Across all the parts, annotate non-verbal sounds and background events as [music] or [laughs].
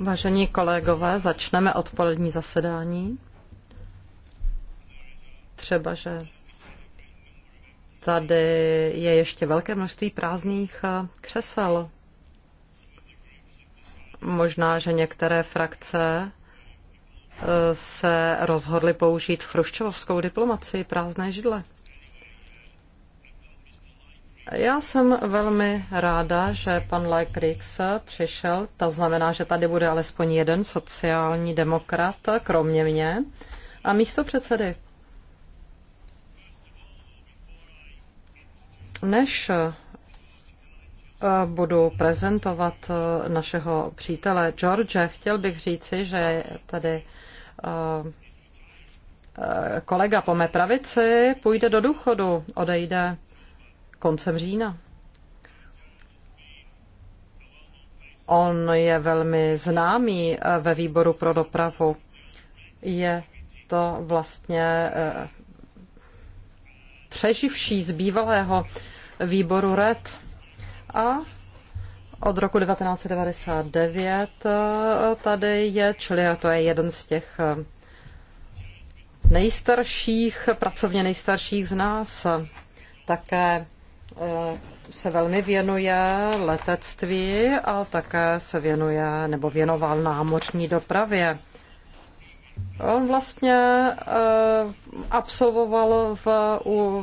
Vážení kolegové, začneme odpolední zasedání. Třeba, že tady je ještě velké množství prázdných eh, křesel. Možná, že některé frakce eh, se rozhodly použít chruščovskou diplomacii prázdné židle. Já jsem velmi ráda, že pan Leikrix přišel. To znamená, že tady bude alespoň jeden sociální demokrat, kromě mě, a místo předsedy. Než eh, budu prezentovat eh, našeho přítele George, chtěl bych říci, že tady eh, kolega po mé pravici půjde do důchodu, odejde koncem října. On je velmi známý eh, ve výboru pro dopravu. Je to vlastně eh, přeživší z bývalého výboru RED a od roku 1999 eh, tady je, čili to je jeden z těch nejstarších, pracovně nejstarších z nás. Také Eh, se velmi věnuje letectví a také se věnuje nebo věnoval námořní dopravě. On vlastně eh, absolvoval v,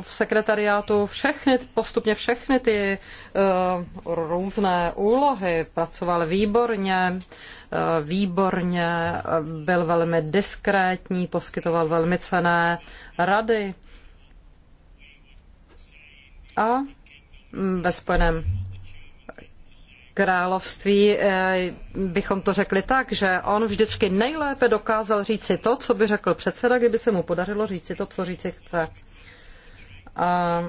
v sekretariátu všechny, postupně všechny ty eh, různé úlohy, pracoval výborně, výborně, byl velmi diskrétní, poskytoval velmi cené rady. A Mm, ve Spojeném království eh, bychom to řekli tak, že on vždycky nejlépe dokázal říci to, co by řekl předseda, kdyby se mu podařilo říci to, co říci chce. A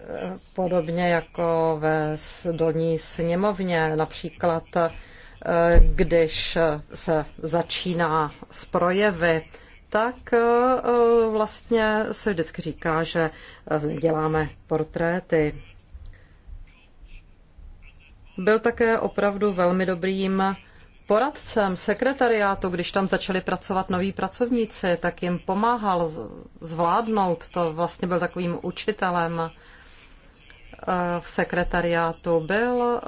eh, podobně jako ve dolní sněmovně například, eh, když se začíná s projevy, tak eh, vlastně se vždycky říká, že eh, děláme portréty. Byl také opravdu velmi dobrým poradcem sekretariátu, když tam začali pracovat noví pracovníci, tak jim pomáhal zvládnout to. Vlastně byl takovým učitelem eh, v sekretariátu. Byl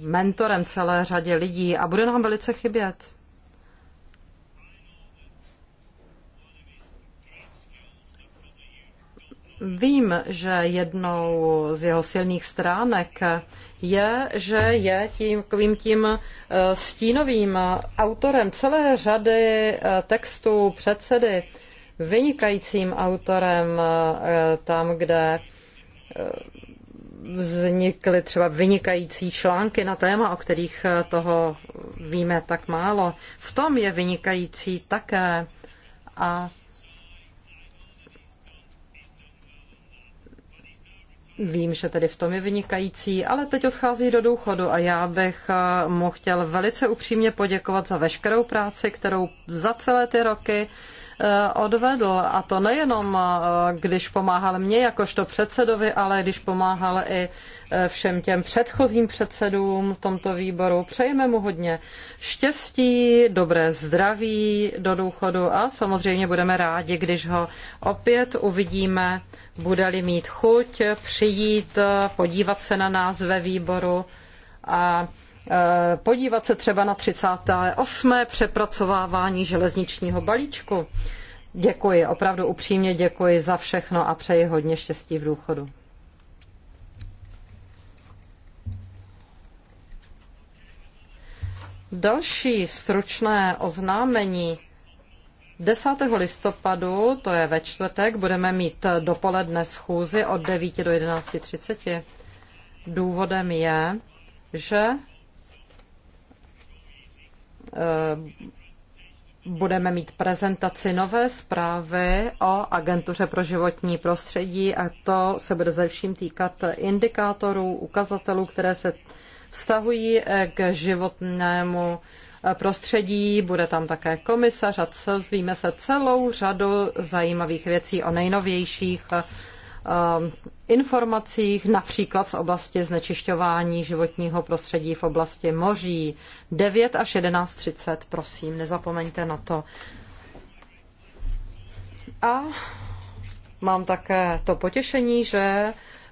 mentorem celé řadě lidí a bude nám velice chybět. Vím, že jednou z jeho silných stránek je, že je tím, takovým tím eh, stínovým autorem celé řady eh, textů předsedy, vynikajícím autorem eh, tam, kde vznikly třeba vynikající články na téma, o kterých toho víme tak málo. V tom je vynikající také a Vím, že tedy v tom je vynikající, ale teď odchází do důchodu a já bych eh, mu chtěl velice upřímně poděkovat za veškerou práci, kterou za celé ty roky Eh, odvedl. A to nejenom, eh, když pomáhal mě jakožto předsedovi, ale když pomáhal i eh, všem těm předchozím předsedům v tomto výboru. Přejeme mu hodně štěstí, dobré zdraví do důchodu a samozřejmě budeme rádi, když ho opět uvidíme, bude-li mít chuť přijít, podívat se na nás ve výboru a Eh, podívat se třeba na 38. přepracovávání železničního balíčku. Děkuji, opravdu upřímně děkuji za všechno a přeji hodně štěstí v důchodu. Další stručné oznámení 10. listopadu, to je ve čtvrtek, budeme mít dopoledne schůzi od 9 do 11.30. Důvodem je, že Eh, budeme mít prezentaci nové zprávy o Agentuře pro životní prostředí a to se bude ze vším týkat indikátorů, ukazatelů, které se vztahují eh, k životnému eh, prostředí. Bude tam také komisař a dozvíme se celou řadu zajímavých věcí o nejnovějších Um, informacích, například z oblasti znečišťování životního prostředí v oblasti moří. 9 až 11.30, prosím, nezapomeňte na to. A mám také to potěšení, že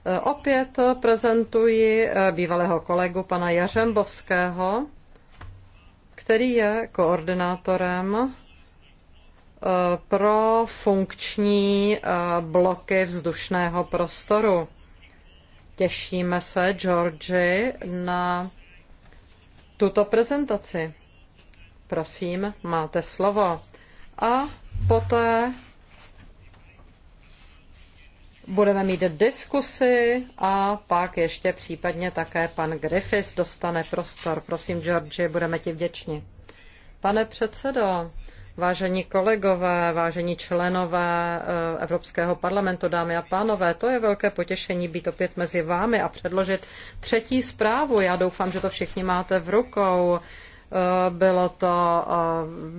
eh, opět prezentuji eh, bývalého kolegu pana Jařembovského, který je koordinátorem pro funkční eh, bloky vzdušného prostoru. Těšíme se, Georgi, na tuto prezentaci. Prosím, máte slovo. A poté budeme mít diskusy a pak ještě případně také pan Griffiths dostane prostor. Prosím, Georgi, budeme ti vděční. Pane předsedo, Vážení kolegové, vážení členové eh, Evropského parlamentu, dámy a pánové, to je velké potěšení být opět mezi vámi a předložit třetí zprávu. Já doufám, že to všichni máte v rukou. Eh, bylo to eh,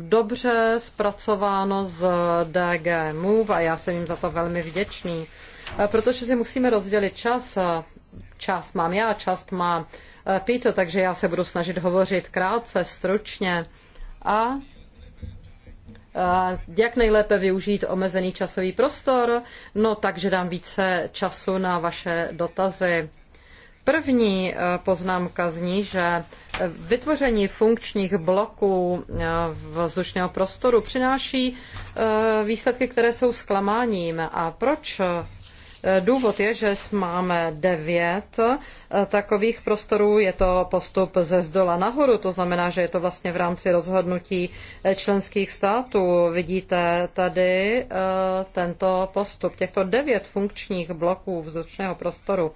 dobře zpracováno z DG Move a já jsem jim za to velmi vděčný, protože si musíme rozdělit čas. Část mám já, část má Peter, takže já se budu snažit hovořit krátce, stručně a a jak nejlépe využít omezený časový prostor? No, takže dám více času na vaše dotazy. První e, poznámka zní, že vytvoření funkčních bloků e, vzdušného prostoru přináší e, výsledky, které jsou zklamáním. A proč Eh, důvod je, že máme devět eh, takových prostorů. Je to postup ze zdola nahoru, to znamená, že je to vlastně v rámci rozhodnutí eh, členských států. Vidíte tady tento postup těchto devět funkčních bloků vzdušného prostoru.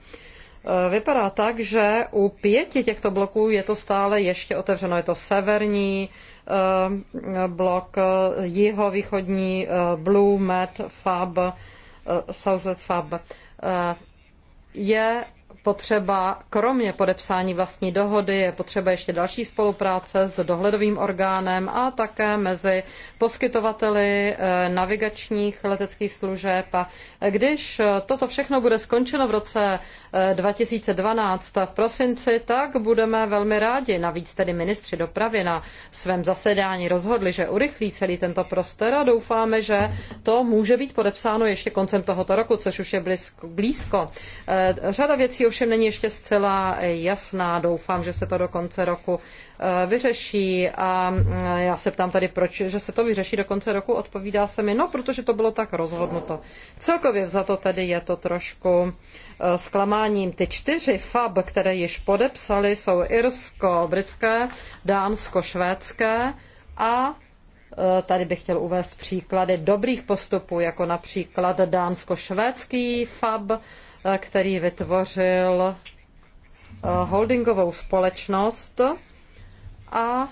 Vypadá tak, že u pěti těchto bloků je to stále ještě otevřeno. Je to severní blok, jihovýchodní Blue Med Fab Eh, SouthWestFab, eh, je potřeba, kromě podepsání vlastní dohody, je potřeba ještě další spolupráce s dohledovým orgánem a také mezi poskytovateli eh, navigačních leteckých služeb. A když toto všechno bude skončeno v roce 2012 v prosinci, tak budeme velmi rádi. Navíc tedy ministři dopravy na svém zasedání rozhodli, že urychlí celý tento prostor a doufáme, že to může být podepsáno ještě koncem tohoto roku, což už je blízko. Eh, řada věcí ovšem není ještě zcela jasná. Doufám, že se to do konce roku Eh, vyřeší a eh, já se ptám tady, proč, že se to vyřeší do konce roku, odpovídá se mi, no, protože to bylo tak rozhodnuto. Celkově za to tedy je to trošku eh, zklamáním. Ty čtyři FAB, které již podepsali, jsou irsko-britské, dánsko-švédské a Tady bych chtěl uvést příklady dobrých postupů, jako například dánsko-švédský FAB, který vytvořil holdingovou společnost, a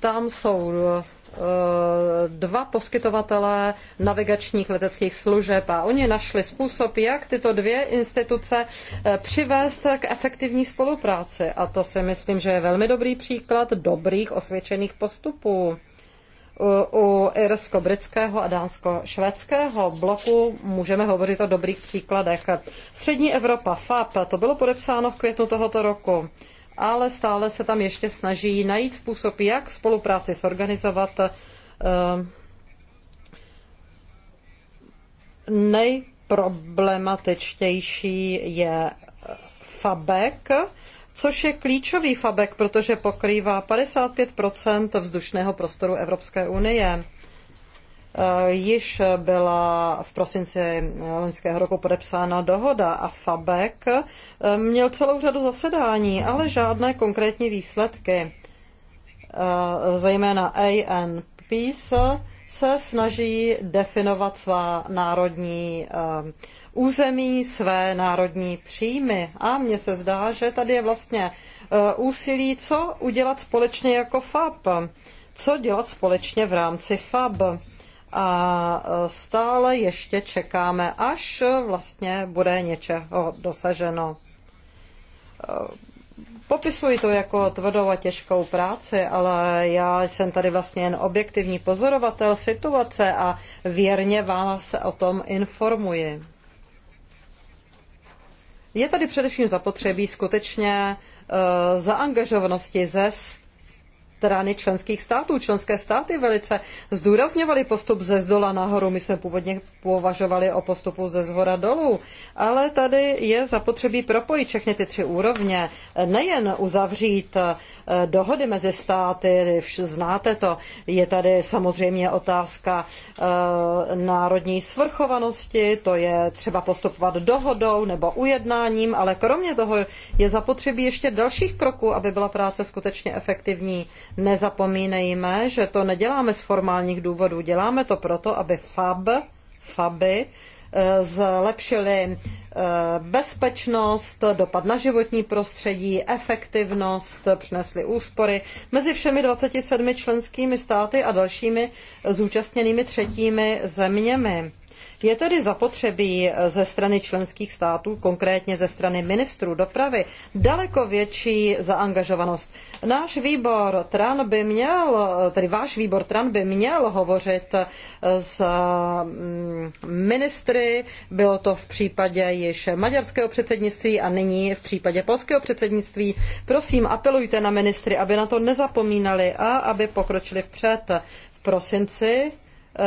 tam jsou eh, dva poskytovatelé navigačních leteckých služeb a oni našli způsob, jak tyto dvě instituce eh, přivést k efektivní spolupráci. A to si myslím, že je velmi dobrý příklad dobrých osvědčených postupů. Eh, u, irsko-britského a dánsko-švédského bloku můžeme hovořit o dobrých příkladech. Střední Evropa, FAP, to bylo podepsáno v květnu tohoto roku ale stále se tam ještě snaží najít způsob, jak spolupráci zorganizovat eh, nejproblematičtější je eh, FABEK, což je klíčový FABEK, protože pokrývá 55 vzdušného prostoru Evropské unie. Eh, již byla v prosinci loňského roku podepsána dohoda a FABEC eh, měl celou řadu zasedání, ale žádné konkrétní výsledky. Eh, zejména ANP se snaží definovat svá národní území, své národní příjmy. A mně se zdá, že tady je vlastně úsilí, co udělat společně jako FAB, co dělat společně v rámci FAB a e, stále ještě čekáme, až e, vlastně bude něčeho dosaženo. E, popisuji to jako tvrdou a těžkou práci, ale já jsem tady vlastně jen objektivní pozorovatel situace a věrně se o tom informuji. Je tady především zapotřebí skutečně zaangažovanosti ze strany členských států. Členské státy velice zdůrazňovaly postup ze zdola nahoru. My jsme původně považovali o postupu ze zhora dolů, ale tady je zapotřebí propojit všechny ty tři úrovně. Nejen uzavřít eh, dohody mezi státy, znáte to, je tady samozřejmě otázka eh, národní svrchovanosti, to je třeba postupovat dohodou nebo ujednáním, ale kromě toho je zapotřebí ještě dalších kroků, aby byla práce skutečně efektivní. Nezapomínejme, že to neděláme z formálních důvodů, děláme to proto, aby FAB, FABy eh, zlepšili Eh, bezpečnost, dopad na životní prostředí, efektivnost, přinesly úspory mezi všemi 27 členskými státy a dalšími zúčastněnými třetími zeměmi. Je tedy zapotřebí ze strany členských států, konkrétně ze strany ministrů dopravy, daleko větší zaangažovanost. Náš výbor TRAN by měl, tedy váš výbor TRAN by měl hovořit s mm, ministry, bylo to v případě již maďarského předsednictví a nyní v případě polského předsednictví. Prosím, apelujte na ministry, aby na to nezapomínali a aby pokročili vpřed. V prosinci eh,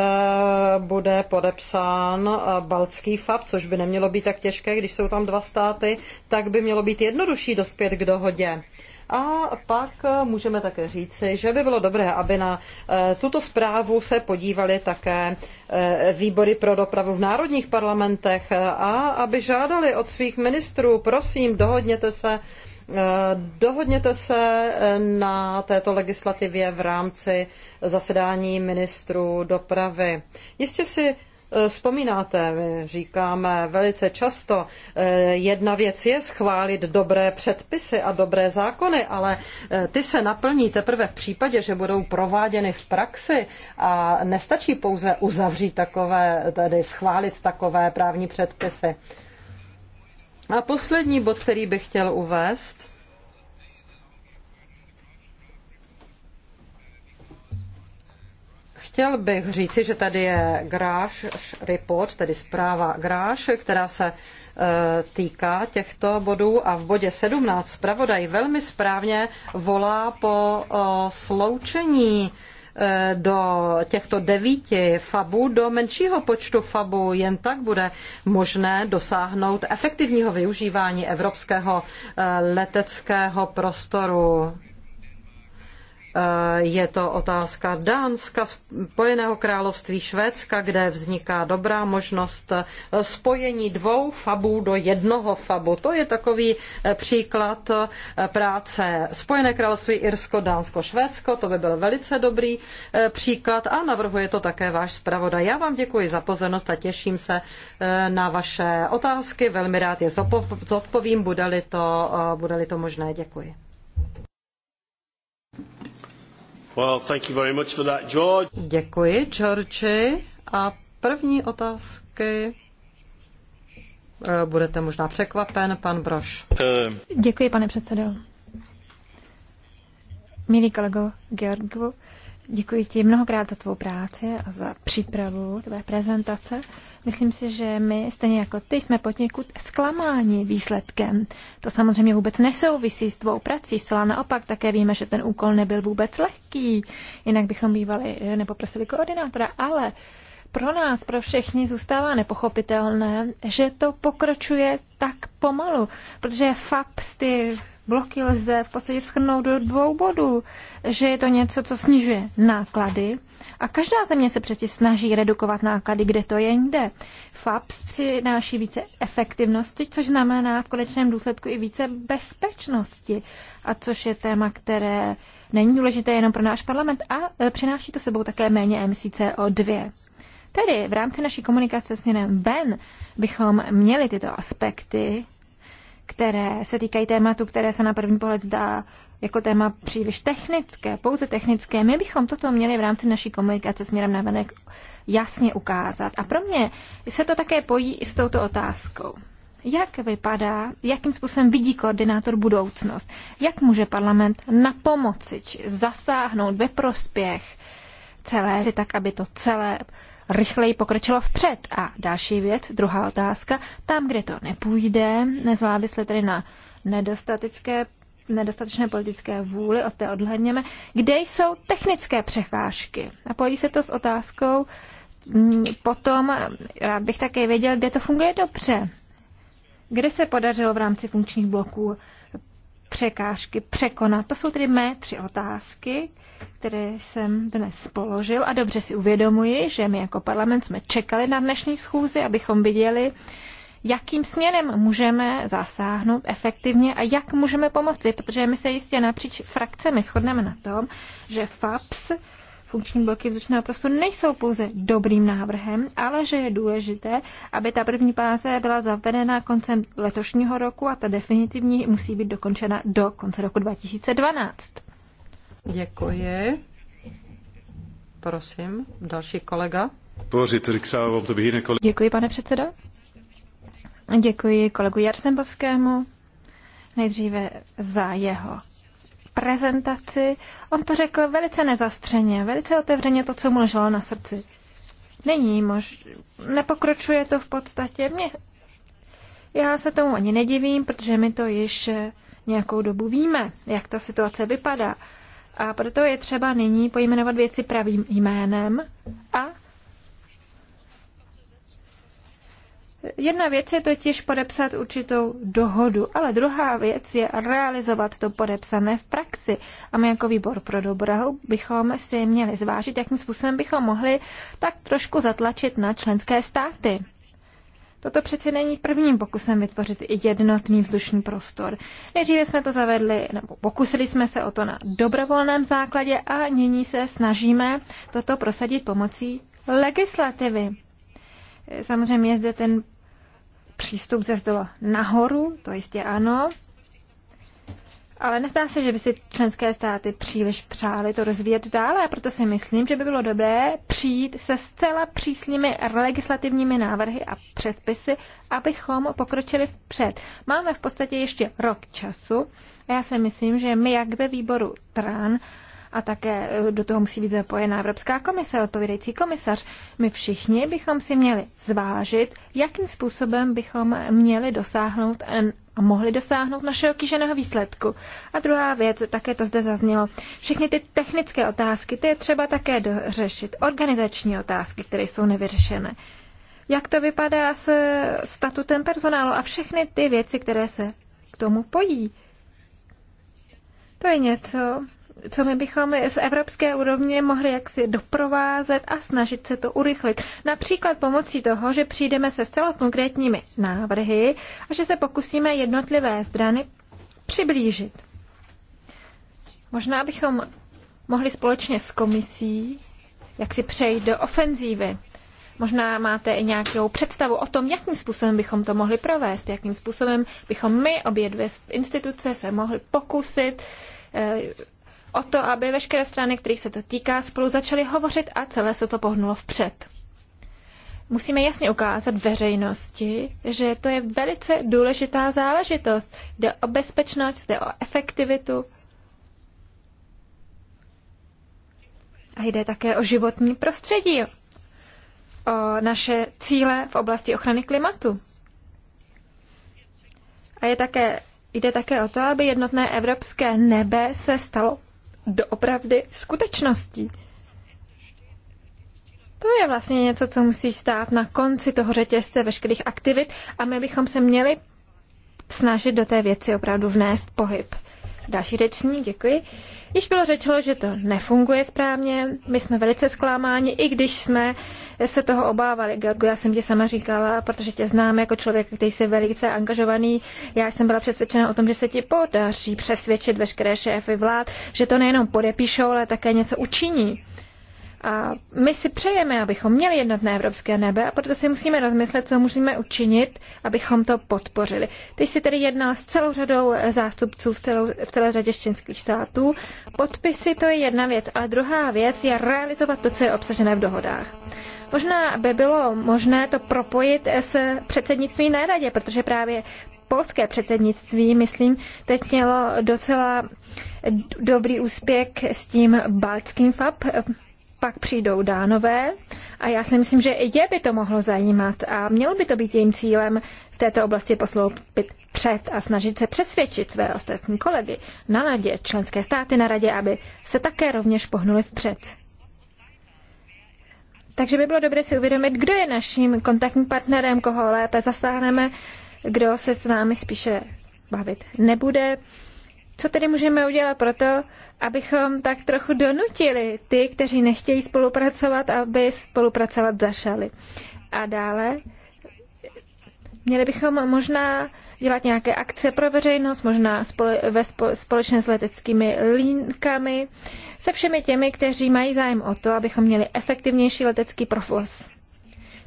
bude podepsán eh, Baltský FAB, což by nemělo být tak těžké, když jsou tam dva státy, tak by mělo být jednodušší dospět k dohodě. A pak eh, můžeme také říci, že by bylo dobré, aby na eh, tuto zprávu se podívali také eh, výbory pro dopravu v národních parlamentech a aby žádali od svých ministrů, prosím, dohodněte se, Dohodněte se na této legislativě v rámci zasedání ministrů dopravy. Jistě si Eh, vzpomínáte, my říkáme velice často, eh, jedna věc je schválit dobré předpisy a dobré zákony, ale eh, ty se naplní teprve v případě, že budou prováděny v praxi a nestačí pouze uzavřít takové, tedy schválit takové právní předpisy. A poslední bod, který bych chtěl uvést, Chtěl bych říci, že tady je Gráš report, tedy zpráva Gráš, která se e, týká těchto bodů a v bodě 17 zpravodaj velmi správně volá po e, sloučení e, do těchto devíti fabů, do menšího počtu fabů, jen tak bude možné dosáhnout efektivního využívání evropského leteckého prostoru. Eh, je to otázka Dánska, Spojeného království Švédska, kde vzniká dobrá možnost eh, spojení dvou fabů do jednoho fabu. To je takový eh, příklad práce Spojené království Irsko, Dánsko, Švédsko. To by byl velice dobrý příklad a navrhuje to také váš zpravodaj. Já vám děkuji za pozornost a těším se na vaše otázky. Velmi rád je zodpovím, bude-li to, bude-li to možné. Děkuji. Děkuji, George. Děkuji, Georgi. A první otázky eh, budete možná překvapen, pan Broš. Eh. Děkuji, pane předsedo. Milý kolego Georgu, děkuji ti mnohokrát za tvou práci a za přípravu tvé prezentace. Myslím si, že my, stejně jako ty, jsme potněkud zklamáni výsledkem. To samozřejmě vůbec nesouvisí s tvou prací, zcela naopak také víme, že ten úkol nebyl vůbec lehký, jinak bychom bývali eh, nepoprosili koordinátora, ale pro nás, pro všechny zůstává nepochopitelné, že to pokračuje tak pomalu, protože FAPS, ty bloky lze v podstatě schrnout do dvou bodů, že je to něco, co snižuje náklady a každá země se přeci snaží redukovat náklady, kde to je jde. FAPS přináší více efektivnosti, což znamená v konečném důsledku i více bezpečnosti, a což je téma, které není důležité jenom pro náš parlament a e, přináší to sebou také méně emisí CO2. Tedy v rámci naší komunikace s měnem ven bychom měli tyto aspekty které se týkají tématu, které se na první pohled zdá jako téma příliš technické, pouze technické. My bychom toto měli v rámci naší komunikace směrem na venek jasně ukázat. A pro mě se to také pojí i s touto otázkou. Jak vypadá, jakým způsobem vidí koordinátor budoucnost? Jak může parlament na pomoci či zasáhnout ve prospěch celé, tak aby to celé rychleji pokročilo vpřed. A další věc, druhá otázka, tam, kde to nepůjde, nezávisle tedy na nedostatické nedostatečné politické vůli, od té odhledněme, kde jsou technické překážky. A pojí se to s otázkou, mm, potom rád bych také věděl, kde to funguje dobře. Kde se podařilo v rámci funkčních bloků překážky překonat? To jsou tedy mé tři otázky, které jsem dnes položil a dobře si uvědomuji, že my jako parlament jsme čekali na dnešní schůzi, abychom viděli, jakým směrem můžeme zasáhnout efektivně a jak můžeme pomoci, protože my se jistě napříč frakcemi shodneme na tom, že FAPS funkční bloky vzdušného prostoru nejsou pouze dobrým návrhem, ale že je důležité, aby ta první fáze byla zavedena koncem letošního roku a ta definitivní musí být dokončena do konce roku 2012. Děkuji. Prosím, další kolega. Děkuji, pane předsedo. Děkuji kolegu Jarsembovskému nejdříve za jeho prezentaci. On to řekl velice nezastřeně, velice otevřeně to, co mu leželo na srdci. Není mož... Nepokročuje to v podstatě. Mě... Já se tomu ani nedivím, protože my to již nějakou dobu víme, jak ta situace vypadá. A proto je třeba nyní pojmenovat věci pravým jménem a Jedna věc je totiž podepsat určitou dohodu, ale druhá věc je realizovat to podepsané v praxi. A my jako výbor pro dobrou bychom si měli zvážit, jakým způsobem bychom mohli tak trošku zatlačit na členské státy. Toto přeci není prvním pokusem vytvořit jednotný vzdušný prostor. Nejdříve jsme to zavedli, nebo pokusili jsme se o to na dobrovolném základě a nyní se snažíme toto prosadit pomocí legislativy. Samozřejmě je zde ten přístup ze zdola nahoru, to jistě ano, ale nezdá se, že by si členské státy příliš přáli to rozvíjet dále a proto si myslím, že by bylo dobré přijít se zcela přísnými legislativními návrhy a předpisy, abychom pokročili vpřed. Máme v podstatě ještě rok času a já si myslím, že my jak ve výboru TRAN a také e, do toho musí být zapojená Evropská komise, odpovědající komisař. My všichni bychom si měli zvážit, jakým způsobem bychom měli dosáhnout e, a mohli dosáhnout našeho kýženého výsledku. A druhá věc, také to zde zaznělo, všechny ty technické otázky, ty je třeba také dořešit. Organizační otázky, které jsou nevyřešené. Jak to vypadá s statutem personálu a všechny ty věci, které se k tomu pojí. To je něco, co my bychom z evropské úrovně mohli jaksi doprovázet a snažit se to urychlit. Například pomocí toho, že přijdeme se zcela konkrétními návrhy a že se pokusíme jednotlivé strany přiblížit. Možná bychom mohli společně s komisí jak si přejít do ofenzívy. Možná máte i nějakou představu o tom, jakým způsobem bychom to mohli provést, jakým způsobem bychom my, obě dvě instituce, se mohli pokusit eh, o to, aby veškeré strany, kterých se to týká, spolu začaly hovořit a celé se to pohnulo vpřed. Musíme jasně ukázat veřejnosti, že to je velice důležitá záležitost. Jde o bezpečnost, jde o efektivitu a jde také o životní prostředí, o naše cíle v oblasti ochrany klimatu. A je také, jde také o to, aby jednotné evropské nebe se stalo doopravdy skutečností. To je vlastně něco, co musí stát na konci toho řetězce veškerých aktivit a my bychom se měli snažit do té věci opravdu vnést pohyb. Další řečník, děkuji. Již bylo řečeno, že to nefunguje správně. My jsme velice zklamáni, i když jsme se toho obávali. Georgu, já jsem ti sama říkala, protože tě znám jako člověk, který je velice angažovaný. Já jsem byla přesvědčena o tom, že se ti podaří přesvědčit veškeré šéfy vlád, že to nejenom podepíšou, ale také něco učiní. A my si přejeme, abychom měli jednotné evropské nebe a proto si musíme rozmyslet, co můžeme učinit, abychom to podpořili. Teď si tedy jednal s celou řadou zástupců v, celou, v celé řadě štěnských států. Podpisy to je jedna věc, ale druhá věc je realizovat to, co je obsažené v dohodách. Možná by bylo možné to propojit s předsednictvím na radě, protože právě polské předsednictví, myslím, teď mělo docela dobrý úspěch s tím baltským FAB, pak přijdou dánové a já si myslím, že i je by to mohlo zajímat a mělo by to být jejím cílem v této oblasti posloupit před a snažit se přesvědčit své ostatní kolegy na radě, členské státy na radě, aby se také rovněž pohnuli vpřed. Takže by bylo dobré si uvědomit, kdo je naším kontaktním partnerem, koho lépe zasáhneme, kdo se s námi spíše bavit nebude. Co tedy můžeme udělat proto, abychom tak trochu donutili ty, kteří nechtějí spolupracovat, aby spolupracovat zašali? A dále, měli bychom možná dělat nějaké akce pro veřejnost, možná spole, ve spo, společně s leteckými linkami, se všemi těmi, kteří mají zájem o to, abychom měli efektivnější letecký provoz.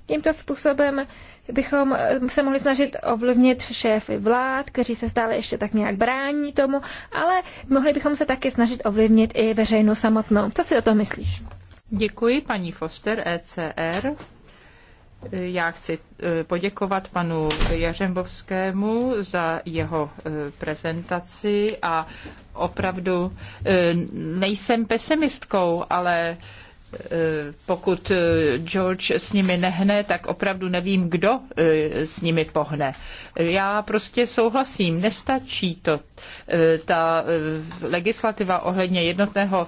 Tímto způsobem bychom eh, se mohli snažit ovlivnit šéfy vlád, kteří se stále ještě tak nějak brání tomu, ale mohli bychom se taky snažit ovlivnit i veřejnou samotnou. Co si o tom myslíš? Děkuji paní Foster, ECR. Eh, já chci eh, poděkovat panu Jařembovskému za jeho prezentaci a opravdu nejsem pesimistkou, ale Eh, pokud eh, George s nimi nehne, tak opravdu nevím, kdo eh, s nimi pohne. Já prostě souhlasím, nestačí to. Ta legislativa ohledně jednotného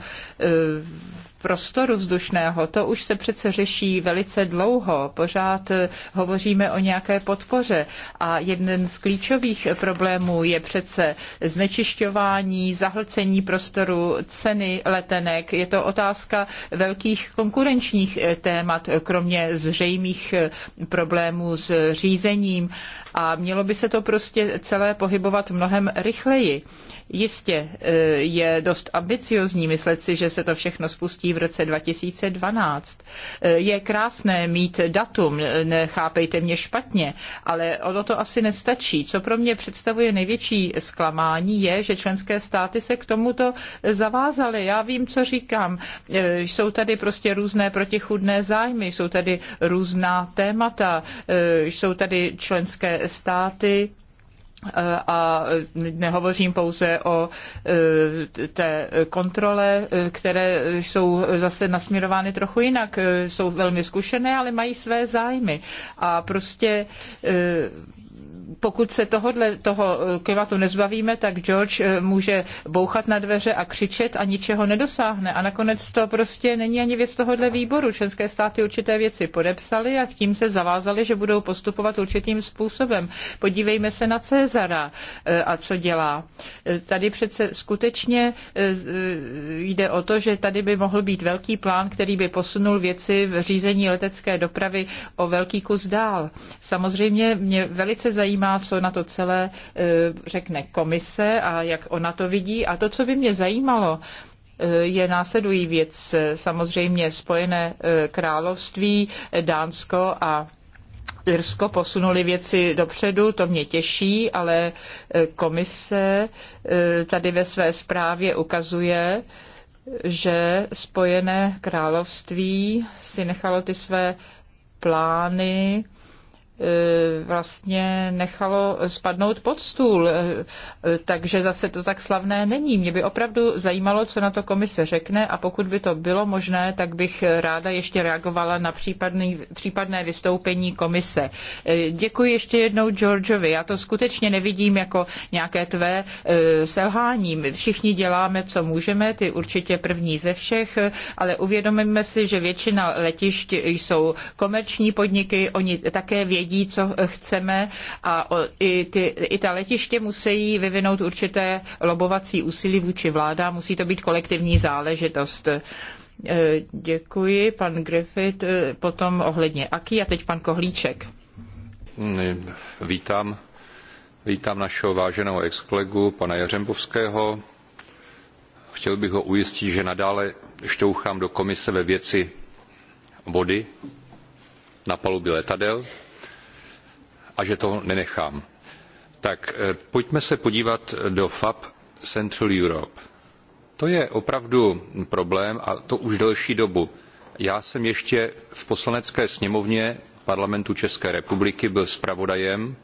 prostoru vzdušného, to už se přece řeší velice dlouho. Pořád eh, hovoříme o nějaké podpoře a jeden z klíčových problémů je přece znečišťování, zahlcení prostoru, ceny letenek. Je to otázka velkých konkurenčních eh, témat, kromě zřejmých eh, problémů s řízením a mělo by se to prostě celé pohybovat mnohem rychleji. Jistě je dost ambiciozní myslet si, že se to všechno spustí v roce 2012. Je krásné mít datum, nechápejte mě špatně, ale ono to asi nestačí. Co pro mě představuje největší zklamání je, že členské státy se k tomuto zavázaly. Já vím, co říkám. Jsou tady prostě různé protichudné zájmy, jsou tady různá témata, jsou tady členské státy, a nehovořím pouze o e, té kontrole, e, které jsou zase nasměrovány trochu jinak. E, jsou velmi zkušené, ale mají své zájmy. A prostě pokud se tohodle, toho eh, klimatu nezbavíme, tak George eh, může bouchat na dveře a křičet a ničeho nedosáhne. A nakonec to prostě není ani věc tohohle výboru. Členské státy určité věci podepsaly a tím se zavázali, že budou postupovat určitým způsobem. Podívejme se na Cezara eh, a co dělá. Tady přece skutečně jde o to, že tady by mohl být velký plán, který by posunul věci v řízení letecké dopravy o velký kus dál. Samozřejmě mě velice zajímá, zajímá, co na to celé e, řekne komise a jak ona to vidí. A to, co by mě zajímalo, e, je následují věc samozřejmě Spojené e, království, Dánsko a Irsko posunuli věci dopředu, to mě těší, ale komise tady ve své zprávě ukazuje, že Spojené království si nechalo ty své plány Eh, vlastně nechalo spadnout pod stůl, eh, eh, takže zase to tak slavné není. Mě by opravdu zajímalo, co na to komise řekne a pokud by to bylo možné, tak bych ráda ještě reagovala na případný, případné vystoupení komise. Děkuji ještě jednou Georgeovi. Já to skutečně nevidím jako nějaké tvé selhání. My všichni děláme, co můžeme, ty určitě první ze všech, ale uvědomíme si, že většina letišť jsou komerční podniky, oni také vědí, vědí, co chceme a i, ty, i ta letiště musí vyvinout určité lobovací úsilí vůči vládám, musí to být kolektivní záležitost. E, děkuji, pan Griffith, e, potom ohledně Aki a teď pan Kohlíček. Mm, vítám, vítám našeho váženého exkolegu, pana Jařembovského. Chtěl bych ho ujistit, že nadále šťouchám do komise ve věci vody na palubě letadel a že to nenechám. Tak eh, pojďme se podívat do FAP Central Europe. To je opravdu problém a to už delší dobu. Já jsem ještě v poslanecké sněmovně parlamentu České republiky byl zpravodajem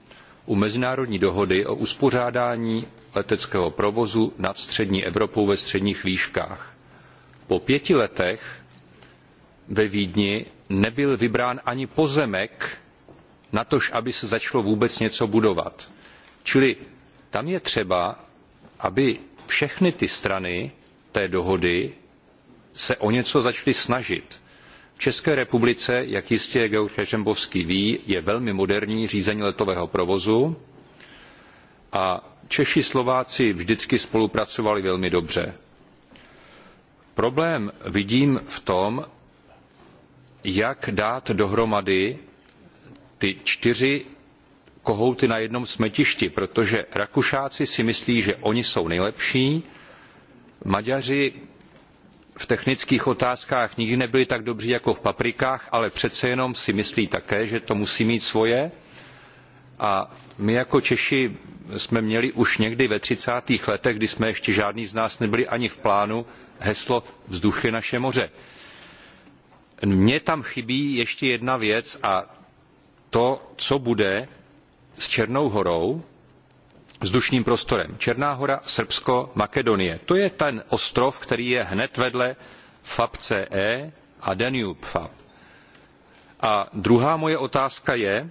u mezinárodní dohody o uspořádání leteckého provozu nad střední Evropou ve středních výškách. Po pěti letech ve Vídni nebyl vybrán ani pozemek natož aby se začalo vůbec něco budovat. Čili tam je třeba, aby všechny ty strany té dohody se o něco začaly snažit. V České republice, jak jistě Georg Heřembovský ví, je velmi moderní řízení letového provozu a Češi Slováci vždycky spolupracovali velmi dobře. Problém vidím v tom, jak dát dohromady ty čtyři kohouty na jednom smetišti, protože Rakušáci si myslí, že oni jsou nejlepší, Maďaři v technických otázkách nikdy nebyli tak dobří jako v paprikách, ale přece jenom si myslí také, že to musí mít svoje. A my jako Češi jsme měli už někdy ve 30. letech, kdy jsme ještě žádný z nás nebyli ani v plánu, heslo vzduch je naše moře. Mně tam chybí ještě jedna věc a to, co bude s Černou horou, vzdušným prostorem. Černá hora, Srbsko, Makedonie. To je ten ostrov, který je hned vedle FAB CE a Danube FAB. A druhá moje otázka je,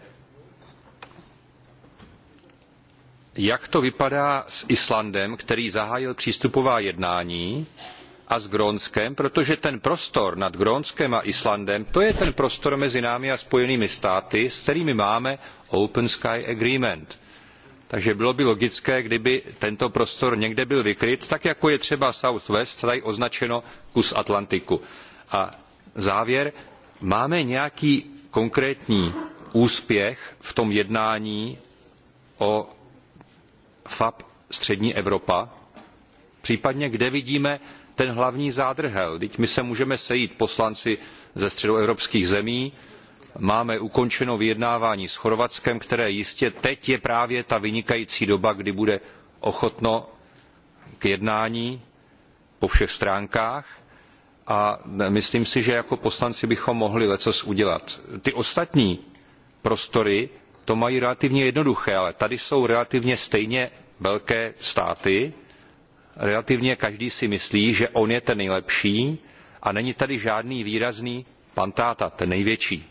jak to vypadá s Islandem, který zahájil přístupová jednání a s Grónskem, protože ten prostor nad Grónskem a Islandem, to je ten prostor mezi námi a spojenými státy, s kterými máme Open Sky Agreement. Takže bylo by logické, kdyby tento prostor někde byl vykryt, tak jako je třeba Southwest, tady označeno kus Atlantiku. A závěr, máme nějaký konkrétní úspěch v tom jednání o FAP Střední Evropa? Případně kde vidíme ten hlavní zádrhel. Teď my se můžeme sejít poslanci ze středoevropských zemí, máme ukončeno vyjednávání s Chorvatskem, které jistě teď je právě ta vynikající doba, kdy bude ochotno k jednání po všech stránkách a myslím si, že jako poslanci bychom mohli lecos udělat. Ty ostatní prostory to mají relativně jednoduché, ale tady jsou relativně stejně velké státy relativně každý si myslí, že on je ten nejlepší a není tady žádný výrazný pantáta, ten největší.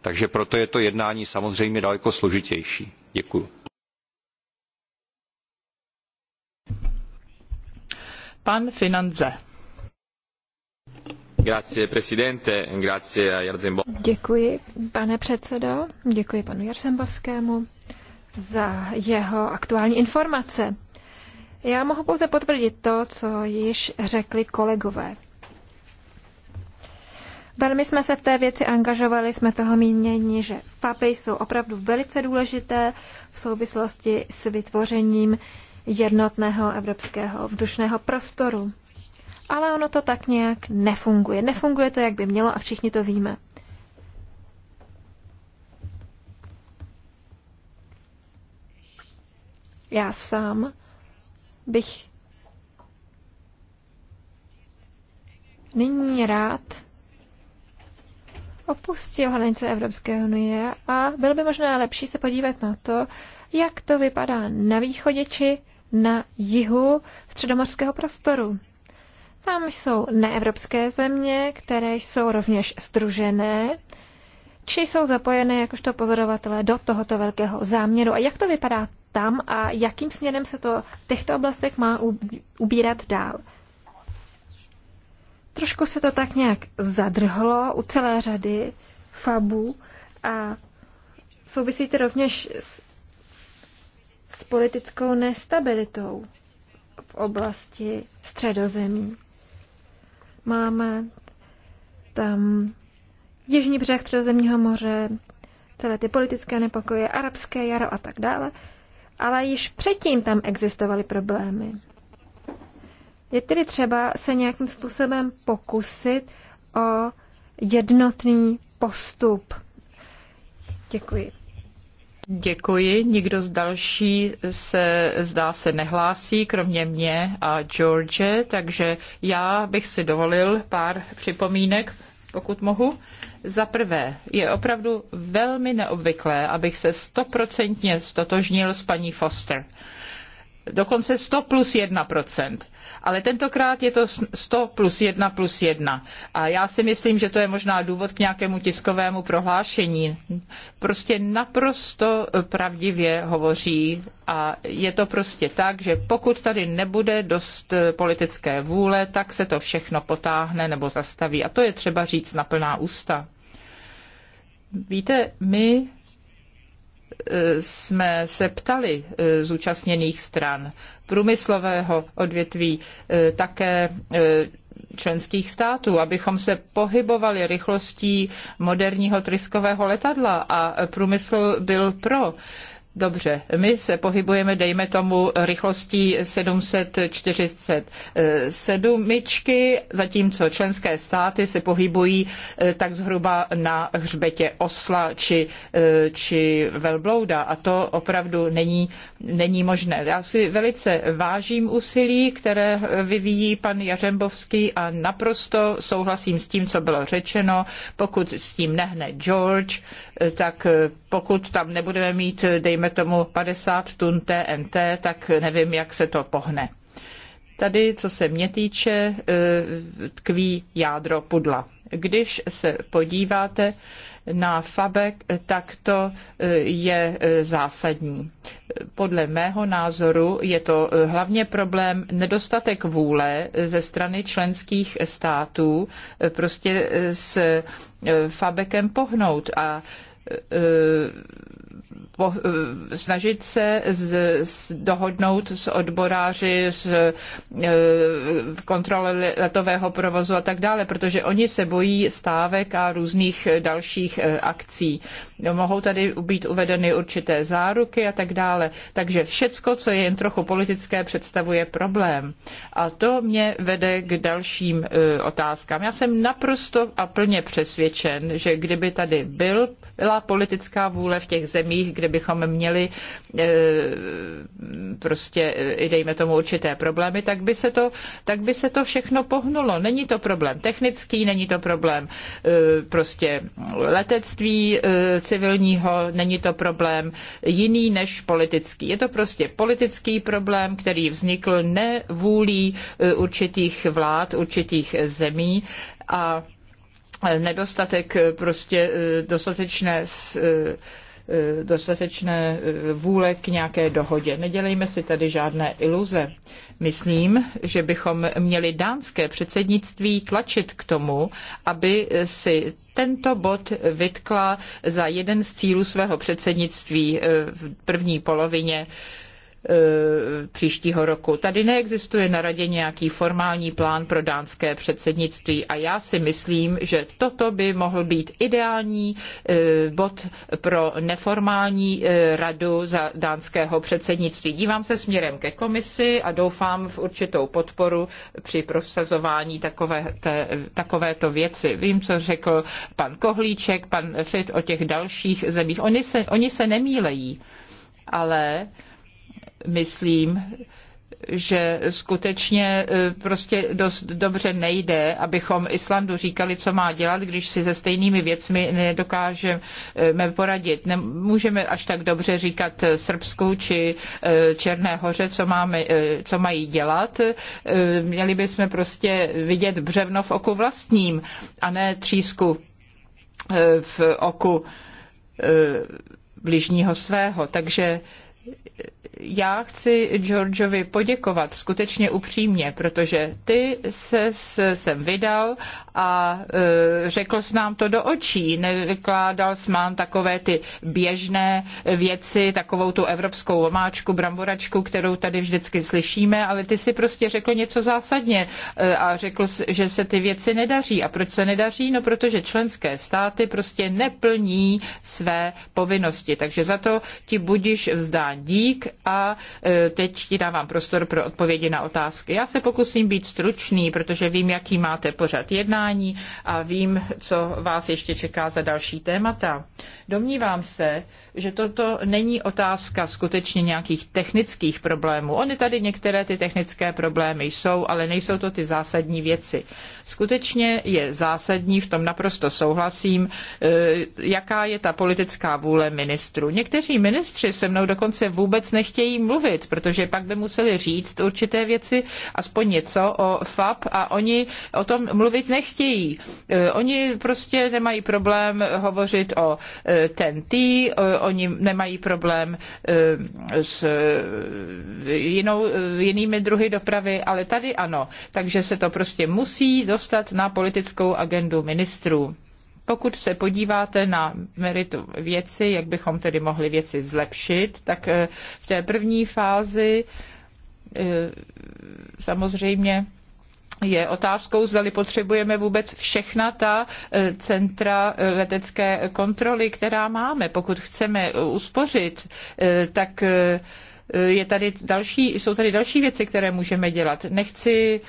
Takže proto je to jednání samozřejmě daleko složitější. Děkuji. Pan Finanze. Děkuji, pane předsedo, děkuji panu Jarzembovskému za jeho aktuální informace. Já mohu pouze potvrdit to, co již řekli kolegové. Velmi jsme se v té věci angažovali, jsme toho mínění, že FAPy jsou opravdu velice důležité v souvislosti s vytvořením jednotného evropského vzdušného prostoru. Ale ono to tak nějak nefunguje. Nefunguje to, jak by mělo a všichni to víme. Já sám bych nyní rád opustil hranice Evropské unie a bylo by možná lepší se podívat na to, jak to vypadá na východě či na jihu středomorského prostoru. Tam jsou neevropské země, které jsou rovněž združené či jsou zapojené jakožto pozorovatelé do tohoto velkého záměru. A jak to vypadá tam a jakým směrem se to v těchto oblastech má ubírat dál? Trošku se to tak nějak zadrhlo u celé řady fabů a souvisí to rovněž s, s politickou nestabilitou v oblasti středozemí. Máme tam Jižní břeh Středozemního moře, celé ty politické nepokoje, arabské jaro a tak dále. Ale již předtím tam existovaly problémy. Je tedy třeba se nějakým způsobem pokusit o jednotný postup. Děkuji. Děkuji. Nikdo z další se zdá se nehlásí, kromě mě a George, takže já bych si dovolil pár připomínek, pokud mohu. Za prvé, je opravdu velmi neobvyklé, abych se stoprocentně stotožnil s paní Foster. Dokonce 100 plus 1 procent ale tentokrát je to 100 plus 1 plus 1. A já si myslím, že to je možná důvod k nějakému tiskovému prohlášení. Prostě naprosto pravdivě hovoří a je to prostě tak, že pokud tady nebude dost eh, politické vůle, tak se to všechno potáhne nebo zastaví. A to je třeba říct na plná ústa. Víte, my jsme se ptali eh, zúčastněných stran průmyslového odvětví, eh, také eh, členských států, abychom se pohybovali rychlostí moderního tryskového letadla a průmysl byl pro. Dobře, my se pohybujeme, dejme tomu, rychlostí 747 myčky, zatímco členské státy se pohybují eh, tak zhruba na hřbetě osla či, eh, či velblouda a to opravdu není, není možné. Já si velice vážím úsilí, které vyvíjí pan Jařembovský a naprosto souhlasím s tím, co bylo řečeno. Pokud s tím nehne George, tak pokud tam nebudeme mít, dejme tomu, 50 tun TNT, tak nevím, jak se to pohne. Tady, co se mě týče, eh, tkví jádro pudla. Když se podíváte na Fabek, tak to eh, je eh, zásadní. Podle mého názoru je to hlavně problém nedostatek vůle ze strany členských států prostě s Fabekem pohnout a Uh, po, eh, snažit se z, z, dohodnout s odboráři, s e, eh, letového provozu a tak dále, protože oni se bojí stávek a různých eh, dalších akcí. No, mohou tady být uvedeny určité záruky a tak dále. Takže všecko, co je jen trochu politické, představuje problém. A to mě vede k dalším e, otázkám. Já jsem naprosto a plně přesvědčen, že kdyby tady byl, byla politická vůle v těch zemích, zemích, kde bychom měli eh, prostě, eh, dejme tomu, určité problémy, tak by se to, tak by se to všechno pohnulo. Není to problém technický, není to problém eh, prostě letectví civilního, není to problém jiný než politický. Je to prostě politický problém, který vznikl nevůlí určitých vlád, určitých zemí a nedostatek prostě dostatečné Eh, dostatečné eh, vůle k nějaké dohodě. Nedělejme si tady žádné iluze. Myslím, že bychom měli dánské předsednictví tlačit k tomu, aby si tento bod vytkla za jeden z cílů svého předsednictví eh, v první polovině E, příštího roku. Tady neexistuje na radě nějaký formální plán pro dánské předsednictví a já si myslím, že toto by mohl být ideální e, bod pro neformální e, radu za dánského předsednictví. Dívám se směrem ke komisi a doufám v určitou podporu při prosazování takové té, takovéto věci. Vím, co řekl pan Kohlíček, pan Fit o těch dalších zemích. Oni se, oni se nemílejí, ale myslím, že skutečně e, prostě dost dobře nejde, abychom Islandu říkali, co má dělat, když si se stejnými věcmi nedokážeme poradit. Nemůžeme až tak dobře říkat Srbsku či e, Černé hoře, co, máme, e, co mají dělat. Měli bychom prostě vidět břevno v oku vlastním a ne třísku v oku bližního svého. Takže já chci Georgeovi poděkovat skutečně upřímně, protože ty se sem vydal a e, řekl s nám to do očí. Nevykládal s nám takové ty běžné věci, takovou tu evropskou omáčku, bramboračku, kterou tady vždycky slyšíme, ale ty si prostě řekl něco zásadně e, a řekl, že se ty věci nedaří. A proč se nedaří? No, protože členské státy prostě neplní své povinnosti. Takže za to ti budiš vzdán dík a e, teď ti dávám prostor pro odpovědi na otázky. Já se pokusím být stručný, protože vím, jaký máte pořad jednání a vím, co vás ještě čeká za další témata. Domnívám se, že toto není otázka skutečně nějakých technických problémů. Ony tady některé ty technické problémy jsou, ale nejsou to ty zásadní věci. Skutečně je zásadní, v tom naprosto souhlasím, eh, jaká je ta politická vůle ministru. Někteří ministři se mnou dokonce vůbec nechtějí mluvit, protože pak by museli říct určité věci, aspoň něco o FAP a oni o tom mluvit nechtějí. Eh, oni prostě nemají problém hovořit o TNT, eh, oni nemají problém eh, s eh, jinou, eh, jinými druhy dopravy, ale tady ano. Takže se to prostě musí dostat na politickou agendu ministrů. Pokud se podíváte na meritu věci, jak bychom tedy mohli věci zlepšit, tak v té první fázi samozřejmě je otázkou, zdali potřebujeme vůbec všechna ta e, centra e, letecké kontroly, která máme. Pokud chceme uspořit, e, tak je tady další, jsou tady další věci, které můžeme dělat. Nechci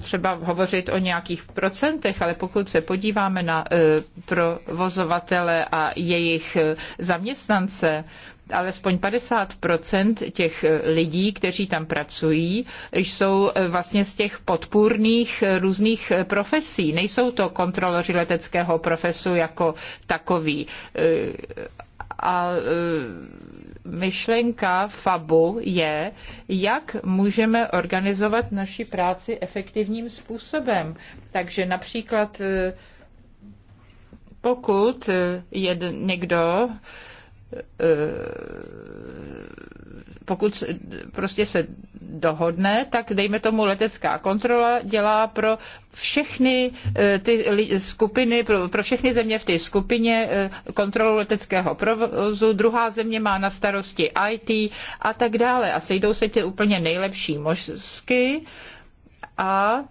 třeba hovořit o nějakých procentech, ale pokud se podíváme na provozovatele a jejich zaměstnance, alespoň 50 těch eh, lidí, kteří tam pracují, jsou eh, vlastně z těch podpůrných eh, různých profesí. Nejsou to kontroloři leteckého profesu jako takový. A myšlenka FABu je, jak můžeme organizovat naši práci efektivním způsobem. Takže například pokud je někdo Eh, pokud prostě se dohodne, tak dejme tomu letecká kontrola dělá pro všechny eh, ty skupiny, pro všechny země v té skupině eh, kontrolu leteckého provozu, druhá země má na starosti IT a tak dále a sejdou se ty úplně nejlepší možsky a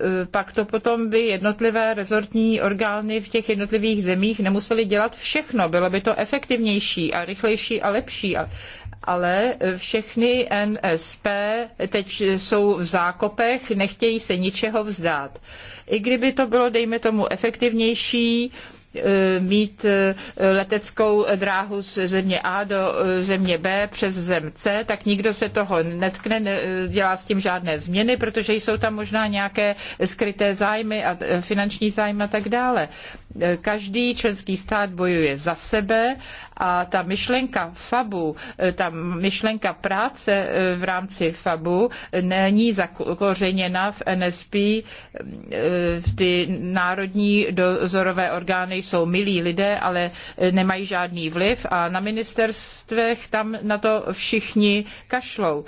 Eh, pak to potom by jednotlivé rezortní orgány v těch jednotlivých zemích nemuseli dělat všechno. Bylo by to efektivnější a rychlejší a lepší ale eh, všechny NSP teď jsou v zákopech, nechtějí se ničeho vzdát. I kdyby to bylo, dejme tomu, efektivnější, Eh, mít eh, leteckou dráhu z země A do eh, země B přes zem C, tak nikdo se toho netkne, dělá s tím žádné změny, protože jsou tam možná nějaké skryté zájmy a finanční zájmy a tak dále. Každý členský stát bojuje za sebe a ta myšlenka FABu, eh, ta myšlenka práce eh, v rámci FABu není zakořeněna v NSP. Eh, ty národní dozorové orgány jsou milí lidé, ale nemají žádný vliv a na ministerstvech tam na to všichni kašlou.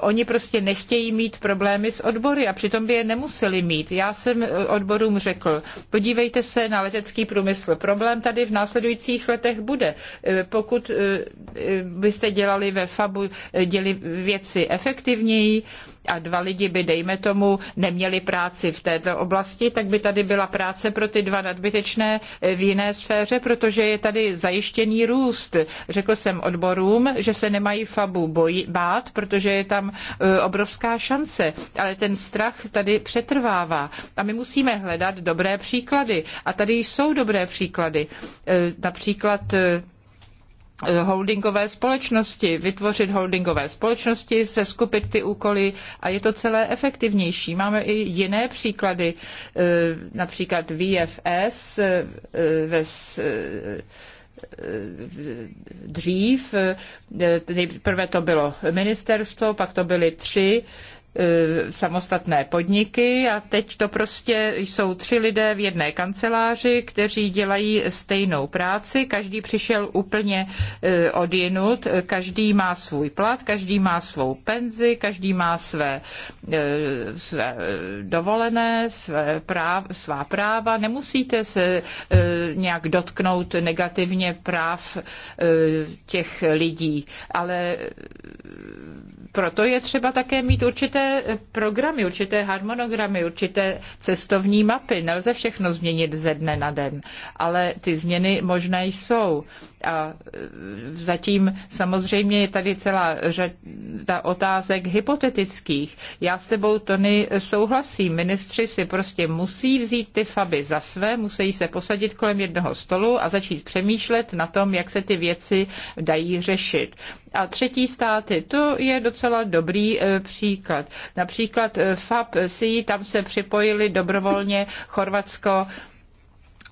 Oni prostě nechtějí mít problémy s odbory a přitom by je nemuseli mít. Já jsem odborům řekl, podívejte se na letecké chemický průmysl. Problém tady v následujících letech bude. Eh, pokud eh, eh, byste dělali ve FABu děli věci efektivněji, a dva lidi by, dejme tomu, neměli práci v této oblasti, tak by tady byla práce pro ty dva nadbytečné eh, v jiné sféře, protože je tady zajištěný růst. Řekl jsem odborům, že se nemají fabu bojí bát, protože je tam eh, obrovská šance, ale ten strach tady přetrvává. A my musíme hledat dobré příklady. A tady jsou dobré příklady. Eh, například Eh, holdingové společnosti, vytvořit holdingové společnosti, se skupit ty úkoly a je to celé efektivnější. Máme i jiné příklady, eh, například VFS eh, ve dřív, nejprve to bylo ministerstvo, pak to byly tři E, samostatné podniky a teď to prostě jsou tři lidé v jedné kanceláři, kteří dělají stejnou práci, každý přišel úplně e, odjinut. každý má svůj plat, každý má svou penzi, každý má své, e, své dovolené, své práv, svá práva, nemusíte se nějak dotknout negativně práv těch lidí, ale proto je třeba také mít určité eh, programy, určité harmonogramy, určité cestovní mapy. Nelze všechno změnit ze dne na den, ale ty změny možné jsou. A eh, zatím samozřejmě je tady celá řada otázek hypotetických. Já s tebou, Tony, souhlasím. Ministři si prostě musí vzít ty faby za své, musí se posadit kolem jednoho stolu a začít přemýšlet na tom, jak se ty věci dají řešit a třetí státy. To je docela dobrý e, příklad. Například e, FAP si tam se připojili dobrovolně Chorvatsko,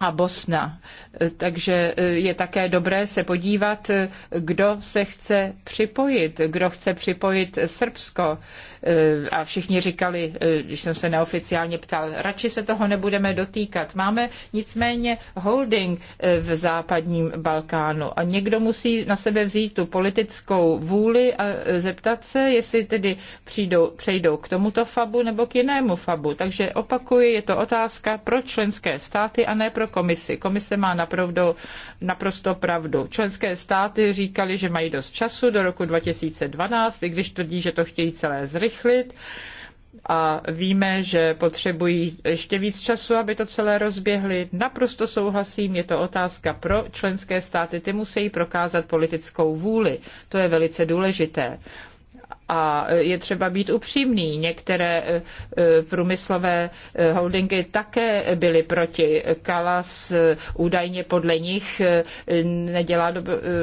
a Bosna. E, takže je také dobré se podívat, kdo se chce připojit, kdo chce připojit Srbsko, Eh, a všichni říkali, eh, když jsem se neoficiálně ptal, radši se toho nebudeme dotýkat. Máme nicméně holding eh, v západním Balkánu a někdo musí na sebe vzít tu politickou vůli a zeptat se, jestli tedy přijdou, přejdou k tomuto fabu nebo k jinému fabu. Takže opakuji, je to otázka pro členské státy a ne pro komisi. Komise má napravdu, naprosto pravdu. Členské státy říkali, že mají dost času do roku 2012, i když tvrdí, že to chtějí celé zrychlit zrychlit a víme, že potřebují ještě víc času, aby to celé rozběhli. Naprosto souhlasím, je to otázka pro členské státy, ty musí prokázat politickou vůli. To je velice důležité. A je třeba být upřímný. Některé eh, eh, průmyslové eh, holdingy také byly proti. Kalas údajně podle nich nedělá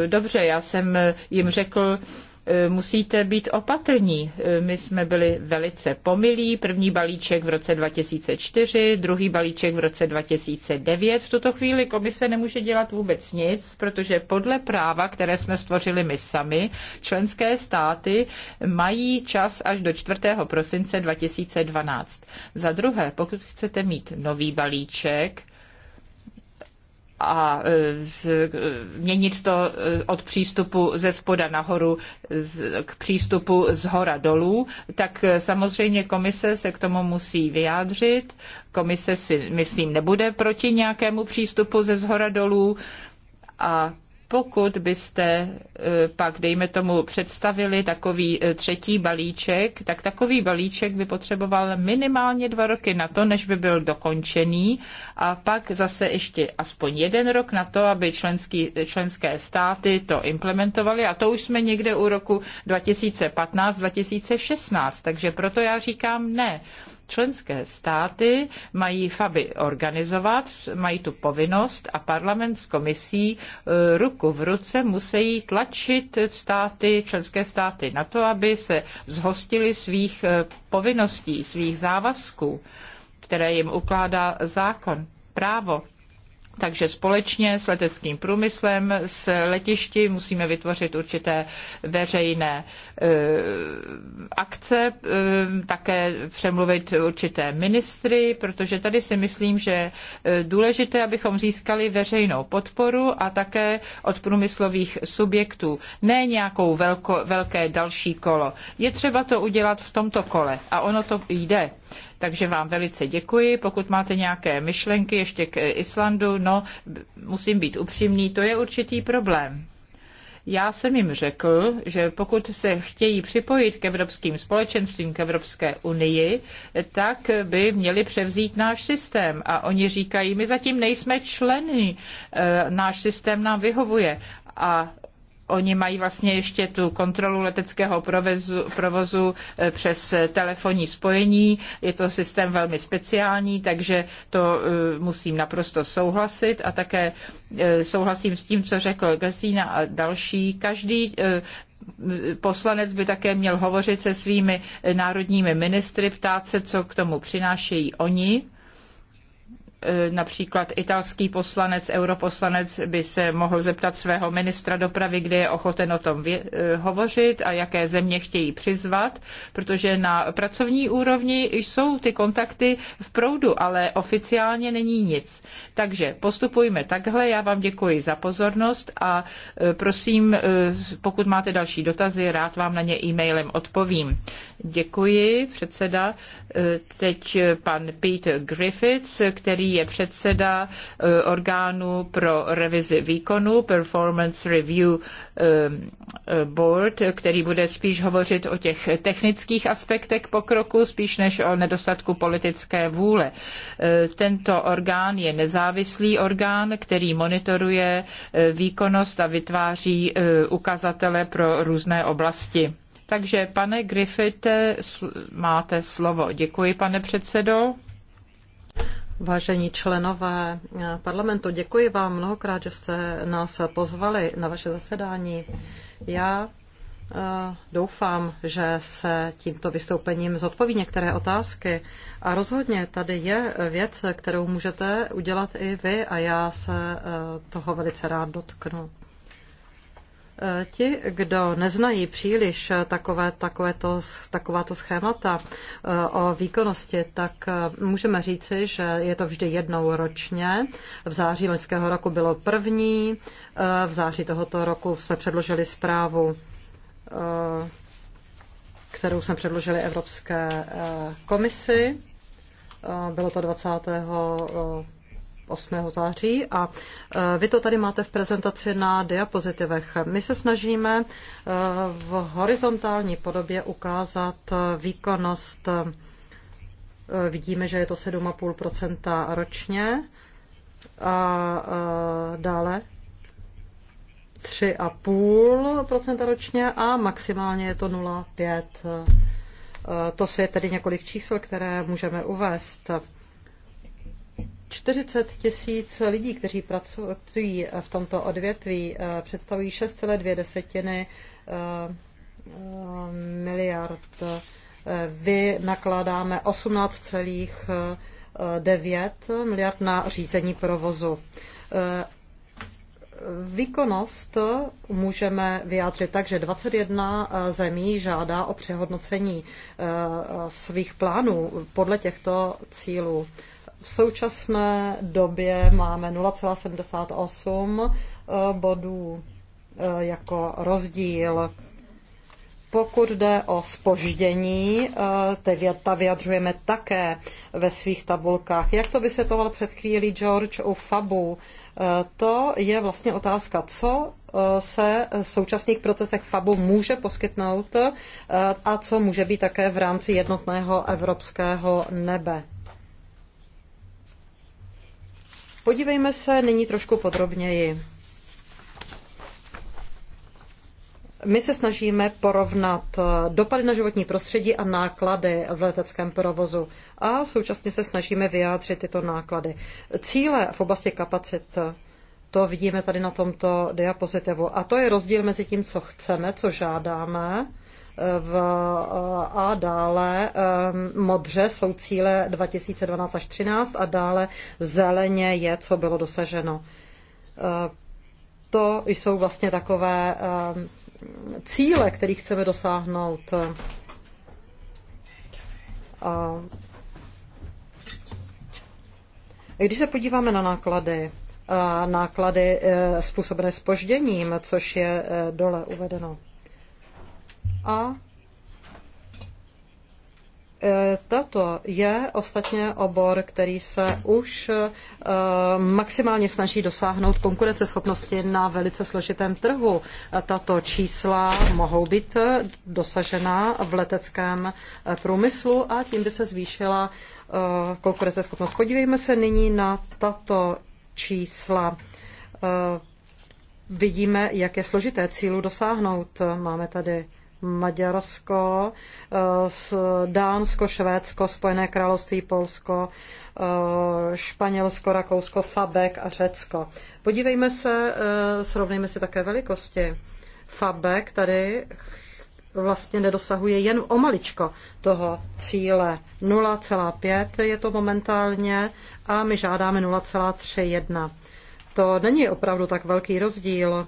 dobře. Já jsem jim řekl, E, musíte být opatrní. E, my jsme byli velice pomilí. První balíček v roce 2004, druhý balíček v roce 2009. V tuto chvíli komise nemůže dělat vůbec nic, protože podle práva, které jsme stvořili my sami, členské státy mají čas až do 4. prosince 2012. Za druhé, pokud chcete mít nový balíček, a e, změnit to e, od přístupu ze spoda nahoru k přístupu z hora dolů, tak e, samozřejmě komise se k tomu musí vyjádřit. Komise si, myslím, nebude proti nějakému přístupu ze zhora dolů a pokud byste eh, pak, dejme tomu, představili takový eh, třetí balíček, tak takový balíček by potřeboval minimálně dva roky na to, než by byl dokončený a pak zase ještě aspoň jeden rok na to, aby členský, eh, členské státy to implementovaly a to už jsme někde u roku 2015-2016, takže proto já říkám ne. Členské státy mají FABY organizovat, mají tu povinnost a parlament s komisí e, ruku v ruce musí tlačit státy, členské státy na to, aby se zhostili svých e, povinností, svých závazků, které jim ukládá zákon, právo. Takže společně s leteckým průmyslem, s letišti musíme vytvořit určité veřejné e, akce, e, také přemluvit určité ministry, protože tady si myslím, že e, důležité, abychom získali veřejnou podporu a také od průmyslových subjektů. Ne nějakou velko, velké další kolo. Je třeba to udělat v tomto kole a ono to jde. Takže vám velice děkuji. Pokud máte nějaké myšlenky ještě k Islandu, no, musím být upřímný, to je určitý problém. Já jsem jim řekl, že pokud se chtějí připojit k evropským společenstvím, k Evropské unii, tak by měli převzít náš systém. A oni říkají, my zatím nejsme členy, e, náš systém nám vyhovuje. A Oni mají vlastně ještě tu kontrolu leteckého provozu, provozu eh, přes eh, telefonní spojení. Je to systém velmi speciální, takže to eh, musím naprosto souhlasit a také souhlasím s tím, co řekl Gesína a další. Každý poslanec by také měl hovořit se svými národními ministry, ptát se, co k tomu přinášejí oni E, například italský poslanec, europoslanec by se mohl zeptat svého ministra dopravy, kde je ochoten o tom e, hovořit a jaké země chtějí přizvat, protože na pracovní úrovni jsou ty kontakty v proudu, ale oficiálně není nic. Takže postupujme takhle, já vám děkuji za pozornost a e, prosím, pokud máte další dotazy, rád vám na ně e-mailem odpovím. Děkuji, předseda. Eh, teď pan Peter Griffiths, který je předseda eh, orgánu pro revizi výkonu, Performance Review eh, Board, který bude spíš hovořit o těch technických aspektech pokroku, spíš než o nedostatku politické vůle. Tento orgán je nezávislý orgán, který monitoruje výkonnost a vytváří ukazatele pro různé oblasti. Takže, pane Griffith, máte slovo. Děkuji, pane předsedo. Vážení členové eh, parlamentu, děkuji vám mnohokrát, že jste nás pozvali na vaše zasedání. Já eh, Doufám, že se tímto vystoupením zodpoví některé otázky. A rozhodně tady je věc, kterou můžete udělat i vy a já se eh, toho velice rád dotknu. Ti, kdo neznají příliš takové, takové to takováto schémata eh, o výkonnosti, tak eh, můžeme říci, že je to vždy jednou ročně. V září loňského roku bylo první, eh, v září tohoto roku jsme předložili zprávu, kterou jsme předložili Evropské komisi. Bylo to 20. 8. září a eh, vy to tady máte v prezentaci na diapozitivech. My se snažíme eh, v horizontální podobě ukázat eh, výkonnost. Vidíme, že je to 7,5 ročně a dále 3,5 ročně a maximálně je to 0,5 to je tedy několik čísel, které můžeme uvést. 40 tisíc lidí, kteří pracují v tomto odvětví, eh, představují 6,2 desetiny eh, eh, miliard. Vy nakládáme 18,9 miliard na řízení provozu. Výkonnost můžeme vyjádřit tak, že 21 zemí žádá o přehodnocení svých plánů podle těchto cílů. V současné době máme 0,78 eh, bodů eh, jako rozdíl. Pokud jde o spoždění, eh, ta vyjadřujeme také ve svých tabulkách. Jak to vysvětoval před chvílí George u FABu, to je vlastně otázka, co se v současných procesech FABu může poskytnout a co může být také v rámci jednotného evropského nebe. Podívejme se nyní trošku podrobněji. My se snažíme porovnat eh, dopady na životní prostředí a náklady v leteckém provozu a současně se snažíme vyjádřit tyto náklady. Cíle v oblasti kapacit to vidíme tady na tomto diapozitivu. A to je rozdíl mezi tím, co chceme, co žádáme v, eh, a dále eh, modře jsou cíle 2012 až 13 a dále zeleně je, co bylo dosaženo. Eh, to jsou vlastně takové cíle, které chceme dosáhnout. A když se podíváme na náklady, náklady způsobené spožděním, což je dole uvedeno. A e, tato je ostatně obor, který se už e, maximálně snaží dosáhnout konkurenceschopnosti na velice složitém trhu. E, tato čísla mohou být dosažena v leteckém průmyslu a tím by se zvýšila konkurenceschopnost. Podívejme se nyní na tato čísla. Vidíme, jak je složité cílu dosáhnout. Máme tady Maďarsko, eh, Dánsko, Švédsko, Spojené království, Polsko, eh, Španělsko, Rakousko, Fabek a Řecko. Podívejme se, eh, srovnejme si také velikosti. Fabek tady vlastně nedosahuje jen o maličko toho cíle. 0,5 je to momentálně a my žádáme 0,31. To není opravdu tak velký rozdíl.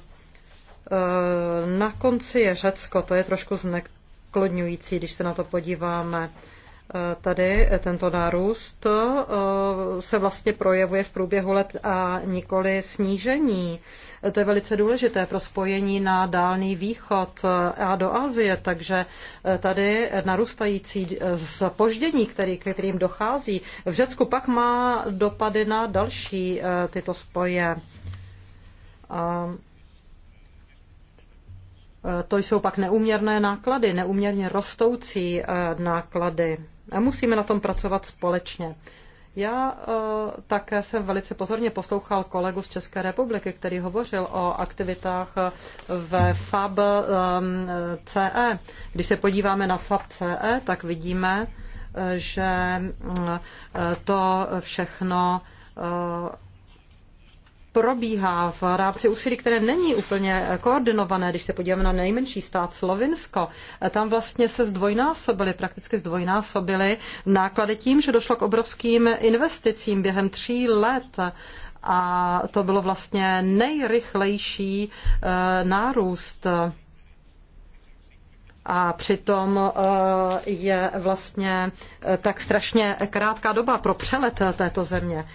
Eh, na konci je Řecko, to je trošku zneklodňující, když se na to podíváme. Eh, tady eh, tento nárůst se vlastně projevuje v průběhu let a nikoli snížení. To je velice důležité pro spojení na Dálný východ a do Asie, takže tady narůstající zpoždění, který, kterým dochází v Řecku, pak má dopady na další tyto spoje. A Eh, to jsou pak neuměrné náklady, neuměrně rostoucí eh, náklady. A musíme na tom pracovat společně. Já eh, také jsem velice pozorně poslouchal kolegu z České republiky, který hovořil o aktivitách ve FAB CE. Když se podíváme na FAB CE, tak vidíme, že to všechno probíhá v rámci úsilí, které není úplně koordinované. Když se podíváme na nejmenší stát Slovinsko, tam vlastně se zdvojnásobily, prakticky zdvojnásobily náklady tím, že došlo k obrovským investicím během tří let a to bylo vlastně nejrychlejší eh, nárůst. A přitom eh, je vlastně eh, tak strašně krátká doba pro přelet této země.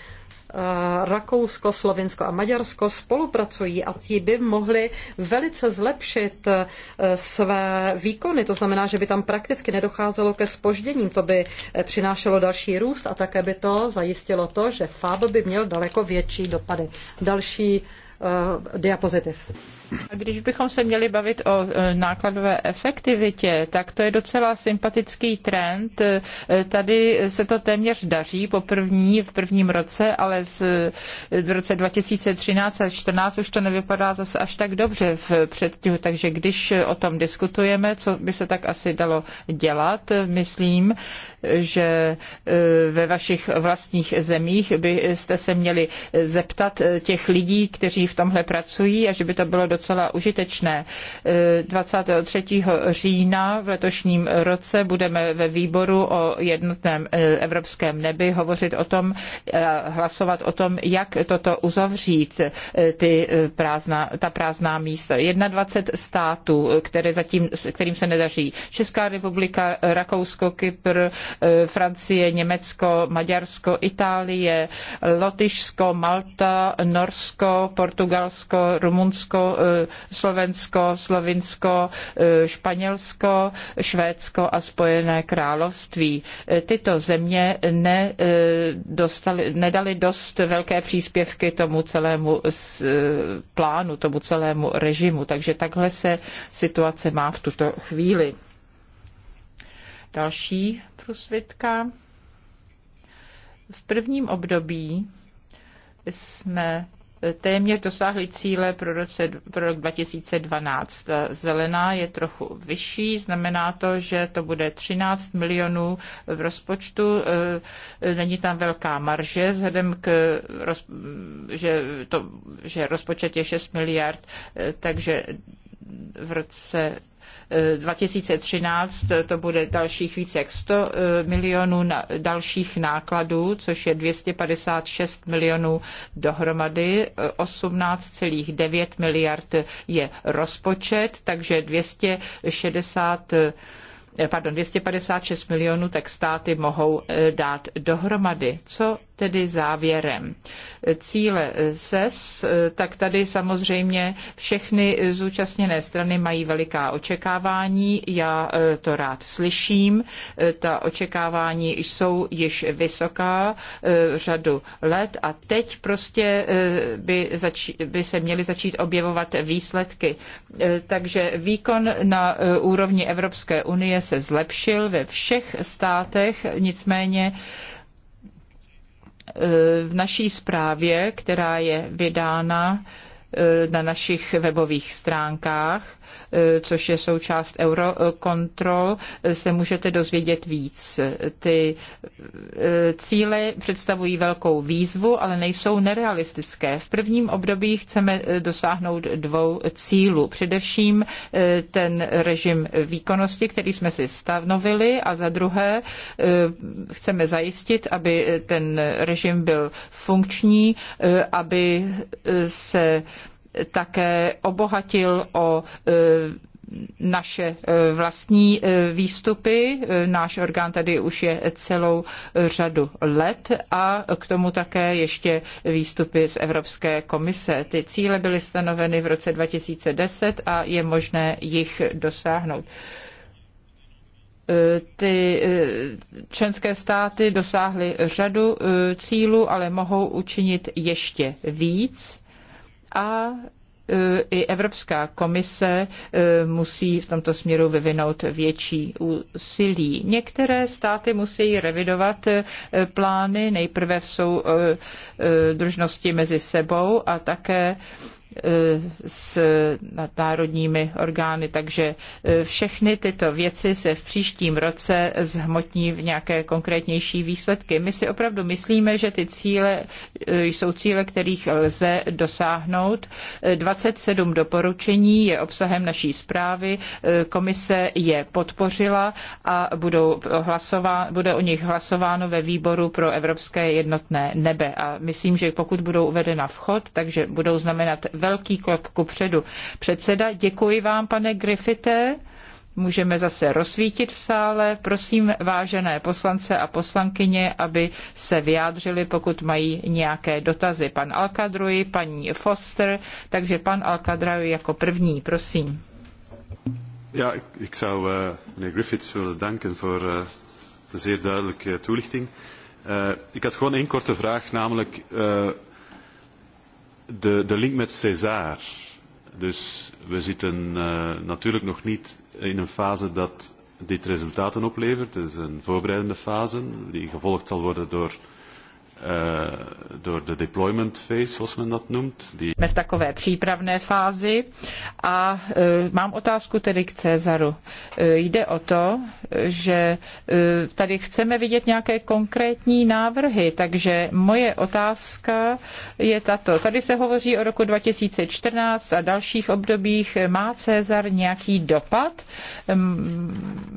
Eh, Rakousko, Slovinsko a Maďarsko spolupracují a ti by mohli velice zlepšit eh, své výkony. To znamená, že by tam prakticky nedocházelo ke spožděním. To by eh, přinášelo další růst a také by to zajistilo to, že FAB by měl daleko větší dopady. Další uh, diapozitiv když bychom se měli bavit o e, nákladové efektivitě, tak to je docela sympatický trend. E, tady se to téměř daří po první, v prvním roce, ale z, e, v roce 2013 a 2014 už to nevypadá zase až tak dobře v předtihu. Takže když o tom diskutujeme, co by se tak asi dalo dělat, myslím, že ve vašich vlastních zemích byste se měli zeptat těch lidí, kteří v tomhle pracují a že by to bylo docela docela užitečné. 23. Eh, října v letošním roce budeme ve výboru o jednotném eh, evropském nebi hovořit o tom, eh, hlasovat o tom, jak toto uzavřít, ty prázdná, ta prázdná místa. 21 států, které zatím, kterým se nedaří. Česká republika, Rakousko, Kypr, Francie, Německo, Maďarsko, Itálie, Lotyšsko, Malta, Norsko, Portugalsko, Rumunsko, Eh, Slovensko, Slovinsko, eh, Španělsko, Švédsko a Spojené království. Eh, tyto země nedostali, nedali dost velké příspěvky tomu celému plánu, tomu celému režimu. Takže takhle se situace má v tuto chvíli. Další průsvitka. V prvním období jsme téměř dosáhly cíle pro, roce, pro rok 2012. Zelená je trochu vyšší, znamená to, že to bude 13 milionů v rozpočtu. E, není tam velká marže, vzhledem k, že, to, že rozpočet je 6 miliard, e, takže v roce 2013 to bude dalších více jak 100 eh, milionů na dalších nákladů, což je 256 milionů dohromady. 18,9 miliard je rozpočet, takže 260 eh, pardon, 256 milionů, tak státy mohou eh, dát dohromady. Co tedy závěrem. Cíle SES, tak tady samozřejmě všechny zúčastněné strany mají veliká očekávání. Já eh, to rád slyším. Eh, ta očekávání jsou již vysoká eh, řadu let a teď prostě by, zač- by se měly začít objevovat výsledky. Takže výkon na úrovni Evropské unie se zlepšil ve všech státech, nicméně Eh, v naší zprávě, která je vydána eh, na našich webových stránkách, Eh, což je součást Eurocontrol, eh, se můžete dozvědět víc. Ty eh, cíle představují velkou výzvu, ale nejsou nerealistické. V prvním období chceme dosáhnout dvou cílů. Především ten režim výkonnosti, který jsme si stanovili a za druhé chceme zajistit, aby ten režim byl funkční, aby se také obohatil o e, naše e, vlastní e, výstupy. Náš orgán tady už je celou řadu let a k tomu také ještě výstupy z Evropské komise. Ty cíle byly stanoveny v roce 2010 a je možné jich dosáhnout ty členské státy dosáhly řadu cílů, ale mohou učinit ještě víc a e, i Evropská komise e, musí v tomto směru vyvinout větší úsilí. Některé státy musí revidovat e, plány nejprve v soudržnosti mezi sebou a také Eh, s nadnárodními orgány. Takže eh, všechny tyto věci se v příštím roce zhmotní v nějaké konkrétnější výsledky. My si opravdu myslíme, že ty cíle eh, jsou cíle, kterých lze dosáhnout. 27 doporučení je obsahem naší zprávy. Komise je podpořila a budou hlasová, bude o nich hlasováno ve výboru pro Evropské jednotné nebe. A myslím, že pokud budou uvedena vchod, takže budou znamenat velký krok ku předu. Předseda, děkuji vám, pane Griffite. Můžeme zase rozsvítit v sále. Prosím vážené poslance a poslankyně, aby se vyjádřili, pokud mají nějaké dotazy. Pan Alkadruj, paní Foster, takže pan Alkadruj jako první, prosím. Ja, ik zou uh, meneer Griffiths willen danken voor uh, de zeer duidelijke toelichting. Uh, ik had gewoon één korte vraag, namelijk uh, de, de link met César. Dus we zitten uh, natuurlijk nog niet in een fase dat dit resultaten oplevert. Het is een voorbereidende fase die gevolgd zal worden door door de deployment phase, zoals men dat noemt. Die... Jsme v takové přípravné fázi a e, mám otázku tedy k Cezaru. E, jde o to, že e, tady chceme vidět nějaké konkrétní návrhy, takže moje otázka je tato. Tady se hovoří o roku 2014 a dalších obdobích. Má Cezar nějaký dopad?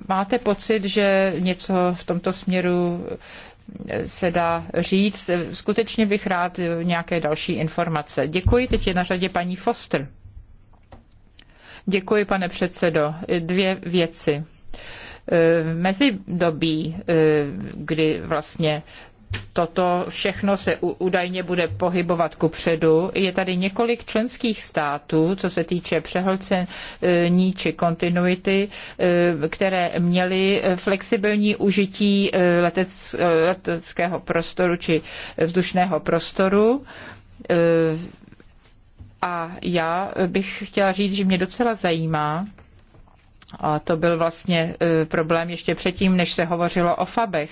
máte pocit, že něco v tomto směru se dá říct. Skutečně bych rád nějaké další informace. Děkuji, teď je na řadě paní Foster. Děkuji, pane předsedo. Dvě věci v mezidobí, kdy vlastně toto všechno se údajně bude pohybovat kupředu. Je tady několik členských států, co se týče přehlcení či kontinuity, eh, které měly flexibilní užití eh, leteckého prostoru či vzdušného prostoru. Eh, a já bych chtěla říct, že mě docela zajímá, a to byl vlastně problém ještě předtím, než se hovořilo o fabech,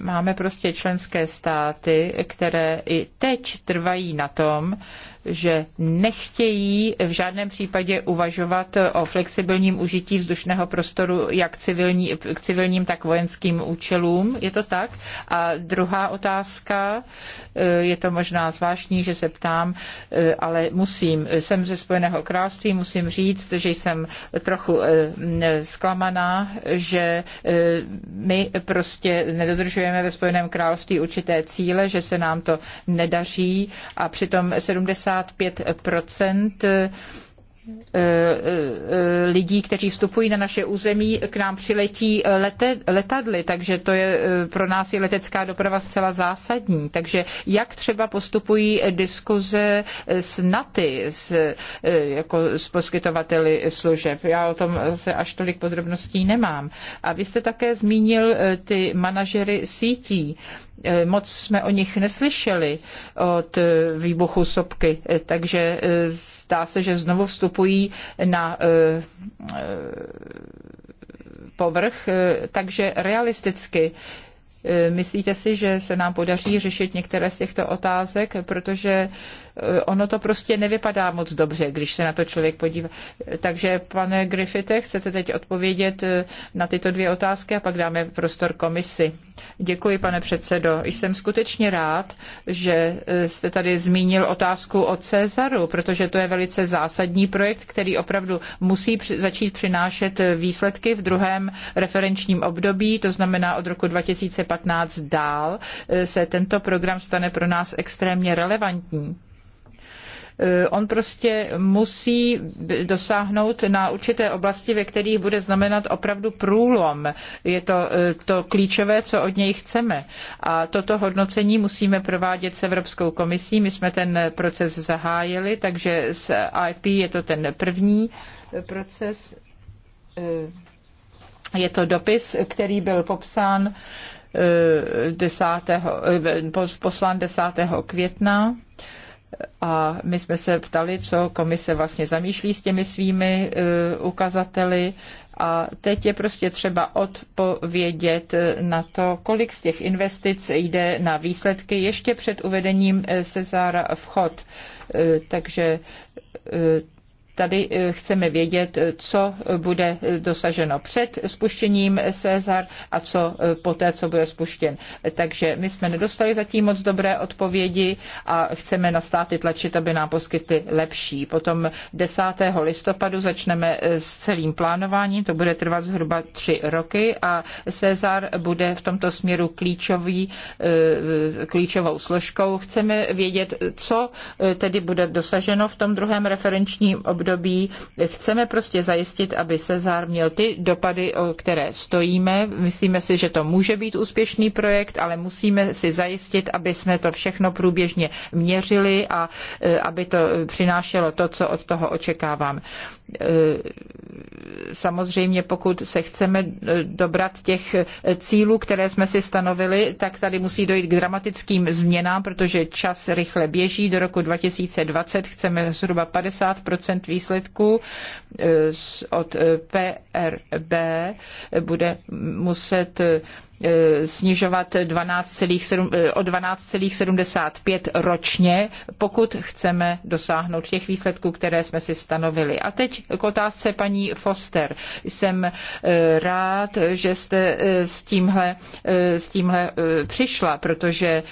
Máme prostě členské státy, které i teď trvají na tom, že nechtějí v žádném případě uvažovat o flexibilním užití vzdušného prostoru jak civilní, k civilním, tak vojenským účelům. Je to tak? A druhá otázka, eh, je to možná zvláštní, že se ptám, eh, ale musím, jsem ze Spojeného království, musím říct, že jsem trochu eh, zklamaná, že my prostě nedodržujeme dosahujeme ve Spojeném království určité cíle, že se nám to nedaří a přitom 75 Eh, eh, lidí, kteří vstupují na naše území, k nám přiletí eh, lete, letadly, takže to je pro nás je letecká doprava zcela zásadní. Takže jak třeba postupují diskuze s NATY, s, jako s poskytovateli služeb. Já o tom se až tolik podrobností nemám. A vy jste také zmínil ty manažery sítí. Eh, moc jsme o nich neslyšeli od eh, výbuchu sopky, eh, takže zdá se, že znovu vstupují na povrch, takže realisticky Myslíte si, že se nám podaří řešit některé z těchto otázek, protože Eh, ono to prostě nevypadá moc dobře, když se na to člověk podívá. Takže, pane Griffithe, chcete teď odpovědět eh, na tyto dvě otázky a pak dáme prostor komisi. Děkuji, pane předsedo. Jsem skutečně rád, že eh, jste tady zmínil otázku o Cezaru, protože to je velice zásadní projekt, který opravdu musí začít přinášet výsledky v druhém referenčním období, to znamená od roku 2015 dál se tento program stane pro nás extrémně relevantní. Eh, on prostě musí dosáhnout na určité oblasti, ve kterých bude znamenat opravdu průlom. Je to eh, to klíčové, co od něj chceme. A toto hodnocení musíme provádět s Evropskou komisí. My jsme ten proces zahájili, takže s IP je to ten první eh, proces. Je to dopis, který byl popsán 10. poslán 10. května a my jsme se ptali, co komise vlastně zamýšlí s těmi svými eh, ukazateli a teď je prostě třeba odpovědět eh, na to, kolik z těch investic jde na výsledky ještě před uvedením eh, Cezára vchod. Takže Tady eh, chceme vědět, eh, co bude eh, dosaženo před spuštěním Cezar a co poté, co bude spuštěn. Takže my jsme nedostali zatím moc dobré odpovědi a chceme na státy tlačit, aby nám poskytly lepší. Potom 10. listopadu začneme s celým plánováním, to bude trvat zhruba tři roky a Cezar bude v tomto směru klíčový, klíčovou složkou. Chceme vědět, co tedy bude dosaženo v tom druhém referenčním období období. Chceme prostě zajistit, aby Cezár měl ty dopady, o které stojíme. Myslíme si, že to může být úspěšný projekt, ale musíme si zajistit, aby jsme to všechno průběžně měřili a e, aby to přinášelo to, co od toho očekávám. E, samozřejmě, pokud se chceme e, dobrat těch cílů, které jsme si stanovili, tak tady musí dojít k dramatickým změnám, protože čas rychle běží. Do roku 2020 chceme zhruba 50 výše výsledků eh, od eh, PRB eh, bude muset E, snižovat 12, 7, e, o 12,75 ročně, pokud chceme dosáhnout těch výsledků, které jsme si stanovili. A teď k otázce paní Foster. Jsem e, rád, že jste s tímhle, s tímhle přišla, protože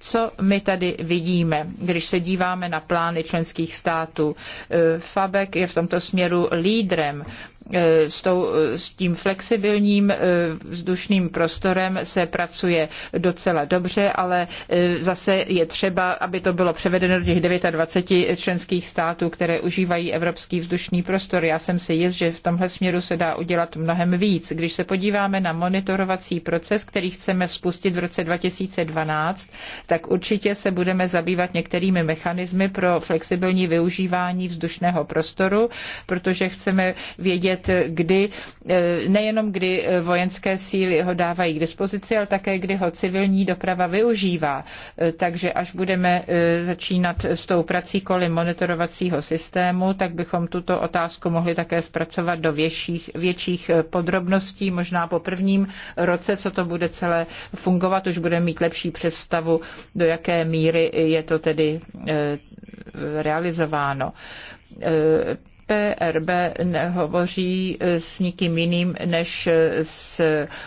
co my tady vidíme, když se díváme na plány členských států. Fabek je v tomto směru lídrem. E, s, tou, e, s tím flexibilním e, vzdušným prostorem se pracuje docela dobře, ale zase je třeba, aby to bylo převedeno do těch 29 členských států, které užívají evropský vzdušný prostor. Já jsem si jist, že v tomhle směru se dá udělat mnohem víc. Když se podíváme na monitorovací proces, který chceme spustit v roce 2012, tak určitě se budeme zabývat některými mechanismy pro flexibilní využívání vzdušného prostoru, protože chceme vědět, vědět, kdy, eh, nejenom kdy eh, vojenské síly ho dávají k dispozici, ale také kdy ho civilní doprava využívá. Eh, takže až budeme začínat s tou prací kolem monitorovacího systému, tak bychom tuto otázku mohli také zpracovat do větších, větších podrobností. Možná po prvním roce, co to bude celé fungovat, už budeme mít lepší představu, do jaké míry je to tedy realizováno PRB nehovoří s nikým jiným než s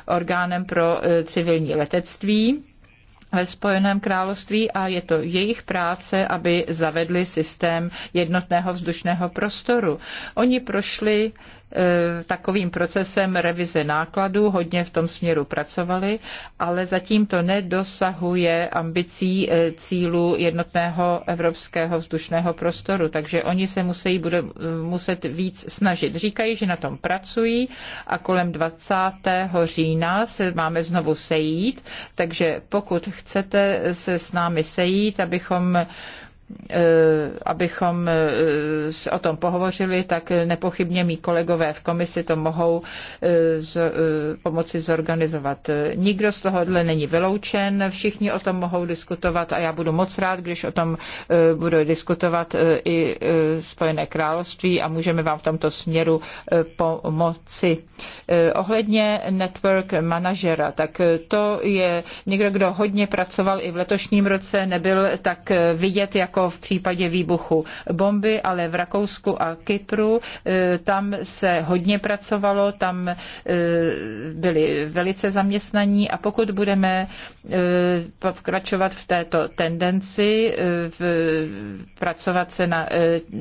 orgánem pro eh, civilní letectví ve Spojeném království a je to jejich práce, aby zavedli systém jednotného vzdušného prostoru. Oni prošli E, takovým procesem revize nákladů, hodně v tom směru pracovali, ale zatím to nedosahuje ambicí e, cílu jednotného evropského vzdušného prostoru, takže oni se musí, bude e, muset víc snažit. Říkají, že na tom pracují a kolem 20. října se máme znovu sejít, takže pokud chcete se s námi sejít, abychom Eh, abychom eh, o tom pohovořili, tak nepochybně mý kolegové v komisi to mohou eh, z, pomoci zorganizovat. Nikdo z tohohle není vyloučen, všichni o tom mohou diskutovat a já budu moc rád, když o tom budou diskutovat i Spojené království a můžeme vám v tomto směru pomoci. Ohledně network manažera, tak to je někdo, kdo hodně pracoval i v letošním roce, nebyl tak vidět jako jako v případě výbuchu bomby, ale v Rakousku a Kypru eh, tam se hodně pracovalo, tam eh, byli velice zaměstnaní a pokud budeme eh, pokračovat v této tendenci, v, pracovat se na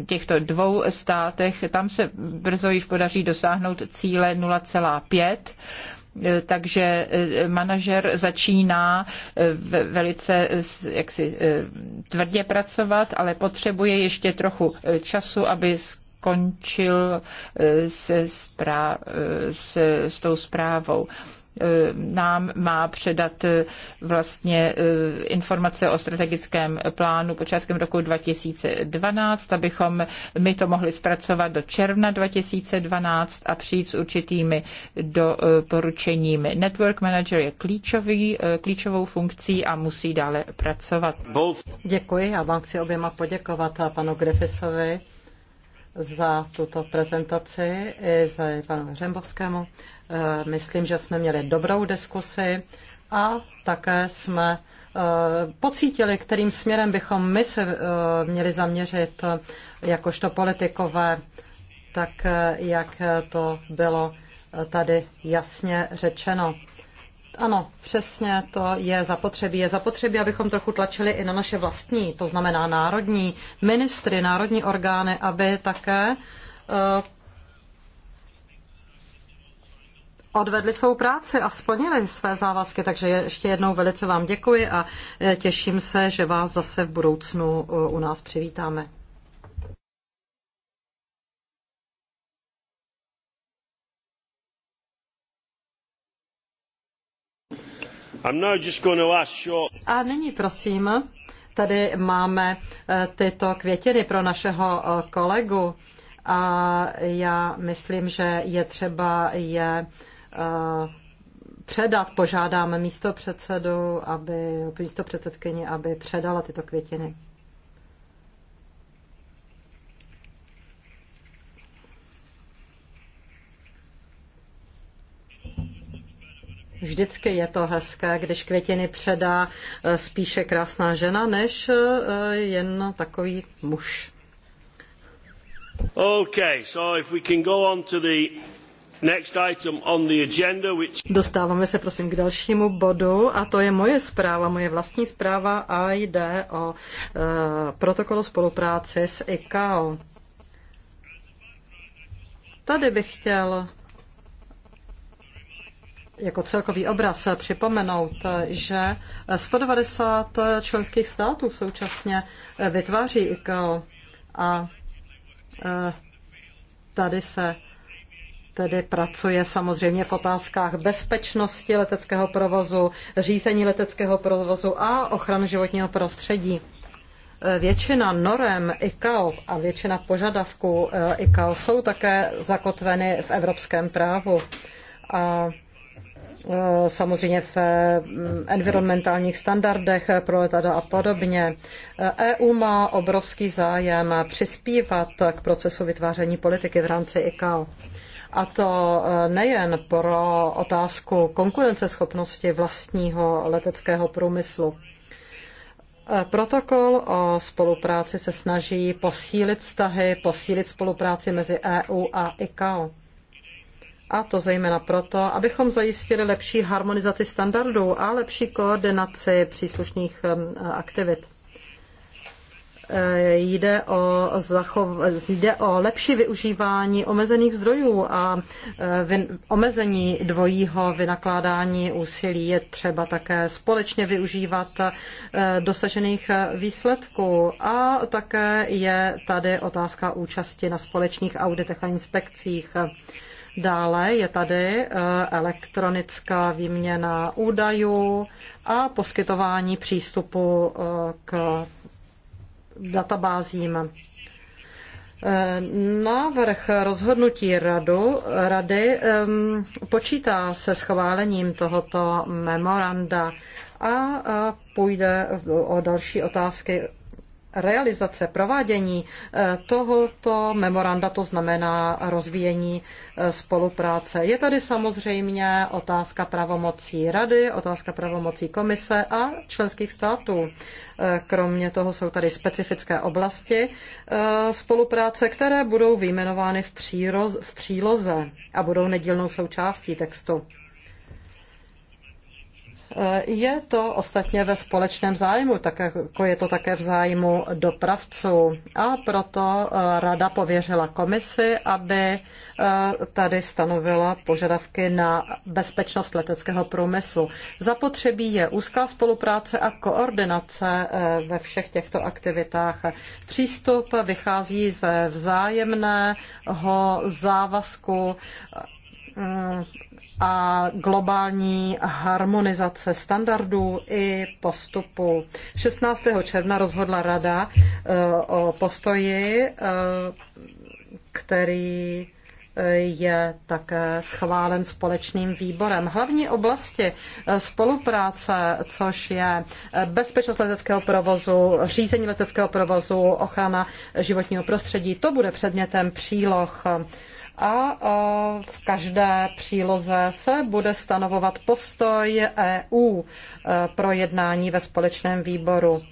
těchto dvou státech, tam se brzo již podaří dosáhnout cíle 0,5 Eh, takže eh, manažer začíná eh, velice jaksi, tvrdě pracovat, ale potřebuje ještě trochu času, aby skončil se, s tou zprávou. E, nám má předat e, vlastně e, informace o strategickém plánu počátkem roku 2012, abychom my to mohli zpracovat do června 2012 a přijít s určitými doporučeními. Network manager je klíčový, klíčovou funkcí a musí dále pracovat. Děkuji, a vám chci oběma poděkovat a panu Griffisovi za tuto prezentaci i za panu Řembovskému Eh, myslím, že jsme měli dobrou diskusi a také jsme eh, pocítili, kterým směrem bychom my se eh, měli zaměřit jakožto politikové, tak jak to bylo tady jasně řečeno. Ano, přesně to je zapotřebí. Je zapotřebí, abychom trochu tlačili i na naše vlastní, to znamená národní ministry, národní orgány, aby také odvedli svou práci a splnili své závazky, takže ještě jednou velice vám děkuji a e, těším se, že vás zase v budoucnu e, u nás přivítáme. A nyní prosím, tady máme e, tyto květiny pro našeho kolegu a já myslím, že je třeba je předat, požádám místo předsedu, aby, místo předsedkyni, aby předala tyto květiny. Vždycky je to hezké, když květiny předá eh, spíše krásná žena, než eh, jen takový muž. Okay, so if we can go on to the Dostáváme se prosím k dalšímu bodu a to je moje zpráva, moje vlastní zpráva a jde o e, protokol spolupráce s ICAO. Tady bych chtěl jako celkový obraz připomenout, že 190 členských států současně vytváří ICAO a e, tady se tedy pracuje samozřejmě v otázkách bezpečnosti leteckého provozu, řízení leteckého provozu a ochrany životního prostředí. E, většina norem ICAO a většina požadavků e, ICAO jsou také zakotveny v evropském právu. A e, samozřejmě v mm, environmentálních standardech pro letadla a podobně. EU má obrovský zájem přispívat k procesu vytváření politiky v rámci ICAO. A to eh, nejen pro otázku konkurenceschopnosti vlastního leteckého průmyslu. Eh, protokol o spolupráci se snaží posílit vztahy, posílit spolupráci mezi EU a ICAO. A to zejména proto, abychom zajistili lepší harmonizaci standardů a lepší koordinaci příslušných eh, aktivit. Eh, jde o, zachov, jde o lepší využívání omezených zdrojů a eh, omezení dvojího vynakládání úsilí je třeba také společně využívat eh, dosažených výsledků. A také je tady otázka účasti na společných auditech a inspekcích. Dále je tady elektronická výměna údajů a poskytování přístupu k databázím. Návrh rozhodnutí radu, rady počítá se schválením tohoto memoranda a půjde o další otázky realizace, provádění eh, tohoto memoranda, to znamená rozvíjení eh, spolupráce. Je tady samozřejmě otázka pravomocí rady, otázka pravomocí komise a členských států. Eh, kromě toho jsou tady specifické oblasti spolupráce, které budou vyjmenovány v, v příloze a budou nedílnou součástí textu. Eh, je to ostatně ve společném zájmu, tak jako je to také v zájmu dopravců. A proto eh, rada pověřila komisi, aby eh, tady stanovila požadavky na bezpečnost leteckého průmyslu. Zapotřebí je úzká spolupráce a koordinace ve všech těchto aktivitách. Přístup vychází ze vzájemného závazku a globální harmonizace standardů i postupu. 16. června rozhodla Rada eh, o postoji, eh, který eh, je také schválen společným výborem. Hlavní oblasti spolupráce, což je bezpečnost leteckého provozu, řízení leteckého provozu, ochrana životního prostředí, to bude předmětem příloh a v každé příloze se bude stanovovat postoj EU e, pro jednání ve společném výboru. E,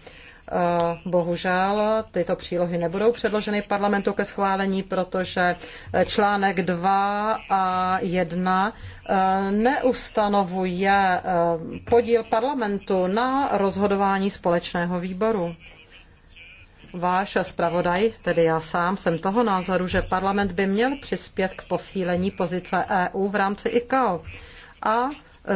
bohužel tyto přílohy nebudou předloženy parlamentu ke schválení, protože článek 2 a 1 e, neustanovuje podíl parlamentu na rozhodování společného výboru. Váš zpravodaj, tedy já sám, jsem toho názoru, že parlament by měl přispět k posílení pozice EU v rámci ICAO a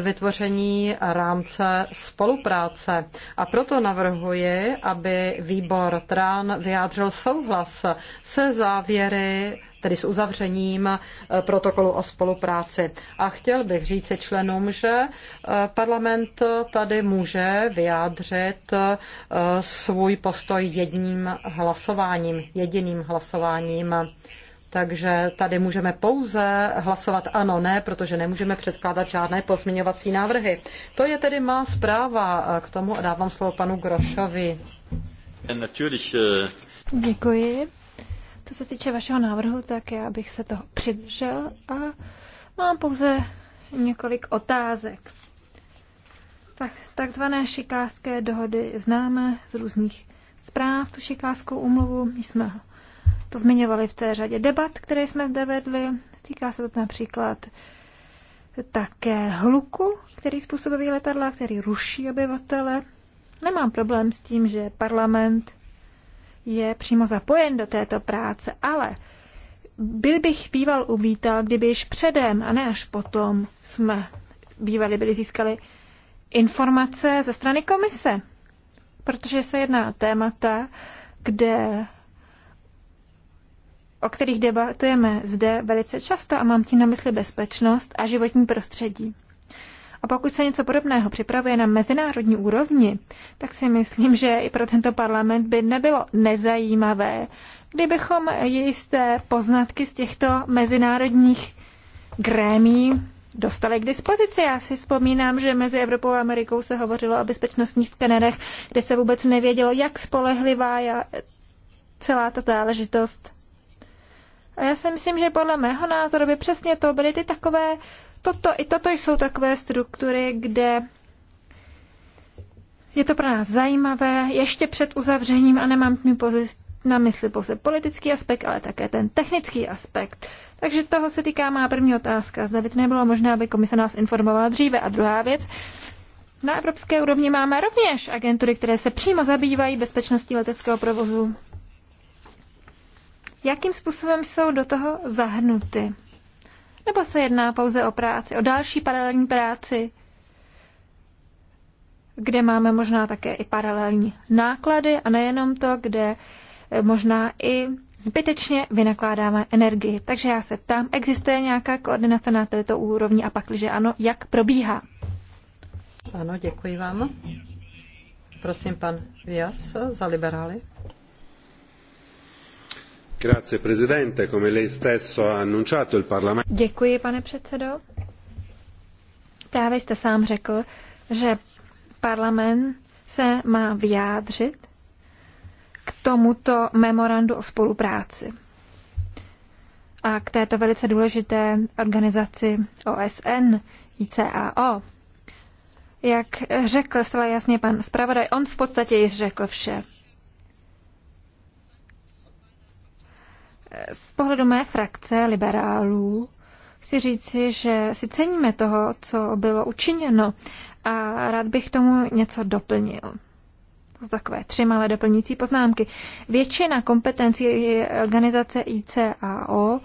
vytvoření rámce spolupráce. A proto navrhuji, aby výbor TRAN vyjádřil souhlas se závěry tedy s uzavřením eh, protokolu o spolupráci. A chtěl bych říct členům, že eh, parlament eh, tady může vyjádřit svůj postoj jedním hlasováním, jediným hlasováním. Takže tady můžeme pouze hlasovat ano, ne, protože nemůžeme předkládat žádné pozměňovací návrhy. To je tedy má zpráva k tomu a dávám slovo panu Grošovi. Děkuji. Co se týče vašeho návrhu, tak já bych se toho přidržel a mám pouze několik otázek. Tak, takzvané šikářské dohody známe z různých zpráv, tu šikářskou umluvu. My jsme to zmiňovali v té řadě debat, které jsme zde vedli. Týká se to například také hluku, který způsobují letadla, který ruší obyvatele. Nemám problém s tím, že parlament je přímo zapojen do této práce, ale byl bych býval uvítal, kdyby již předem a ne až potom jsme bývali byli získali informace ze strany komise, protože se jedná o témata, kde o kterých debatujeme zde velice často a mám tím na mysli bezpečnost a životní prostředí. A pokud se něco podobného připravuje na mezinárodní úrovni, tak si myslím, že i pro tento parlament by nebylo nezajímavé, kdybychom jisté poznatky z těchto mezinárodních grémí dostali k dispozici. Já si vzpomínám, že mezi Evropou a Amerikou se hovořilo o bezpečnostních skenerech, kde se vůbec nevědělo, jak spolehlivá je celá ta záležitost. A já si myslím, že podle mého názoru by přesně to byly ty takové Toto, I toto jsou takové struktury, kde je to pro nás zajímavé. Ještě před uzavřením, a nemám tím na mysli pouze politický aspekt, ale také ten technický aspekt. Takže toho se týká má první otázka. Zda by to nebylo možné, aby komise nás informovala dříve. A druhá věc, na evropské úrovni máme rovněž agentury, které se přímo zabývají bezpečností leteckého provozu. Jakým způsobem jsou do toho zahrnuty? Nebo se jedná pouze o práci, o další paralelní práci, kde máme možná také i paralelní náklady a nejenom to, kde eh, možná i zbytečně vynakládáme energii. Takže já se ptám, existuje nějaká koordinace na této úrovni a pak, že ano, jak probíhá? Ano, děkuji vám. Prosím, pan Vias za liberály. Děkuji, pane předsedo. Právě jste sám řekl, že parlament se má vyjádřit k tomuto memorandu o spolupráci a k této velice důležité organizaci OSN, ICAO. Jak řekl zcela jasně pan zpravodaj, on v podstatě již řekl vše. Z pohledu mé frakce liberálů si říci, že si ceníme toho, co bylo učiněno a rád bych tomu něco doplnil. takové tři malé doplňující poznámky. Většina kompetencí organizace ICAO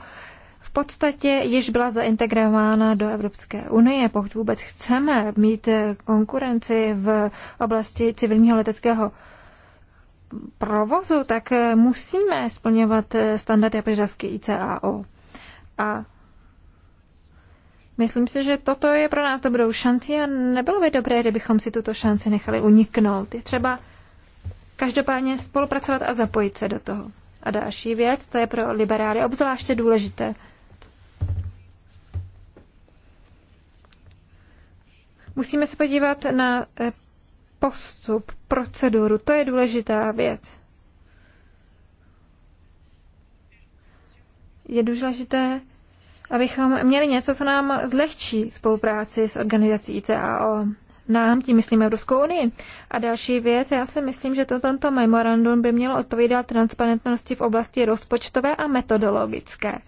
v podstatě již byla zaintegrována do Evropské unie. Pokud vůbec chceme mít konkurenci v oblasti civilního leteckého provozu, tak eh, musíme splňovat eh, standardy a požadavky ICAO. A myslím si, že toto je pro nás dobrou šanci a nebylo by dobré, kdybychom si tuto šanci nechali uniknout. Je třeba každopádně spolupracovat a zapojit se do toho. A další věc, to je pro liberály obzvláště důležité. Musíme se podívat na eh, postup, proceduru, to je důležitá věc. Je důležité, abychom měli něco, co nám zlehčí spolupráci s organizací ICAO. Nám, tím myslím Evropskou unii. A další věc, já si myslím, že to, tento memorandum by mělo odpovídat transparentnosti v oblasti rozpočtové a metodologické.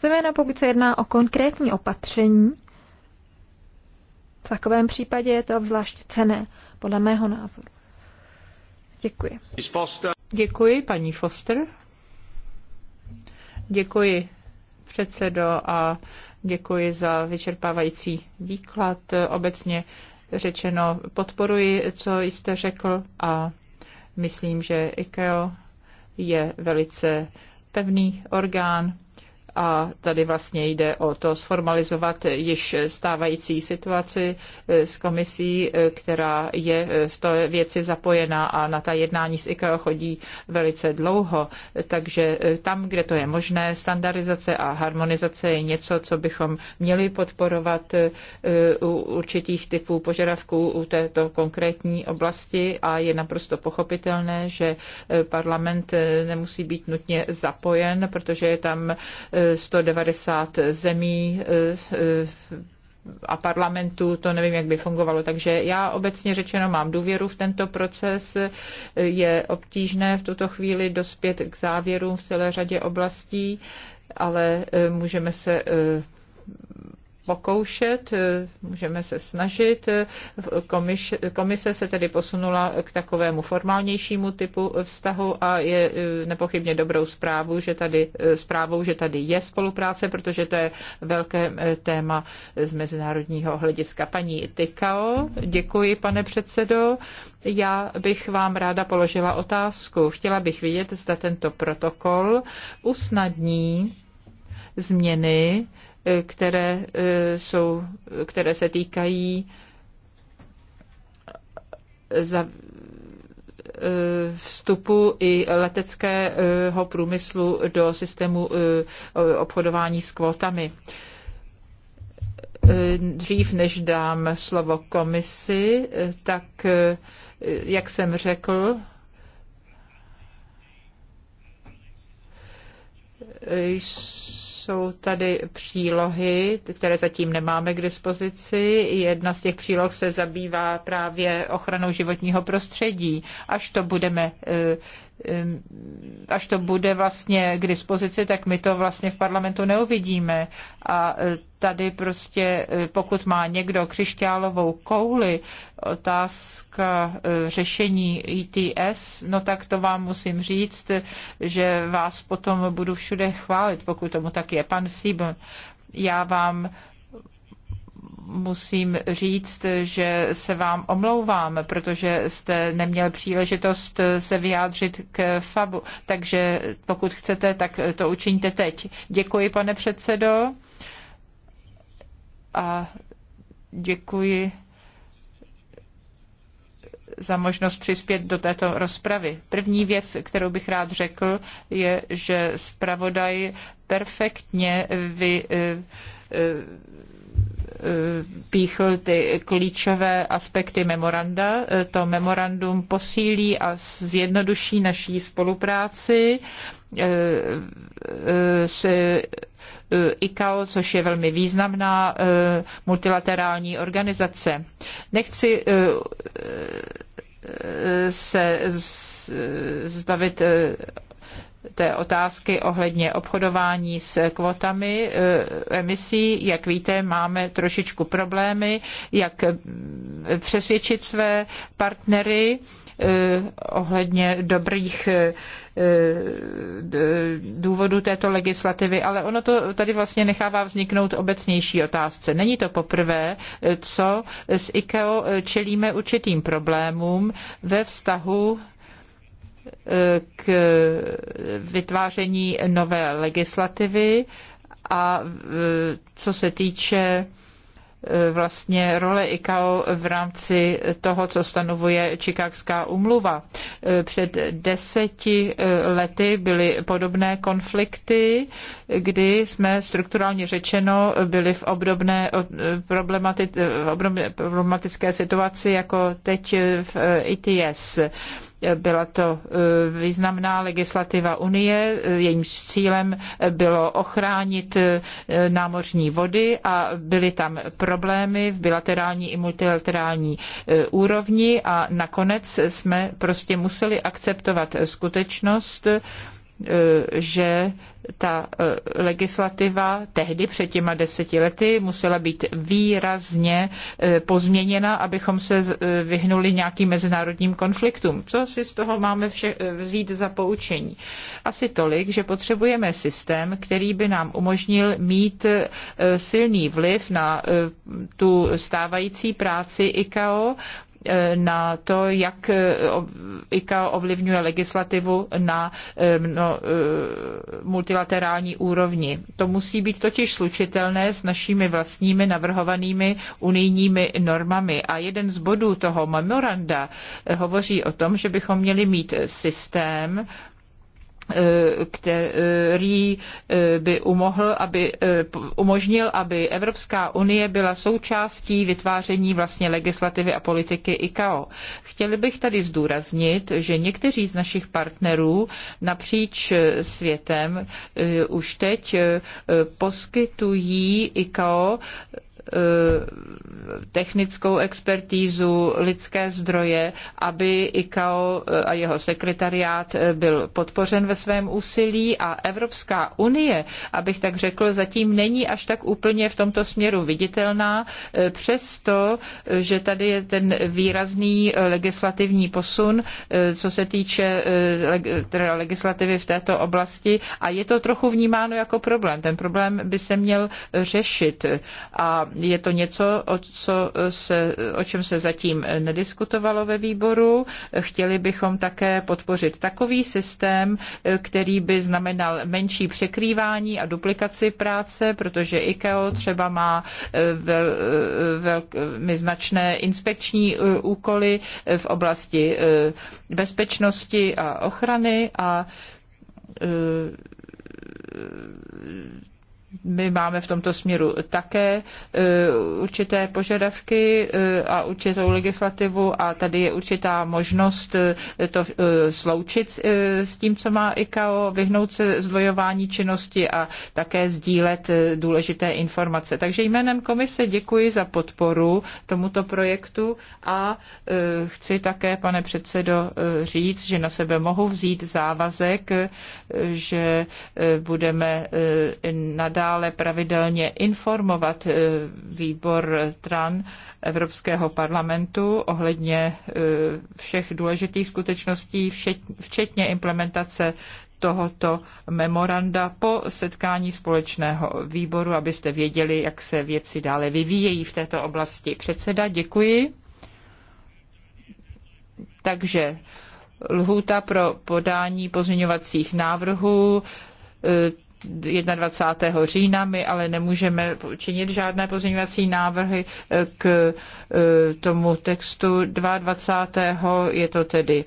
Zejména pokud se jedná o konkrétní opatření, v takovém případě je to obzvlášť cené podle mého názoru. Děkuji. Děkuji, paní Foster. Děkuji, předsedo, a děkuji za vyčerpávající výklad. Obecně řečeno podporuji, co jste řekl a myslím, že ICAO je velice pevný orgán, a tady vlastně jde o to sformalizovat již stávající situaci eh, s komisí, eh, která je eh, v té věci zapojená a na ta jednání s ICAO chodí velice dlouho. Takže tam, kde to je možné, standardizace a harmonizace je něco, co bychom měli podporovat u určitých typů požadavků u této konkrétní oblasti a je naprosto pochopitelné, že parlament nemusí být nutně zapojen, protože je tam 190 zemí eh, eh, a parlamentu, to nevím, jak by fungovalo. Takže já obecně řečeno mám důvěru v tento proces. Je obtížné v tuto chvíli dospět k závěrům v celé řadě oblastí, ale eh, můžeme se pokoušet, eh, můžeme se snažit. Eh, komise, se tedy posunula k takovému formálnějšímu typu vztahu a je eh, nepochybně dobrou zprávu, že tady, zprávou, že tady je spolupráce, protože to je velké téma z mezinárodního hlediska. Paní Tykao, děkuji, pane předsedo. Já bych vám ráda položila otázku. Chtěla bych vědět, zda tento protokol usnadní změny které, eh, jsou, které se týkají eh, za eh, vstupu i leteckého průmyslu do systému obchodování s kvótami. Dřív než dám slovo komisi, tak jak jsem řekl, jsou jsou tady přílohy, které zatím nemáme k dispozici. Jedna z těch příloh se zabývá právě ochranou životního prostředí. Až to budeme eh, až to bude vlastně k dispozici, tak my to vlastně v parlamentu neuvidíme. A e, tady prostě, e, pokud má někdo křišťálovou kouli, otázka e, řešení ETS, no tak to vám musím říct, že vás potom budu všude chválit, pokud tomu tak je. Pan Sibon, já vám musím říct, že se vám omlouvám, protože jste neměl příležitost se vyjádřit k FABu. Takže pokud chcete, tak to učiňte teď. Děkuji, pane předsedo. A děkuji za možnost přispět do této rozpravy. První věc, kterou bych rád řekl, je, že zpravodaj perfektně vy, eh, eh, píchl ty klíčové aspekty memoranda. To memorandum posílí a zjednoduší naší spolupráci eh, eh, s eh, ICAO, což je velmi významná multilaterální organizace. Nechci se zbavit té otázky ohledně obchodování s kvotami e, emisí. Jak víte, máme trošičku problémy, jak přesvědčit své partnery e, ohledně dobrých e, důvodů této legislativy, ale ono to tady vlastně nechává vzniknout obecnější otázce. Není to poprvé, co s ICAO čelíme určitým problémům ve vztahu k vytváření nové legislativy a e, co se týče e, vlastně role ICAO v rámci toho, co stanovuje Čikákská umluva. E, před deseti lety byly podobné konflikty, kdy jsme strukturálně řečeno byli v obdobné problematické situaci jako teď v ITS. Byla to e, významná legislativa Unie, e, jejímž cílem bylo ochránit e, námořní vody a byly tam problémy v bilaterální i multilaterální úrovni a nakonec jsme prostě museli akceptovat skutečnost, že ta e, legislativa tehdy před těma deseti lety musela být výrazně e, pozměněna, abychom se e, vyhnuli nějakým mezinárodním konfliktům. Co si z toho máme vše vzít za poučení? Asi tolik, že potřebujeme systém, který by nám umožnil mít silný vliv na tu stávající práci ICAO, Eh, na to, jak eh, ICAO ovlivňuje legislativu na no, multilaterální úrovni. To musí být totiž slučitelné s našimi vlastními navrhovanými unijními normami. A jeden z bodů toho memoranda hovoří o tom, že bychom měli mít systém, který eh, by umohl, aby, eh, umožnil, aby Evropská unie byla součástí vytváření vlastně legislativy a politiky ICAO. Chtěli bych tady zdůraznit, že někteří z našich partnerů napříč eh, světem už teď poskytují ICAO Eh, technickou expertízu, lidské zdroje, aby ICAO eh, a jeho sekretariát eh, byl podpořen ve svém úsilí a Evropská unie, abych tak řekl, zatím není až tak úplně v tomto směru viditelná, přesto, že tady je ten výrazný legislativní posun, co se týče teda legislativy v této oblasti a je to trochu vnímáno jako problém. Ten problém by se měl řešit. A je to něco, o, co se, o čem se zatím nediskutovalo ve výboru. Chtěli bychom také podpořit takový systém, který by znamenal menší překrývání a duplikaci práce, protože IKEO třeba má eh, vel, eh, velmi značné inspekční eh, úkoly v oblasti bezpečnosti a ochrany a my máme v tomto směru také e, určité požadavky e, a určitou legislativu a tady je určitá možnost e, to sloučit s tím, co má ICAO, vyhnout se zdvojování činnosti a také sdílet důležité informace. Takže jménem komise děkuji za podporu tomuto projektu a chci také, pane předsedo, říct, že na sebe mohu vzít závazek, že budeme nadále dále pravidelně informovat eh, výbor TRAN Evropského parlamentu ohledně eh, všech důležitých skutečností, včetně implementace tohoto memoranda po setkání společného výboru, abyste věděli, jak se věci dále vyvíjejí v této oblasti. Předseda, děkuji. Takže lhůta pro podání pozměňovacích návrhů eh, 21. října. My ale nemůžeme činit žádné pozměňovací návrhy eh, k eh, tomu textu 22. je to tedy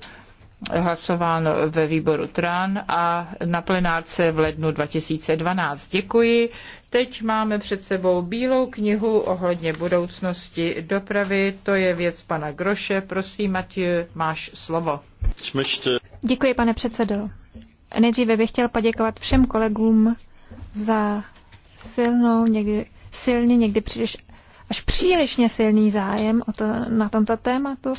hlasováno ve výboru TRAN a na plenárce v lednu 2012. Děkuji. Teď máme před sebou bílou knihu ohledně budoucnosti dopravy. To je věc pana Groše. Prosím, Matěj, máš slovo. Děkuji, pane předsedo nejdříve bych chtěl poděkovat všem kolegům za silnou, někdy, silně, někdy příliš, až přílišně silný zájem o to, na tomto tématu.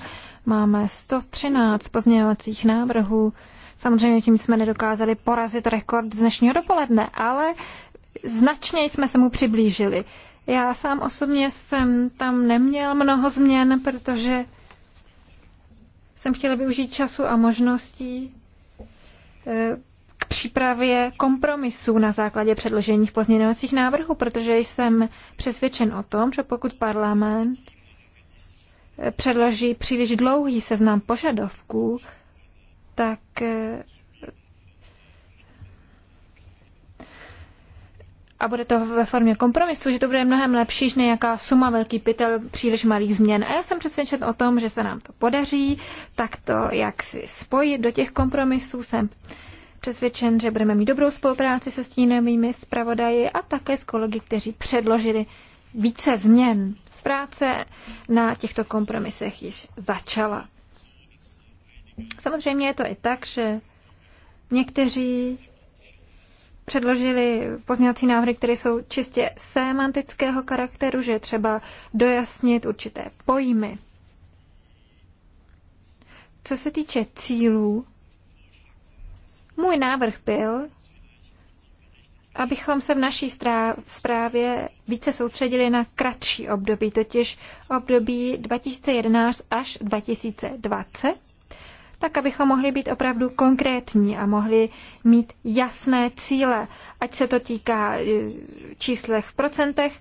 Máme 113 pozměňovacích návrhů. Samozřejmě tím jsme nedokázali porazit rekord z dnešního dopoledne, ale značně jsme se mu přiblížili. Já sám osobně jsem tam neměl mnoho změn, protože jsem chtěla využít času a možností Eh, k přípravě kompromisů na základě předložených pozměňovacích návrhů, protože jsem přesvědčen o tom, že pokud parlament eh, předloží příliš dlouhý seznam požadavků, tak eh, a bude to ve formě kompromisu, že to bude mnohem lepší, než nějaká suma velký pytel příliš malých změn. A já jsem přesvědčen o tom, že se nám to podaří, tak to jak si spojit do těch kompromisů jsem přesvědčen, že budeme mít dobrou spolupráci se stínovými zpravodaji a také s kolegy, kteří předložili více změn. Práce na těchto kompromisech již začala. Samozřejmě je to i tak, že někteří předložili pozměňovací návrhy, které jsou čistě semantického charakteru, že je třeba dojasnit určité pojmy. Co se týče cílů, můj návrh byl, abychom se v naší zprávě více soustředili na kratší období, totiž období 2011 až 2020 tak abychom mohli být opravdu konkrétní a mohli mít jasné cíle, ať se to týká e, číslech v procentech,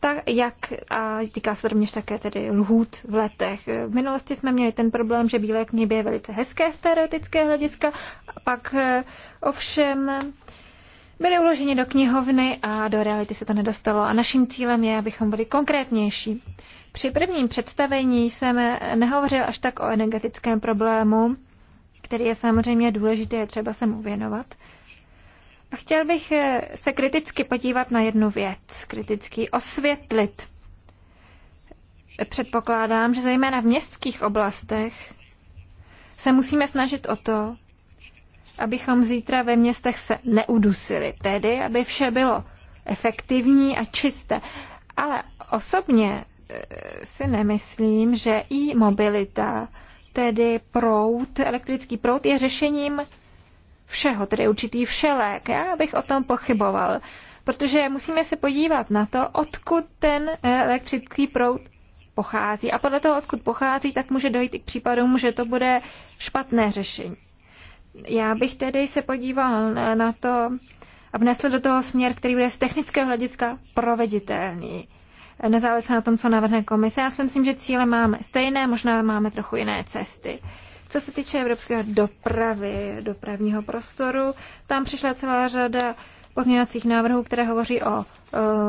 tak jak, a týká se rovněž také tedy lhůt v letech. E, v minulosti jsme měli ten problém, že bílé knihy je velice hezké z teoretické hlediska, a pak e, ovšem byly uloženy do knihovny a do reality se to nedostalo. A naším cílem je, abychom byli konkrétnější. Při prvním představení jsem nehovořil až tak o energetickém problému, který je samozřejmě důležitý, je třeba se mu věnovat. A chtěl bych se kriticky podívat na jednu věc, kriticky osvětlit. Předpokládám, že zejména v městských oblastech se musíme snažit o to, abychom zítra ve městech se neudusili, tedy aby vše bylo efektivní a čisté. Ale osobně si nemyslím, že i mobilita, tedy prout, elektrický prout, je řešením všeho, tedy určitý všelék. Já bych o tom pochyboval, protože musíme se podívat na to, odkud ten elektrický prout pochází. A podle toho, odkud pochází, tak může dojít i k případům, že to bude špatné řešení. Já bych tedy se podíval na to a vnesl do toho směr, který bude z technického hlediska proveditelný nezávisle na tom, co navrhne komise. Já si myslím, že cíle máme stejné, možná máme trochu jiné cesty. Co se týče evropské dopravy, dopravního prostoru, tam přišla celá řada pozměňovacích návrhů, které hovoří o e,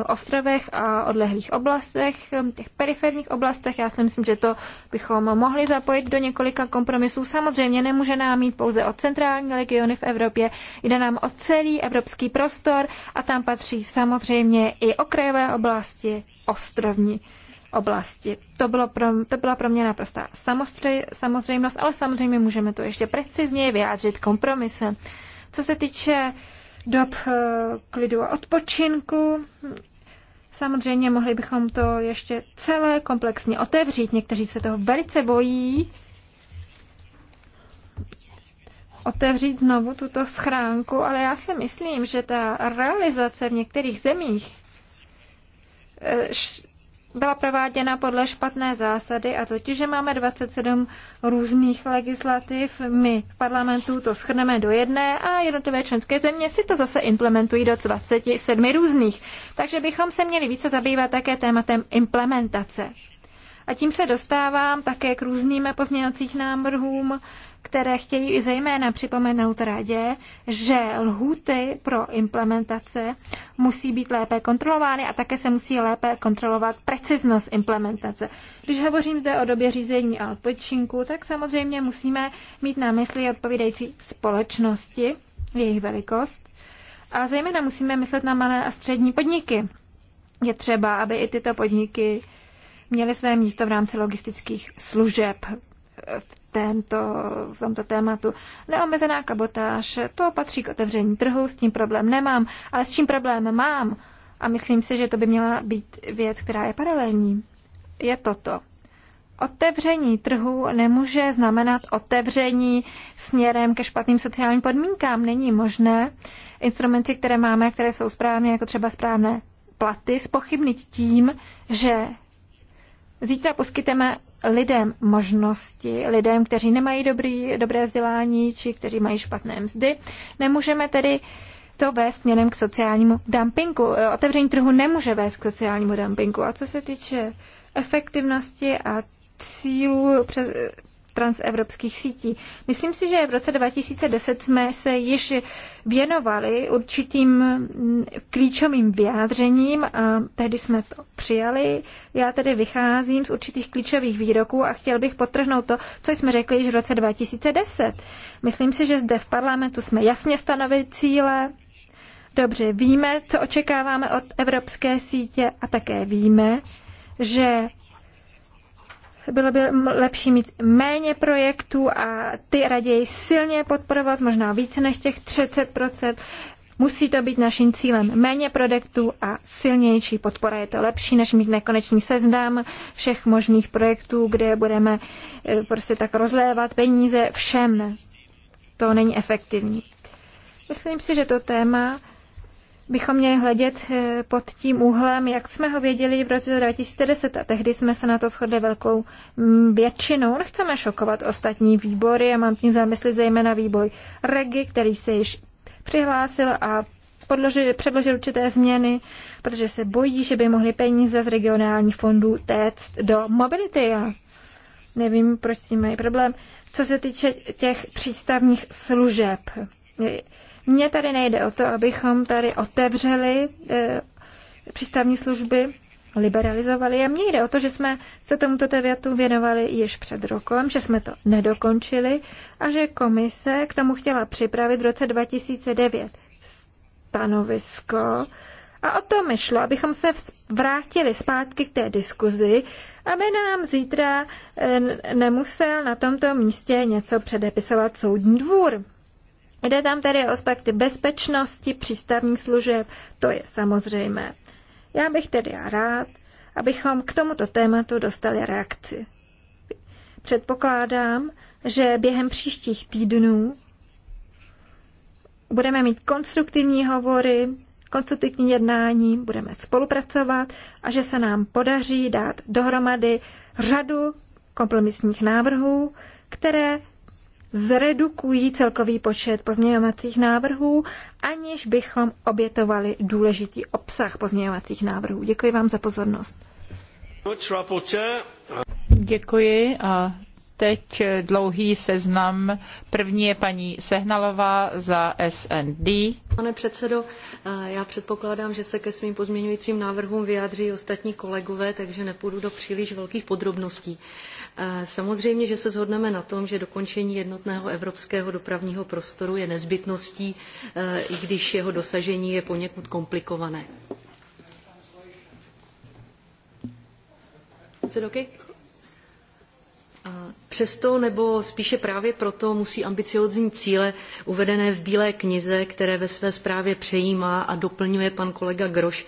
ostrovech a odlehlých oblastech, e, těch periferních oblastech. Já si myslím, že to bychom mohli zapojit do několika kompromisů. Samozřejmě nemůže nám jít pouze o centrální legiony v Evropě, jde nám o celý evropský prostor a tam patří samozřejmě i okrajové oblasti, ostrovní oblasti. To, bylo pro, to byla pro mě naprostá samozřejmost, ale samozřejmě můžeme to ještě precizněji vyjádřit kompromisem. Co se týče dob eh, klidu a odpočinku. Samozřejmě mohli bychom to ještě celé komplexně otevřít. Někteří se toho velice bojí. Otevřít znovu tuto schránku, ale já si myslím, že ta realizace v některých zemích eh, byla prováděna podle špatné zásady, a totiž, že máme 27 různých legislativ, my v parlamentu to schrneme do jedné a jednotlivé členské země si to zase implementují do 27 různých. Takže bychom se měli více zabývat také tématem implementace. A tím se dostávám také k různým pozměňovacích návrhům, které chtějí zejména připomenout radě, že lhuty pro implementace musí být lépe kontrolovány a také se musí lépe kontrolovat preciznost implementace. Když hovořím zde o době řízení a odpočinku, tak samozřejmě musíme mít na mysli odpovídající společnosti, jejich velikost, a zejména musíme myslet na malé a střední podniky. Je třeba, aby i tyto podniky měly své místo v rámci logistických služeb v, tento, v tomto tématu. Neomezená kabotáž, to patří k otevření trhu, s tím problém nemám, ale s čím problém mám, a myslím si, že to by měla být věc, která je paralelní, je toto. Otevření trhu nemůže znamenat otevření směrem ke špatným sociálním podmínkám. Není možné instrumenty, které máme, které jsou správně, jako třeba správné platy, spochybnit tím, že Zítra poskyteme lidem možnosti, lidem, kteří nemají dobrý, dobré vzdělání či kteří mají špatné mzdy. Nemůžeme tedy to vést směrem k sociálnímu dumpingu. E, otevření trhu nemůže vést k sociálnímu dumpingu. A co se týče efektivnosti a cílů transevropských sítí. Myslím si, že v roce 2010 jsme se již věnovali určitým klíčovým vyjádřením a tehdy jsme to přijali. Já tedy vycházím z určitých klíčových výroků a chtěl bych potrhnout to, co jsme řekli již v roce 2010. Myslím si, že zde v parlamentu jsme jasně stanovili cíle, dobře víme, co očekáváme od evropské sítě a také víme, že bylo by lepší mít méně projektů a ty raději silně podporovat, možná více než těch 30%. Musí to být naším cílem. Méně projektů a silnější podpora je to lepší, než mít nekonečný seznam všech možných projektů, kde budeme eh, prostě tak rozlévat peníze všem. To není efektivní. Myslím si, že to téma bychom měli hledět eh, pod tím úhlem, jak jsme ho věděli v roce 2010 a tehdy jsme se na to shodli velkou mm, většinou. Nechceme šokovat ostatní výbory a mám tím zamyslit zejména výboj Regi, který se již přihlásil a podložil, předložil určité změny, protože se bojí, že by mohly peníze z regionálních fondů téct do mobility. Já nevím, proč s tím mají problém. Co se týče těch přístavních služeb, mně tady nejde o to, abychom tady otevřeli e, přístavní služby, liberalizovali je. Mně jde o to, že jsme se tomuto tevětu věnovali již před rokem, že jsme to nedokončili a že komise k tomu chtěla připravit v roce 2009 stanovisko, a o to mi šlo, abychom se vrátili zpátky k té diskuzi, aby nám zítra eh, nemusel na tomto místě něco předepisovat soudní dvůr. Jde tam tedy o aspekty bezpečnosti přístavních služeb, to je samozřejmé. Já bych tedy rád, abychom k tomuto tématu dostali reakci. Předpokládám, že během příštích týdnů budeme mít konstruktivní hovory, konstruktivní jednání, budeme spolupracovat a že se nám podaří dát dohromady řadu kompromisních návrhů, které zredukují celkový počet pozměňovacích návrhů, aniž bychom obětovali důležitý obsah pozměňovacích návrhů. Děkuji vám za pozornost. Děkuji a teď dlouhý seznam. První je paní Sehnalová za SND. Pane předsedo, já předpokládám, že se ke svým pozměňujícím návrhům vyjádří ostatní kolegové, takže nepůjdu do příliš velkých podrobností. Eh, samozřejmě, že se shodneme na tom, že dokončení jednotného evropského dopravního prostoru je nezbytností, eh, i když jeho dosažení je poněkud komplikované. Is it okay? Přesto nebo spíše právě proto musí ambiciózní cíle uvedené v Bílé knize, které ve své zprávě přejímá a doplňuje pan kolega Groš,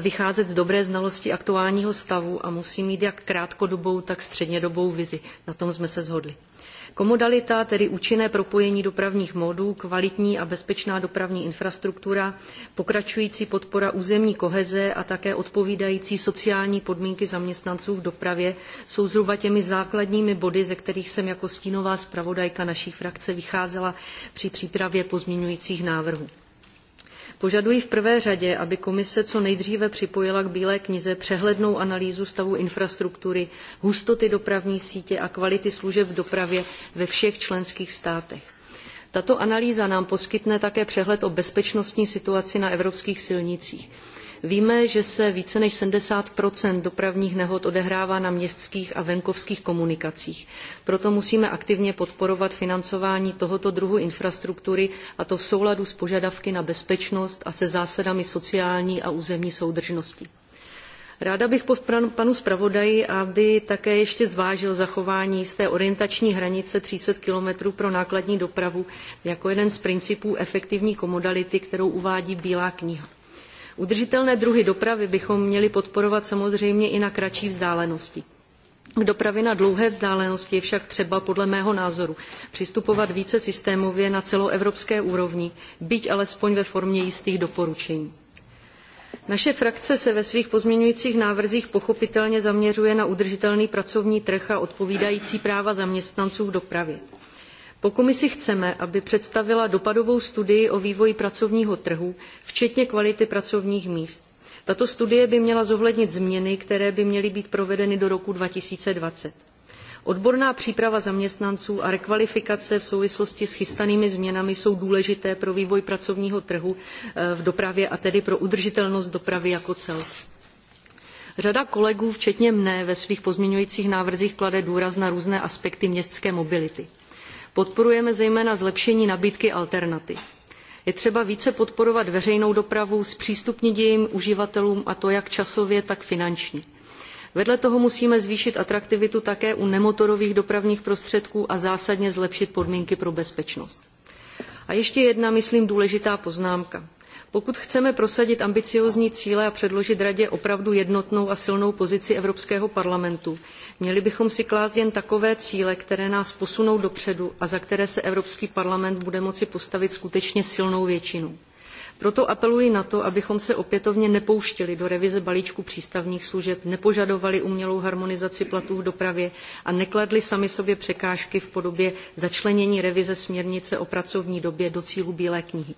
vycházet z dobré znalosti aktuálního stavu a musí mít jak krátkodobou, tak střednědobou vizi. Na tom jsme se shodli. Komodalita, tedy účinné propojení dopravních módů, kvalitní a bezpečná dopravní infrastruktura, pokračující podpora územní koheze a také odpovídající sociální podmínky zaměstnanců v dopravě jsou zhruba těmi základními body, ze kterých jsem jako stínová zpravodajka naší frakce vycházela při přípravě pozměňujících návrhů. Požaduji v prvé řadě, aby komise co nejdříve připojila k Bílé knize přehlednou analýzu stavu infrastruktury, hustoty dopravní sítě a kvality služeb v dopravě ve všech členských státech. Tato analýza nám poskytne také přehled o bezpečnostní situaci na evropských silnicích. Víme, že se více než 70 dopravních nehod odehrává na městských a venkovských komunikacích. Proto musíme aktivně podporovat financování tohoto druhu infrastruktury a to v souladu s požadavky na bezpečnost a se zásadami sociální a územní soudržnosti. Ráda bych panu zpravodaji, aby také ještě zvážil zachování jisté orientační hranice 300 km pro nákladní dopravu jako jeden z principů efektivní komodality, kterou uvádí Bílá kniha. Udržitelné druhy dopravy bychom měli podporovat samozřejmě i na kratší vzdálenosti. K dopravě na dlouhé vzdálenosti je však třeba podle mého názoru přistupovat více systémově na celoevropské úrovni, byť alespoň ve formě jistých doporučení. Naše frakce se ve svých pozměňujících návrzích pochopitelně zaměřuje na udržitelný pracovní trh a odpovídající práva zaměstnanců v dopravě. Po komisi chceme, aby představila dopadovou studii o vývoji pracovního trhu, včetně kvality pracovních míst. Tato studie by měla zohlednit změny, které by měly být provedeny do roku 2020. Odborná příprava zaměstnanců a rekvalifikace v souvislosti s chystanými změnami jsou důležité pro vývoj pracovního trhu eh, v dopravě a tedy pro udržitelnost dopravy jako celku. Řada kolegů, včetně mne, ve svých pozměňujících návrzích klade důraz na různé aspekty městské mobility. Podporujeme zejména zlepšení nabídky alternativ. Je třeba více podporovat veřejnou dopravu, zpřístupnit jejím uživatelům, a to jak časově, tak finančně. Vedle toho musíme zvýšit atraktivitu také u nemotorových dopravních prostředků a zásadně zlepšit podmínky pro bezpečnost. A ještě jedna, myslím, důležitá poznámka. Pokud chceme prosadit ambiciózní cíle a předložit Radě opravdu jednotnou a silnou pozici Evropského parlamentu, Měli bychom si klást jen takové cíle, které nás posunou dopředu a za které se Evropský parlament bude moci postavit skutečně silnou většinu. Proto apeluji na to, abychom se opětovně nepouštěli do revize balíčku přístavních služeb, nepožadovali umělou harmonizaci platů v dopravě a nekladli sami sobě překážky v podobě začlenění revize směrnice o pracovní době do cílu Bílé knihy.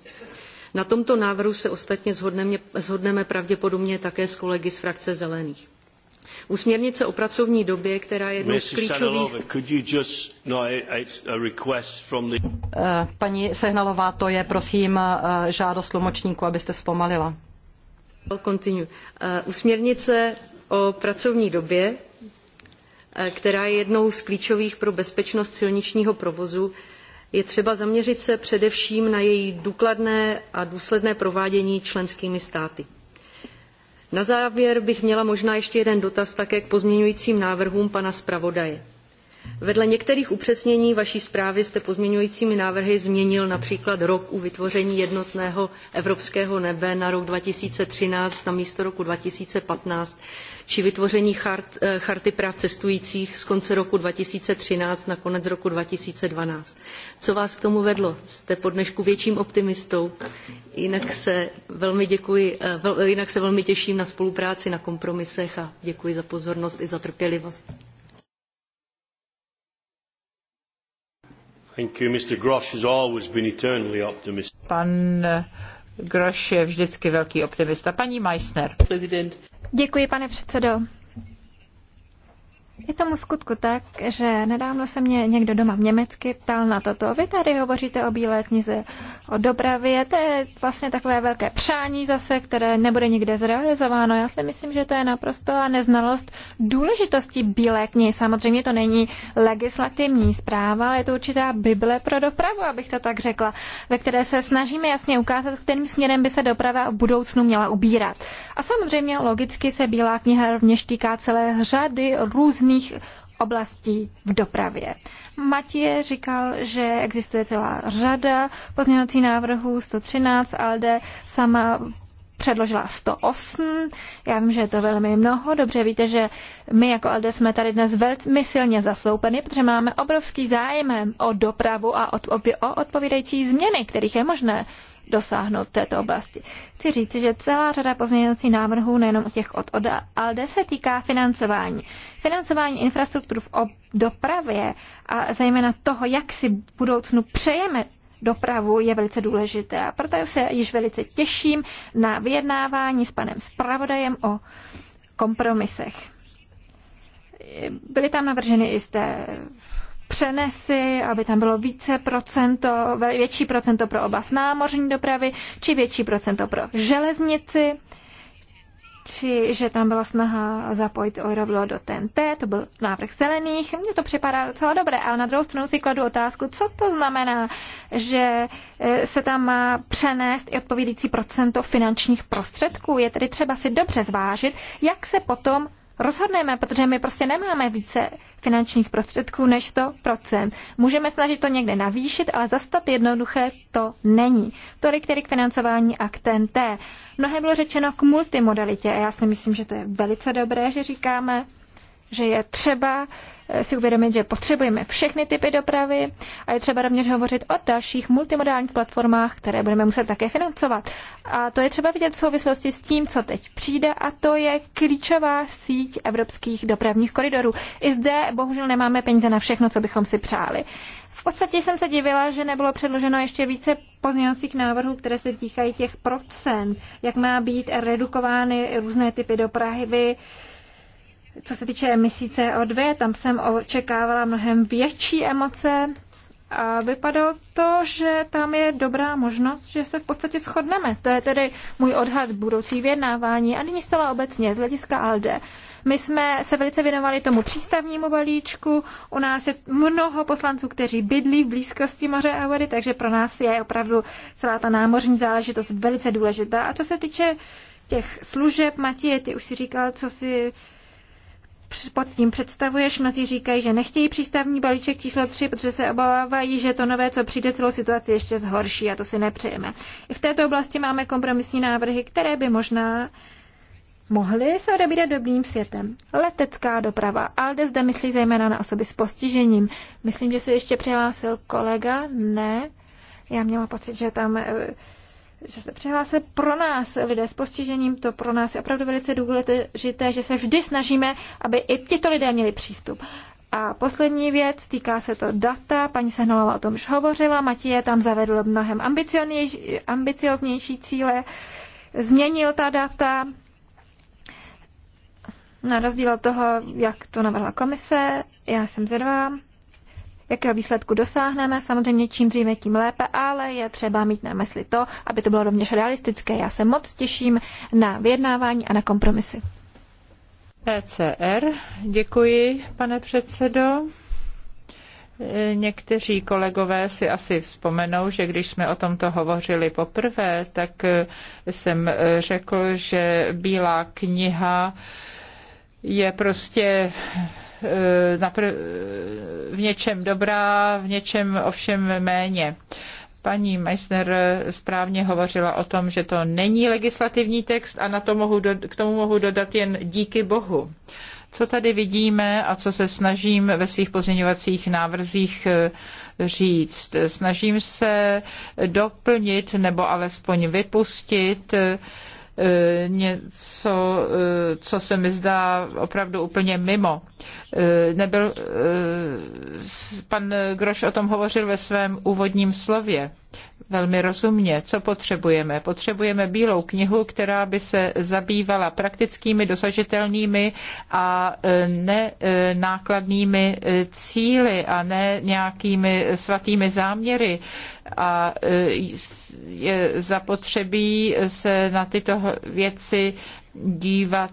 Na tomto návrhu se ostatně zhodneme, zhodneme pravděpodobně také s kolegy z frakce Zelených. U směrnice o pracovní době, která je jednou z klíčových... Eh, paní Sehnalová, to je prosím eh, žádost tlumočníku, abyste zpomalila. Continue. Eh, u směrnice o pracovní době, která je jednou z klíčových pro bezpečnost silničního provozu, je třeba zaměřit se především na její důkladné a důsledné provádění členskými státy. Na závěr bych měla možná ještě jeden dotaz také k pozměňujícím návrhům pana zpravodaje Vedle některých upřesnění vaší zprávy jste pozměňujícími návrhy změnil například rok u vytvoření jednotného evropského nebe na rok 2013 na místo roku 2015 či vytvoření chart, eh, charty práv cestujících z konce roku 2013 na konec roku 2012. Co vás k tomu vedlo? Jste po dnešku větším optimistou? Jinak se velmi, děkuji, eh, jinak se velmi těším na spolupráci, na kompromisech a děkuji za pozornost i za trpělivost. Pan eh, Grosch je vždycky velký optimista. Paní Meissner. Děkuji, pane předsedo. Je tomu skutku tak, že nedávno se mě někdo doma v Německy ptal na toto. Vy tady hovoříte o Bílé knize, o dopravě, to je vlastně takové velké přání zase, které nebude nikde zrealizováno. Já si myslím, že to je naprosto a neznalost důležitosti Bílé knihy. Samozřejmě to není legislativní zpráva, ale je to určitá Bible pro dopravu, abych to tak řekla, ve které se snažíme jasně ukázat, kterým směrem by se doprava v budoucnu měla ubírat. A samozřejmě logicky se Bílá kniha rovněž týká celé řady různých oblastí v dopravě. Matěj říkal, že existuje celá řada pozměňovací návrhů 113, ALDE sama předložila 108. Já vím, že je to velmi mnoho. Dobře víte, že my jako ALDE jsme tady dnes velmi silně zasloupeni, protože máme obrovský zájem o dopravu a o odpovídající změny, kterých je možné dosáhnout této oblasti. Chci říct, že celá řada pozměňovací návrhů, nejenom těch od ODA, kde se týká financování. Financování infrastruktur v dopravě a zejména toho, jak si v budoucnu přejeme dopravu je velice důležité. A proto se již velice těším na vyjednávání s panem zpravodajem o kompromisech. Byly tam navrženy i jisté přenesy, aby tam bylo více procento, větší procento pro oblast námořní dopravy, či větší procento pro železnici, či že tam byla snaha zapojit Eurovlo do TNT, to byl návrh zelených, mně to připadá docela dobré, ale na druhou stranu si kladu otázku, co to znamená, že e, se tam má přenést i odpovídající procento finančních prostředků. Je tedy třeba si dobře zvážit, jak se potom rozhodneme, protože my prostě nemáme více finančních prostředků než 100%. Můžeme snažit to někde navýšit, ale zastat jednoduché to není. Tolik tedy k financování a k TNT. Mnohé bylo řečeno k multimodalitě a já si myslím, že to je velice dobré, že říkáme, že je třeba Eh, si uvědomit, že potřebujeme všechny typy dopravy a je třeba rovněž hovořit o dalších multimodálních platformách, které budeme muset také financovat. A to je třeba vidět v souvislosti s tím, co teď přijde, a to je klíčová síť evropských dopravních koridorů. I zde bohužel nemáme peníze na všechno, co bychom si přáli. V podstatě jsem se divila, že nebylo předloženo ještě více pozměňovacích návrhů, které se týkají těch procent, jak má být redukovány různé typy dopravy, co se týče emisí CO2, tam jsem očekávala mnohem větší emoce a vypadalo to, že tam je dobrá možnost, že se v podstatě shodneme. To je tedy můj odhad budoucí vyjednávání a nyní zcela obecně z hlediska ALDE. My jsme se velice věnovali tomu přístavnímu balíčku. U nás je mnoho poslanců, kteří bydlí v blízkosti moře a vody, takže pro nás je opravdu celá ta námořní záležitost velice důležitá. A co se týče těch služeb, Matěj, ty už si říkal, co si pod tím představuješ. Mnozí říkají, že nechtějí přístavní balíček číslo 3, protože se obávají, že to nové, co přijde, celou situaci ještě zhorší a to si nepřejeme. I v této oblasti máme kompromisní návrhy, které by možná mohly se odebírat dobrým světem. Letecká doprava. Alde zde myslí zejména na osoby s postižením. Myslím, že se ještě přihlásil kolega. Ne. Já měla pocit, že tam eh, že se přihlásil pro nás lidé s postižením, to pro nás je opravdu velice důležité, že se vždy snažíme, aby i tyto lidé měli přístup. A poslední věc, týká se to data, paní Sehnalová o tom už hovořila, Matěje tam zavedl mnohem ambicioznější cíle, změnil ta data, na rozdíl od toho, jak to navrhla komise, já jsem zrvám jakého výsledku dosáhneme. Samozřejmě čím dříve, tím lépe, ale je třeba mít na mysli to, aby to bylo rovněž realistické. Já se moc těším na vyjednávání a na kompromisy. P.C.R. E Děkuji, pane předsedo. Někteří kolegové si asi vzpomenou, že když jsme o tomto hovořili poprvé, tak jsem řekl, že Bílá kniha je prostě Eh, eh, v něčem dobrá, v něčem ovšem méně. Paní Meissner správně hovořila o tom, že to není legislativní text a na to mohu k tomu mohu dodat jen díky Bohu. Co tady vidíme a co se snažím ve svých pozměňovacích návrzích eh, říct. Snažím se doplnit nebo alespoň vypustit něco, co se mi zdá opravdu úplně mimo. Eh, nebyl, eh, pan Groš o tom hovořil ve svém úvodním slově velmi rozumně, co potřebujeme. Potřebujeme bílou knihu, která by se zabývala praktickými, dosažitelnými a eh, ne nákladnými cíly a ne nějakými svatými záměry. A je zapotřebí se na tyto věci dívat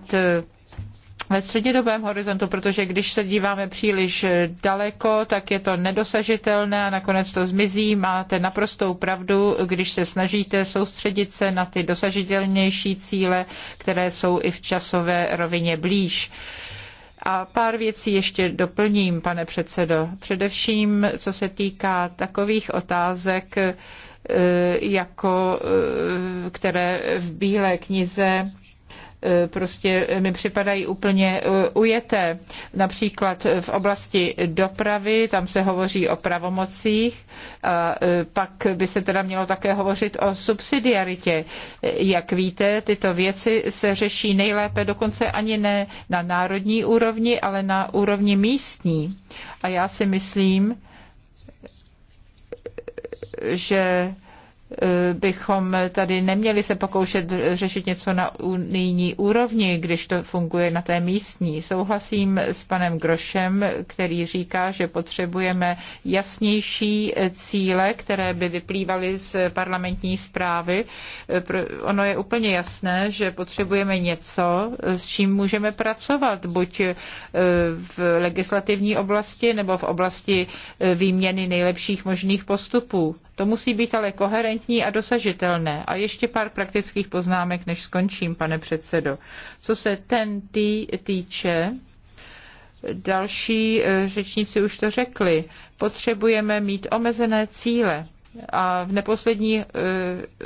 ve střednědobém horizontu, protože když se díváme příliš daleko, tak je to nedosažitelné a nakonec to zmizí. Máte naprostou pravdu, když se snažíte soustředit se na ty dosažitelnější cíle, které jsou i v časové rovině blíž. A pár věcí ještě doplním, pane předsedo. Především, co se týká takových otázek, eh, jako eh, které v Bílé knize E, prostě mi připadají úplně e, ujeté. Například v oblasti dopravy, tam se hovoří o pravomocích, a e, pak by se teda mělo také hovořit o subsidiaritě. Jak víte, tyto věci se řeší nejlépe dokonce ani ne na národní úrovni, ale na úrovni místní. A já si myslím, že Eh, bychom tady neměli se pokoušet řešit něco na unijní úrovni, když to funguje na té místní. Souhlasím s panem Grošem, který říká, že potřebujeme jasnější eh, cíle, které by vyplývaly z parlamentní zprávy. Eh, ono je úplně jasné, že potřebujeme něco, s čím můžeme pracovat, buď v legislativní oblasti nebo v oblasti výměny nejlepších možných postupů to musí být ale koherentní a dosažitelné. A ještě pár praktických poznámek, než skončím, pane předsedo. Co se ten tý týče, další eh, řečníci už to řekli, potřebujeme mít omezené cíle a v neposlední eh,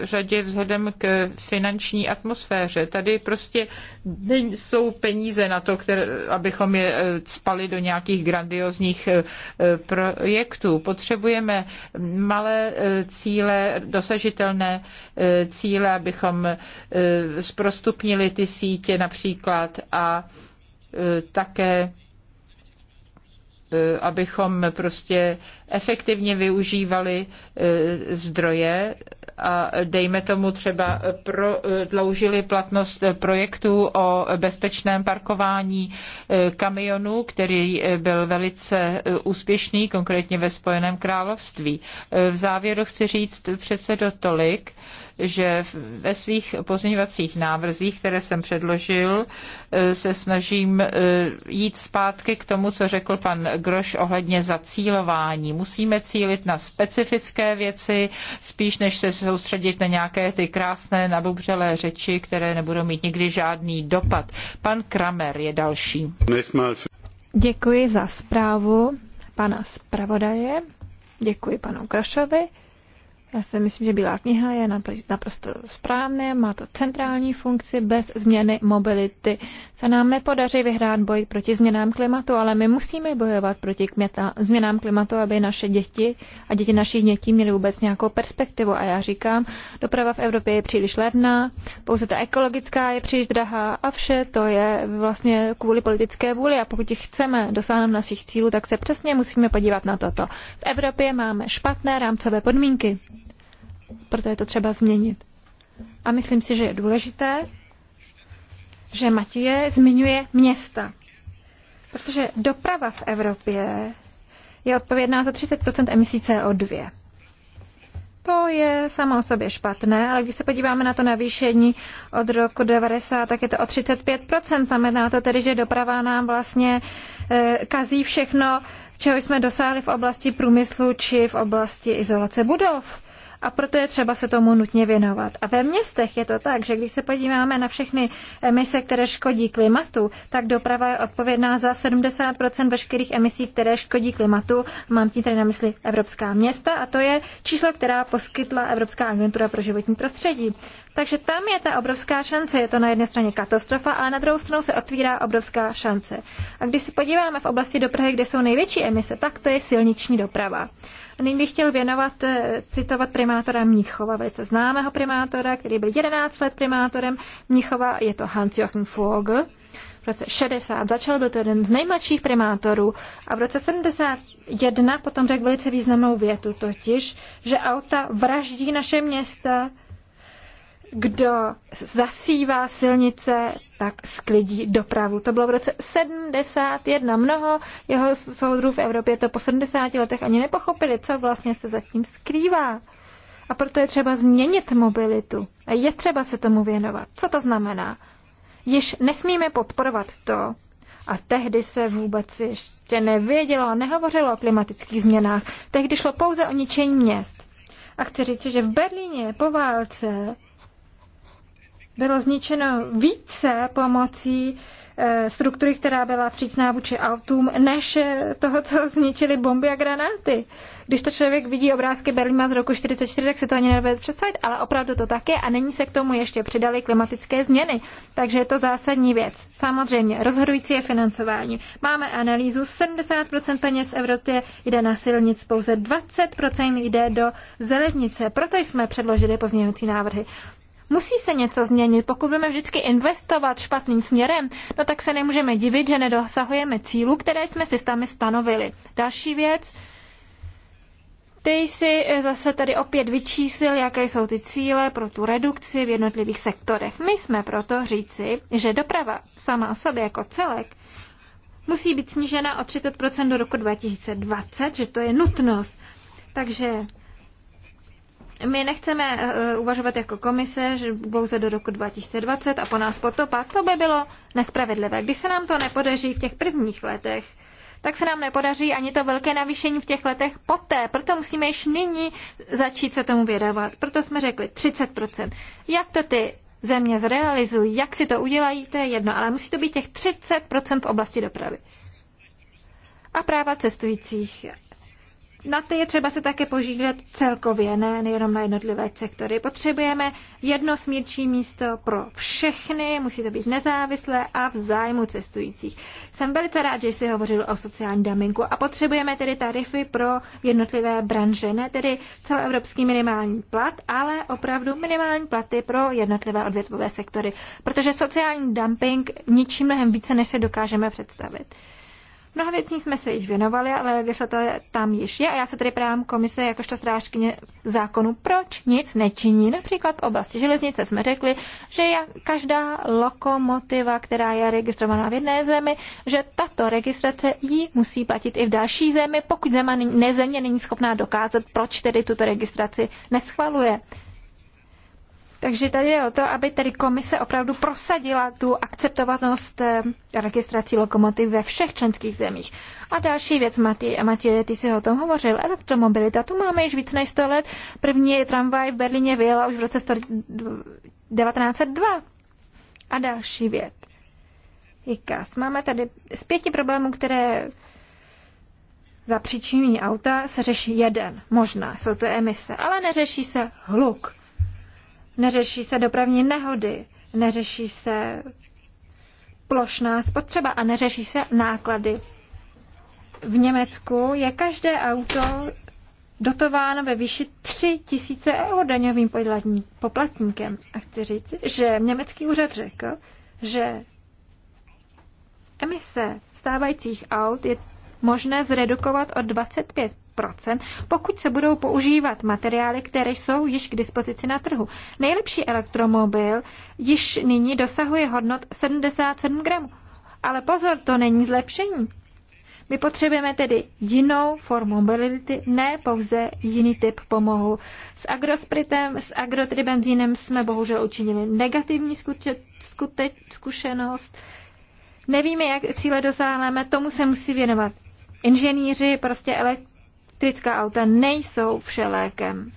řadě vzhledem k finanční atmosféře. Tady prostě jsou peníze na to, které, abychom je eh, spali do nějakých grandiozních eh, projektů. Potřebujeme malé cíle, dosažitelné cíle, abychom zprostupnili ty sítě například a také Eh, abychom prostě efektivně využívali eh, zdroje a dejme tomu třeba prodloužili platnost projektu o bezpečném parkování eh, kamionů, který byl velice úspěšný, konkrétně ve Spojeném království. V závěru chci říct předsedo tolik, že ve svých pozměňovacích návrzích, které jsem předložil, eh, se snažím eh, jít zpátky k tomu, co řekl pan Groš ohledně zacílování. Musíme cílit na specifické věci, spíš než se soustředit na nějaké ty krásné nabubřelé řeči, které nebudou mít nikdy žádný dopad. Pan Kramer je další. Děkuji za zprávu pana zpravodaje. Děkuji panu Krašovi. Já si myslím, že Bílá kniha je naprosto správné, má to centrální funkci, bez změny mobility se nám nepodaří vyhrát boj proti změnám klimatu, ale my musíme bojovat proti kměta, změnám klimatu, aby naše děti a děti našich dětí měly vůbec nějakou perspektivu. A já říkám, doprava v Evropě je příliš levná, pouze ta ekologická je příliš drahá a vše to je vlastně kvůli politické vůli. A pokud chceme dosáhnout našich cílů, tak se přesně musíme podívat na toto. V Evropě máme špatné rámcové podmínky proto je to třeba změnit. A myslím si, že je důležité, že Matěje zmiňuje města. Protože doprava v Evropě je odpovědná za 30 emisí CO2. To je samo o sobě špatné, ale když se podíváme na to navýšení od roku 90, tak je to o 35 Znamená to tedy, že doprava nám vlastně eh, kazí všechno, čeho jsme dosáhli v oblasti průmyslu či v oblasti izolace budov a proto je třeba se tomu nutně věnovat. A ve městech je to tak, že když se podíváme na všechny emise, které škodí klimatu, tak doprava je odpovědná za 70 veškerých emisí, které škodí klimatu. Mám tím tady na mysli evropská města a to je číslo, která poskytla Evropská agentura pro životní prostředí. Takže tam je ta obrovská šance. Je to na jedné straně katastrofa, ale na druhou stranu se otvírá obrovská šance. A když se podíváme v oblasti dopravy, kde jsou největší emise, tak to je silniční doprava. Nyní bych chtěl věnovat, eh, citovat primátora Mnichova, velice známého primátora, který byl 11 let primátorem Mnichova, je to Hans-Jochen Vogel. V roce 60 začal, byl to jeden z nejmladších primátorů a v roce 71 potom řekl velice významnou větu, totiž, že auta vraždí naše města, kdo zasívá silnice, tak sklidí dopravu. To bylo v roce 71. Mnoho jeho soudrů v Evropě to po 70 letech ani nepochopili, co vlastně se zatím skrývá. A proto je třeba změnit mobilitu. A je třeba se tomu věnovat. Co to znamená? Již nesmíme podporovat to, a tehdy se vůbec ještě nevědělo a nehovořilo o klimatických změnách. Tehdy šlo pouze o ničení měst. A chci říct, že v Berlíně po válce bylo zničeno více pomocí eh, struktury, která byla vstřícná vůči autům, než eh, toho, co [laughs] zničili bomby a granáty. Když to člověk vidí obrázky Berlína z roku 44, tak si to ani nedovede představit, ale opravdu to také a není se k tomu ještě přidaly klimatické změny. Takže je to zásadní věc. Samozřejmě, rozhodující je financování. Máme analýzu, 70% peněz v Evropě jde na silnic, pouze 20% jde do zelenice. Proto jsme předložili pozměňující návrhy. Musí se něco změnit. Pokud budeme vždycky investovat špatným směrem, no tak se nemůžeme divit, že nedosahujeme cílů, které jsme si sami stanovili. Další věc, ty jsi eh, zase tady opět vyčísil, jaké jsou ty cíle pro tu redukci v jednotlivých sektorech. My jsme proto říci, že doprava sama o sobě jako celek musí být snížena o 30% do roku 2020, že to je nutnost. Takže my nechceme eh, uvažovat jako komise, že pouze do roku 2020 a po nás potopa. To by bylo nespravedlivé. Když se nám to nepodaří v těch prvních letech, tak se nám nepodaří ani to velké navýšení v těch letech poté. Proto musíme již nyní začít se tomu vědovat. Proto jsme řekli 30%. Jak to ty země zrealizují, jak si to udělají, to je jedno, ale musí to být těch 30% v oblasti dopravy. A práva cestujících na ty je třeba se také požídat celkově, ne nejenom na jednotlivé sektory. Potřebujeme jedno smírčí místo pro všechny, musí to být nezávislé a v zájmu cestujících. Jsem velice rád, že jsi hovořil o sociální daminku a potřebujeme tedy tarify pro jednotlivé branže, ne tedy celoevropský minimální plat, ale opravdu minimální platy pro jednotlivé odvětvové sektory, protože sociální dumping ničím mnohem více, než se dokážeme představit. Mnoha věcí jsme se již věnovali, ale vysvětlete tam již je a já se tedy právě komise jakožto strážkyně zákonu, proč nic nečiní. Například v oblasti železnice jsme řekli, že každá lokomotiva, která je registrovaná v jedné zemi, že tato registrace ji musí platit i v další zemi, pokud země není schopná dokázat, proč tedy tuto registraci neschvaluje. Takže tady je o to, aby tedy komise opravdu prosadila tu akceptovatnost eh, registrací lokomotiv ve všech členských zemích. A další věc, Matěj, Mati, ty jsi o tom hovořil, elektromobilita, tu máme již víc než 100 let. První tramvaj v Berlíně vyjela už v roce 1902. A další věc. IKAS. Máme tady z pěti problémů, které za příčinění auta se řeší jeden, možná jsou to emise, ale neřeší se hluk neřeší se dopravní nehody, neřeší se plošná spotřeba a neřeší se náklady. V Německu je každé auto dotováno ve výši 3 tisíce euro daňovým poplatníkem. A chci říct, že německý úřad řekl, že emise stávajících aut je možné zredukovat o 25 pokud se budou používat materiály, které jsou již k dispozici na trhu. Nejlepší elektromobil již nyní dosahuje hodnot 77 gramů. Ale pozor, to není zlepšení. My potřebujeme tedy jinou formu mobility, ne pouze jiný typ pomohu. S agrospritem, s agrotribenzínem jsme bohužel učinili negativní skuče, skute, zkušenost. Nevíme, jak cíle dosáhneme, tomu se musí věnovat inženýři, prostě elekt, elektrická auta nejsou všelékem.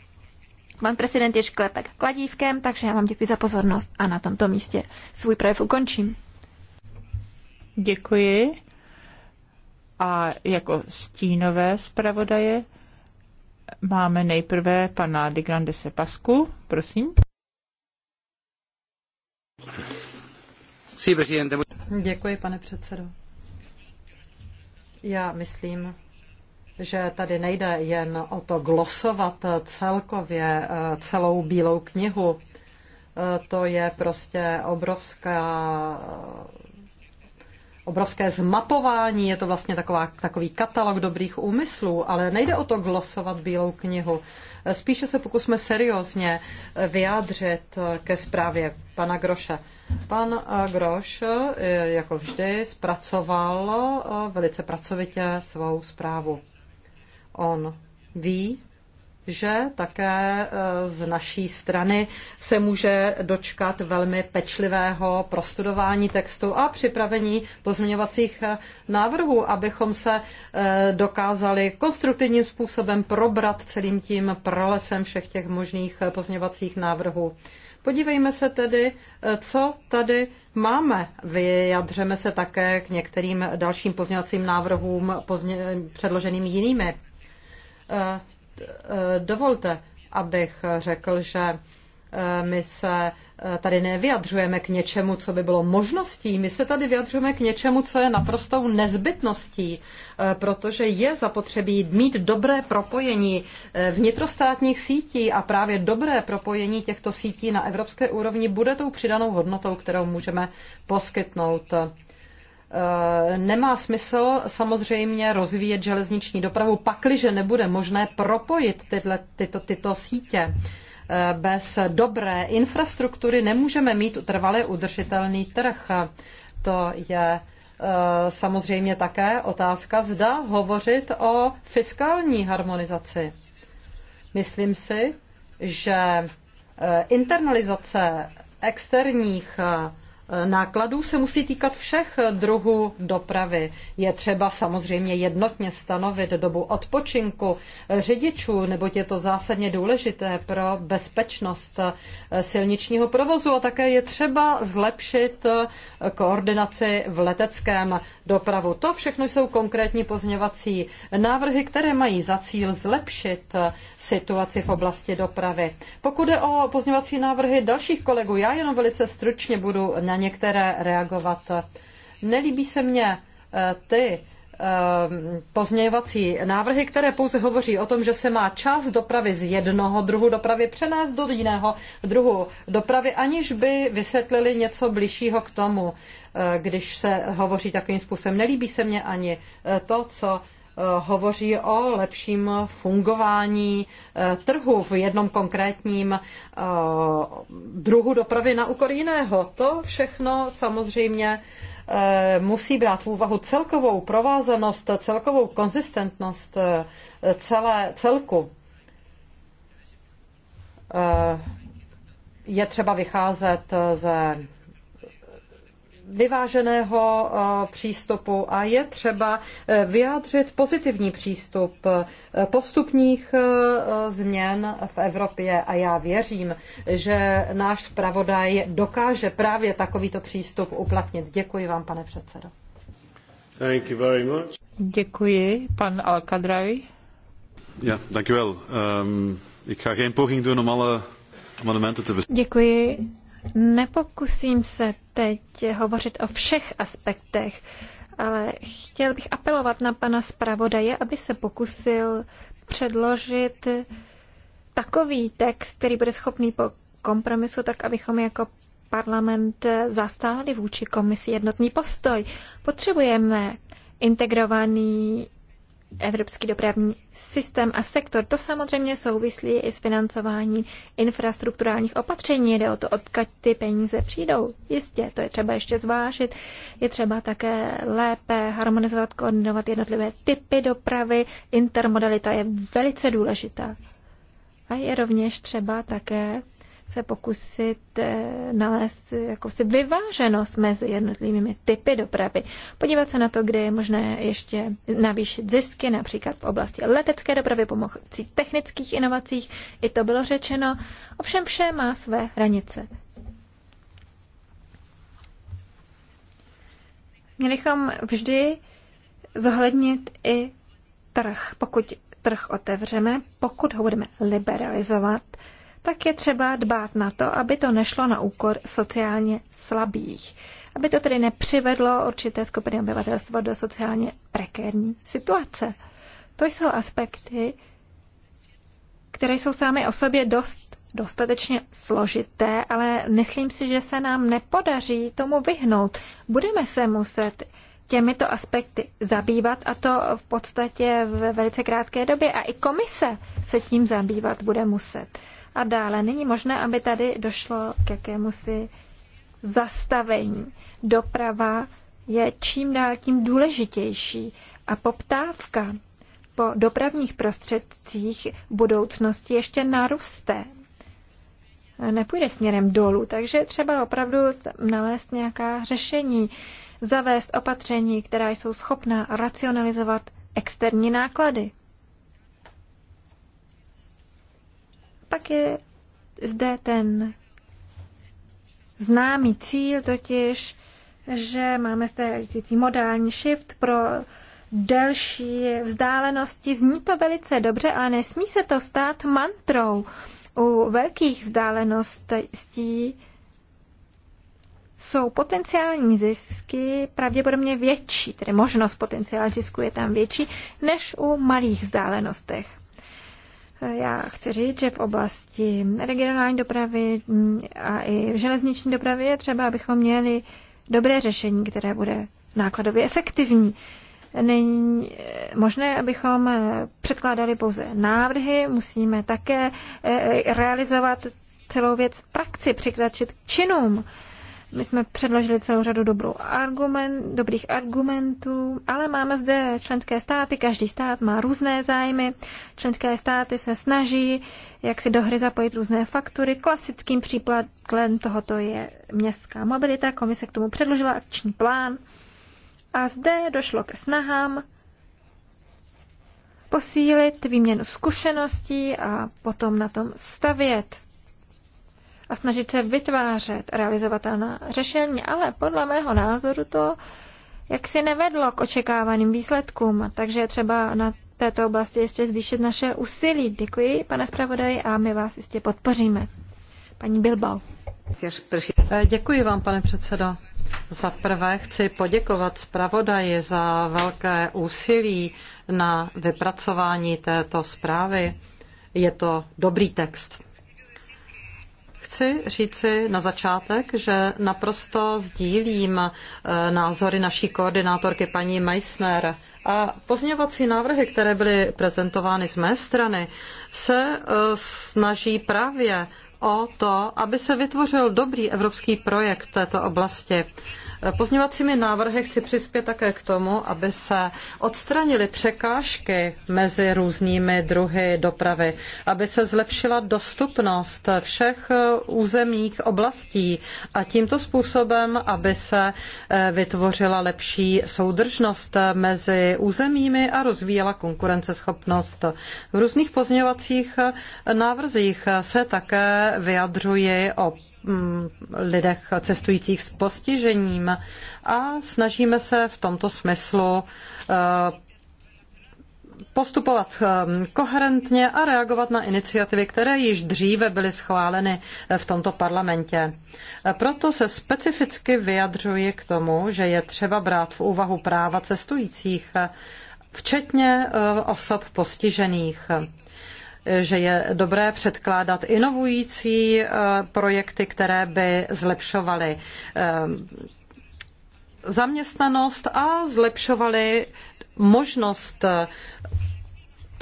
Pan prezident je šklepek kladívkem, takže já vám děkuji za pozornost a na tomto místě svůj projev ukončím. Děkuji. A jako stínové zpravodaje máme nejprve pana de Grandese Pasku, prosím. Děkuji, pane předsedo. Já myslím, že tady nejde jen o to glosovat celkově eh, celou bílou knihu. Eh, to je prostě obrovská eh, obrovské zmapování, je to vlastně taková, takový katalog dobrých úmyslů, ale nejde o to glosovat bílou knihu. Spíše se pokusme seriózně vyjádřit ke zprávě pana Groše. Pan Groš, jako vždy, zpracoval velice pracovitě svou zprávu. On ví, že také e, z naší strany se může dočkat velmi pečlivého prostudování textu a připravení pozměňovacích e, návrhů, abychom se e, dokázali konstruktivním způsobem probrat celým tím pralesem všech těch možných pozměňovacích návrhů. Podívejme se tedy, co tady máme. Vyjadřeme se také k některým dalším pozměňovacím návrhům předloženým jinými Eh, dovolte, abych řekl, že eh, my se eh, tady nevyjadřujeme k něčemu, co by bylo možností, my se tady vyjadřujeme k něčemu, co je naprostou nezbytností, protože je zapotřebí mít dobré propojení vnitrostátních sítí a právě dobré propojení těchto sítí na evropské úrovni bude tou přidanou hodnotou, kterou můžeme poskytnout. Eh, nemá smysl samozřejmě rozvíjet železniční dopravu, pakliže nebude možné propojit tyhle, tyto, tyto sítě. Eh, bez dobré infrastruktury nemůžeme mít trvalé udržitelný trh. To je eh, samozřejmě také otázka, zda hovořit o fiskální harmonizaci. Myslím si, že internalizace externích nákladů se musí týkat všech druhů dopravy. Je třeba samozřejmě jednotně stanovit dobu odpočinku řidičů, neboť je to zásadně důležité pro bezpečnost silničního provozu a také je třeba zlepšit koordinaci v leteckém dopravu. To všechno jsou konkrétní pozměvací návrhy, které mají za cíl zlepšit situaci v oblasti dopravy. Pokud je o pozměňovací návrhy dalších kolegů, já jenom velice stručně budu na některé reagovat. Nelíbí se mně eh, ty eh, pozměňovací návrhy, které pouze hovoří o tom, že se má část dopravy z jednoho druhu dopravy přenést do jiného druhu dopravy, aniž by vysvětlili něco bližšího k tomu, eh, když se hovoří takovým způsobem. Nelíbí se mně ani to, co Eh, hovoří o lepším fungování eh, trhu v jednom konkrétním eh, druhu dopravy na úkor jiného. To všechno samozřejmě musí brát v úvahu celkovou provázanost, celkovou konzistentnost celé celku. Je třeba vycházet ze vyváženého eh, přístupu a je třeba eh, vyjádřit pozitivní přístup eh, postupních změn v Evropě a já věřím, že náš zpravodaj dokáže právě takovýto přístup uplatnit. Děkuji vám, pane předsedo. Thank you very much. Děkuji, pan Alkadraj. Ja, dank u wel. Um, ik ga geen poging doen om alle amendementen te bespreken. Děkuji. Nepokusím se teď hovořit o všech aspektech, ale chtěl bych apelovat na pana zpravodaje, aby se pokusil předložit takový text, který bude schopný po kompromisu, tak abychom jako parlament zastáli vůči komisi jednotný postoj. Potřebujeme integrovaný evropský dopravní systém a sektor. To samozřejmě souvislí i s financování infrastrukturálních opatření. Jde o to, odkud ty peníze přijdou. Jistě, to je třeba ještě zvážit. Je třeba také lépe harmonizovat, koordinovat jednotlivé typy dopravy. Intermodalita je velice důležitá. A je rovněž třeba také se pokusit eh, nalézt jakousi vyváženost mezi jednotlivými typy dopravy. Podívat se na to, kde je možné ještě navýšit zisky, například v oblasti letecké dopravy pomocí technických inovacích. I to bylo řečeno. Ovšem vše má své hranice. Měli bychom vždy zohlednit i trh. Pokud trh otevřeme, pokud ho budeme liberalizovat, tak je třeba dbát na to, aby to nešlo na úkor sociálně slabých. Aby to tedy nepřivedlo určité skupiny obyvatelstva do sociálně prekérní situace. To jsou aspekty, které jsou sami o sobě dost dostatečně složité, ale myslím si, že se nám nepodaří tomu vyhnout. Budeme se muset těmito aspekty zabývat a to v podstatě v velice krátké době. A i komise se tím zabývat bude muset. A dále není možné, aby tady došlo k jakémusi zastavení. Doprava je čím dál tím důležitější a poptávka po dopravních prostředcích v budoucnosti ještě naruste. Nepůjde směrem dolů, takže třeba opravdu nalézt nějaká řešení, zavést opatření, která jsou schopná racionalizovat externí náklady. Pak je zde ten známý cíl, totiž, že máme zde modální shift pro delší vzdálenosti. Zní to velice dobře, ale nesmí se to stát mantrou. U velkých vzdáleností jsou potenciální zisky pravděpodobně větší, tedy možnost potenciální zisku je tam větší, než u malých vzdálenostech. Já chci říct, že v oblasti regionální dopravy mm, a i železniční dopravy je třeba, abychom měli dobré řešení, které bude nákladově efektivní. Není eh, možné, abychom eh, předkládali pouze návrhy, musíme také eh, realizovat celou věc v praxi, přikračit k činům. My jsme předložili celou řadu dobrou argument, dobrých argumentů, ale máme zde členské státy, každý stát má různé zájmy. Členské státy se snaží, jak si do hry zapojit různé faktory. Klasickým příkladem tohoto je městská mobilita. Komise k tomu předložila akční plán. A zde došlo ke snahám posílit výměnu zkušeností a potom na tom stavět a snažit se vytvářet realizovatelná řešení, ale podle mého názoru to jak si nevedlo k očekávaným výsledkům, takže je třeba na této oblasti ještě zvýšit naše úsilí. Děkuji, pane zpravodaji, a my vás jistě podpoříme. Paní Bilbao. Děkuji vám, pane předsedo. Za prvé chci poděkovat zpravodaji za velké úsilí na vypracování této zprávy. Je to dobrý text. Chci říci na začátek, že naprosto sdílím e, názory naší koordinátorky paní Meissner a pozměňovací návrhy, které byly prezentovány z mé strany, se e, snaží právě o to, aby se vytvořil dobrý evropský projekt této oblasti. Pozměňovacími návrhy chci přispět také k tomu, aby se odstranily překážky mezi různými druhy dopravy, aby se zlepšila dostupnost všech eh, územních oblastí a tímto způsobem, aby se eh, vytvořila lepší soudržnost mezi územími a rozvíjela konkurenceschopnost. V různých pozměňovacích eh, návrzích se také vyjadřuji o Mm, lidech cestujících s postižením a snažíme se v tomto smyslu eh, postupovat eh, koherentně a reagovat na iniciativy, které již dříve byly schváleny eh, v tomto parlamentě. Proto se specificky vyjadřuji k tomu, že je třeba brát v úvahu práva cestujících, včetně osob postižených že je dobré předkládat inovující eh, projekty, které by zlepšovaly eh, zaměstnanost a zlepšovaly možnost eh,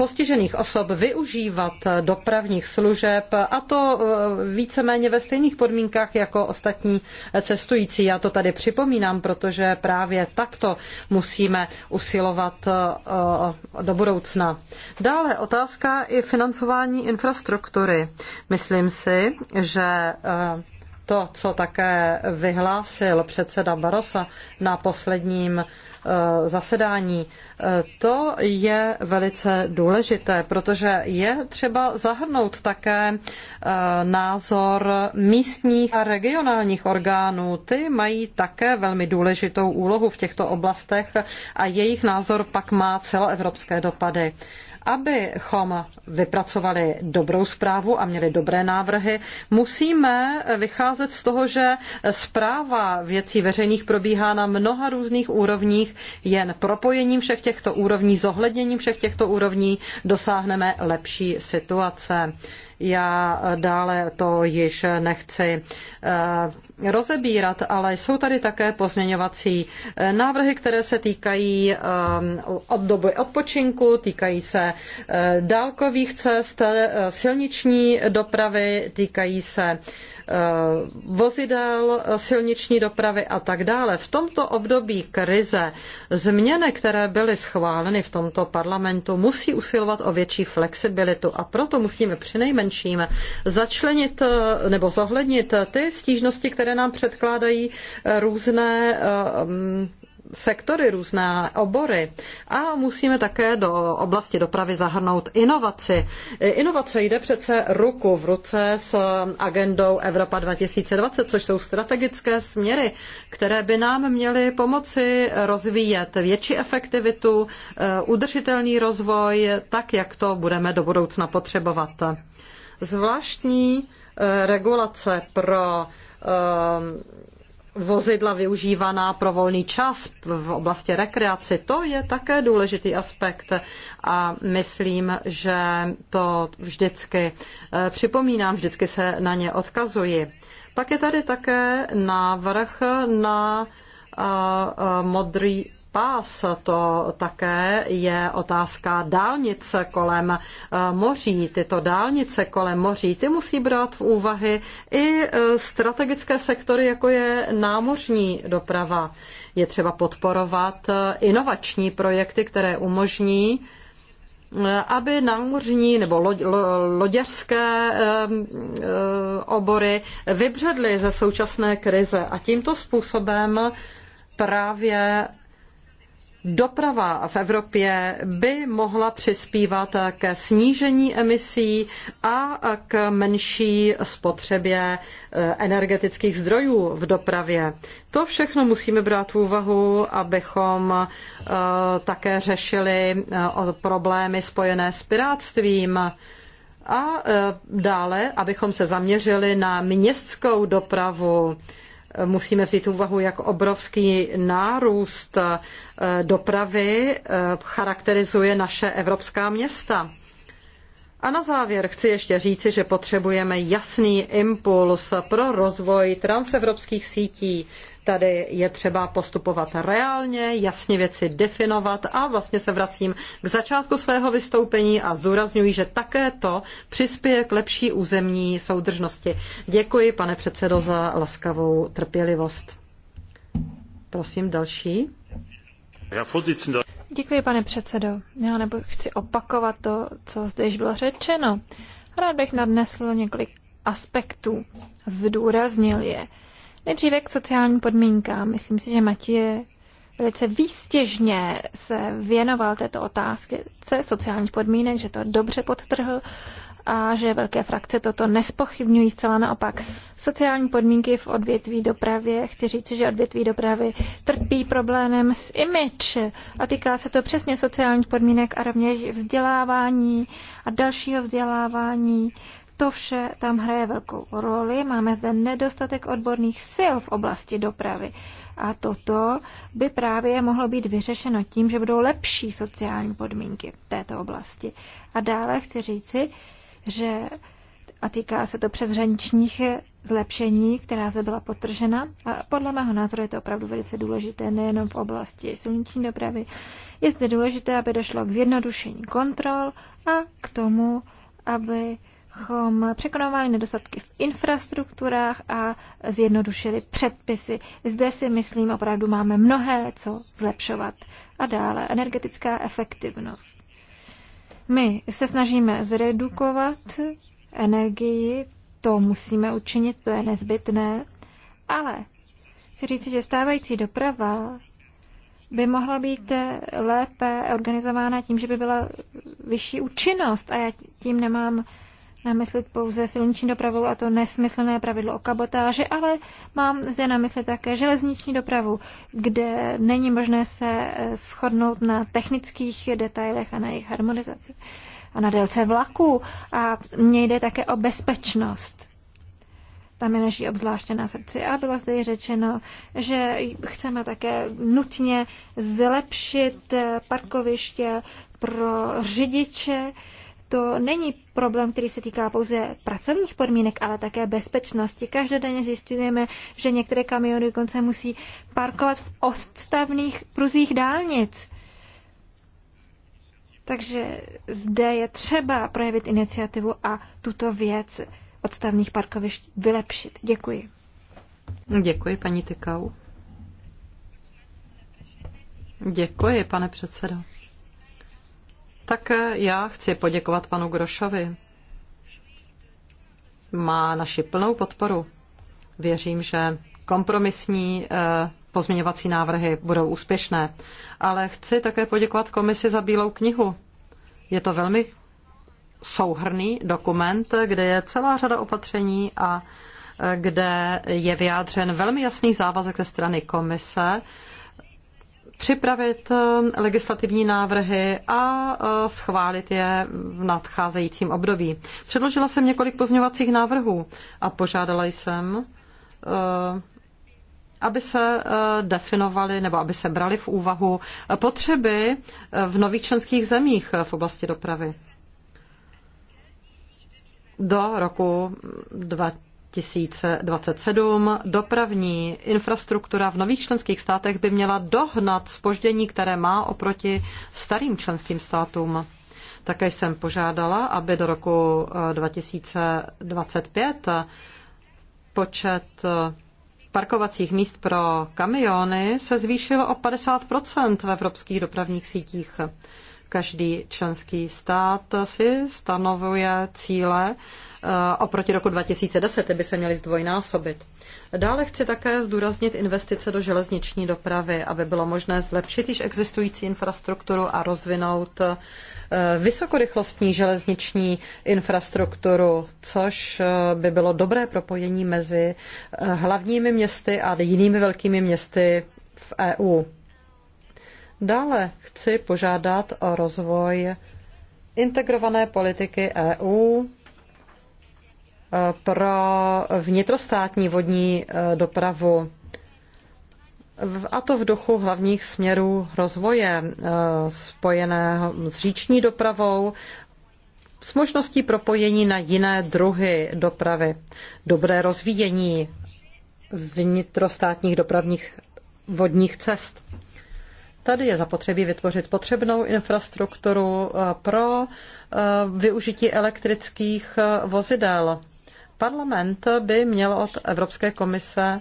postižených osob využívat dopravních služeb a to e, víceméně ve stejných podmínkách jako ostatní cestující. Já to tady připomínám, protože právě takto musíme usilovat e, do budoucna. Dále otázka i financování infrastruktury. Myslím si, že e, to, co také vyhlásil předseda Barosa na posledním eh, zasedání, eh, to je velice důležité, protože je třeba zahrnout také eh, názor místních a regionálních orgánů. Ty mají také velmi důležitou úlohu v těchto oblastech a jejich názor pak má celoevropské dopady. Abychom vypracovali dobrou zprávu a měli dobré návrhy, musíme vycházet z toho, že zpráva věcí veřejných probíhá na mnoha různých úrovních. Jen propojením všech těchto úrovní, zohledněním všech těchto úrovní dosáhneme lepší situace. Já dále to již nechci eh, rozebírat, ale jsou tady také pozměňovací eh, návrhy, které se týkají eh, od doby odpočinku, týkají se eh, dálkových cest, silniční dopravy, týkají se vozidel, silniční dopravy a tak dále. V tomto období krize změny, které byly schváleny v tomto parlamentu, musí usilovat o větší flexibilitu a proto musíme přinejmenším začlenit nebo zohlednit ty stížnosti, které které nám předkládají eh, různé eh, mm, sektory, různé obory. A musíme také do oblasti dopravy zahrnout inovaci. Eh, inovace jde přece ruku v ruce s agendou Evropa 2020, což jsou strategické směry, které by nám měly pomoci rozvíjet větší efektivitu, udržitelný rozvoj, tak jak to budeme do budoucna potřebovat. Zvláštní regulace pro Um, vozidla využívaná pro volný čas v oblasti rekreaci, to je také důležitý aspekt a myslím, že to vždycky eh, připomínám, vždycky se na ně odkazuji. Pak je tady také návrh na eh, eh, modrý pás, to také je otázka dálnice kolem eh, moří. Tyto dálnice kolem moří, ty musí brát v úvahy i eh, strategické sektory, jako je námořní doprava. Je třeba podporovat eh, inovační projekty, které umožní aby námořní nebo loděřské obory vybředly ze současné krize a tímto způsobem právě Doprava v Evropě by mohla přispívat ke snížení emisí a k menší spotřebě eh, energetických zdrojů v dopravě. To všechno musíme brát v úvahu, abychom eh, také řešili eh, problémy spojené s pirátstvím a dále, abychom se zaměřili na městskou dopravu musíme vzít úvahu, jak obrovský nárůst eh, dopravy eh, charakterizuje naše evropská města. A na závěr chci ještě říci, že potřebujeme jasný impuls pro rozvoj transevropských sítí Tady je třeba postupovat reálně, jasně věci definovat a vlastně se vracím k začátku svého vystoupení a zdůrazňuji, že také to přispěje k lepší územní soudržnosti. Děkuji, pane předsedo, za laskavou trpělivost. Prosím další. Děkuji, pane předsedo. Já nebo chci opakovat to, co zde již bylo řečeno. Rád bych nadnesl několik aspektů. Zdůraznil je. Nejdříve k sociálním podmínkám. Myslím si, že Matěj velice výstěžně se věnoval této otázky se sociálních podmínek, že to dobře podtrhl a že velké frakce toto nespochybňují zcela naopak. Sociální podmínky v odvětví dopravě, chci říct, že odvětví dopravy trpí problémem s image a týká se to přesně sociálních podmínek a rovněž vzdělávání a dalšího vzdělávání to vše tam hraje velkou roli. Máme zde nedostatek odborných sil v oblasti dopravy. A toto by právě mohlo být vyřešeno tím, že budou lepší sociální podmínky v této oblasti. A dále chci říci, že a týká se to přeshraničních zlepšení, která se byla potržena. A podle mého názoru je to opravdu velice důležité nejenom v oblasti silniční dopravy. Je zde důležité, aby došlo k zjednodušení kontrol a k tomu, aby abychom překonávali nedostatky v infrastrukturách a zjednodušili předpisy. Zde si myslím, opravdu máme mnohé co zlepšovat. A dále energetická efektivnost. My se snažíme zredukovat energii, to musíme učinit, to je nezbytné, ale chci říct, že stávající doprava by mohla být lépe organizována tím, že by byla vyšší účinnost a já tím nemám na mysli pouze silniční dopravu a to nesmyslné pravidlo o kabotáži, ale mám zde na mysli také železniční dopravu, kde není možné se eh, shodnout na technických detailech a na jejich harmonizaci a na délce vlaku. A mně jde také o bezpečnost. Tam je leží obzvláště na srdci. A bylo zde i řečeno, že chceme také nutně zlepšit eh, parkoviště pro řidiče, to není problém, který se týká pouze pracovních podmínek, ale také bezpečnosti. Každodenně zjistujeme, že některé kamiony dokonce musí parkovat v odstavných pruzích dálnic. Takže zde je třeba projevit iniciativu a tuto věc odstavných parkovišť vylepšit. Děkuji. Děkuji, paní Tykau. Děkuji, pane předsedo. Tak já chci poděkovat panu Grošovi. Má naši plnou podporu. Věřím, že kompromisní eh, pozměňovací návrhy budou úspěšné. Ale chci také poděkovat komisi za Bílou knihu. Je to velmi souhrný dokument, kde je celá řada opatření a eh, kde je vyjádřen velmi jasný závazek ze strany komise připravit eh, legislativní návrhy a eh, schválit je v nadcházejícím období. Předložila jsem několik pozňovacích návrhů a požádala jsem, eh, aby se definovaly nebo aby se brali v úvahu potřeby v nových členských zemích v oblasti dopravy do roku 2020 2027 dopravní infrastruktura v nových členských státech by měla dohnat spoždění, které má oproti starým členským státům. Také jsem požádala, aby do roku 2025 eh, počet eh, parkovacích míst pro kamiony se zvýšil o 50 v evropských dopravních sítích. Každý členský stát si stanovuje cíle eh, oproti roku 2010, ty by se měly zdvojnásobit. Dále chci také zdůraznit investice do železniční dopravy, aby bylo možné zlepšit již existující infrastrukturu a rozvinout eh, vysokorychlostní železniční infrastrukturu, což eh, by bylo dobré propojení mezi hlavními městy a jinými velkými městy v EU. Dále chci požádat o rozvoj integrované politiky EU eh, pro vnitrostátní vodní eh, dopravu. A to v duchu hlavních směrů rozvoje eh, spojeného s říční dopravou, s možností propojení na jiné druhy dopravy, dobré rozvíjení vnitrostátních dopravních vodních cest. Tady je zapotřebí vytvořit potřebnou infrastrukturu eh, pro eh, využití elektrických eh, vozidel. Parlament by měl od Evropské komise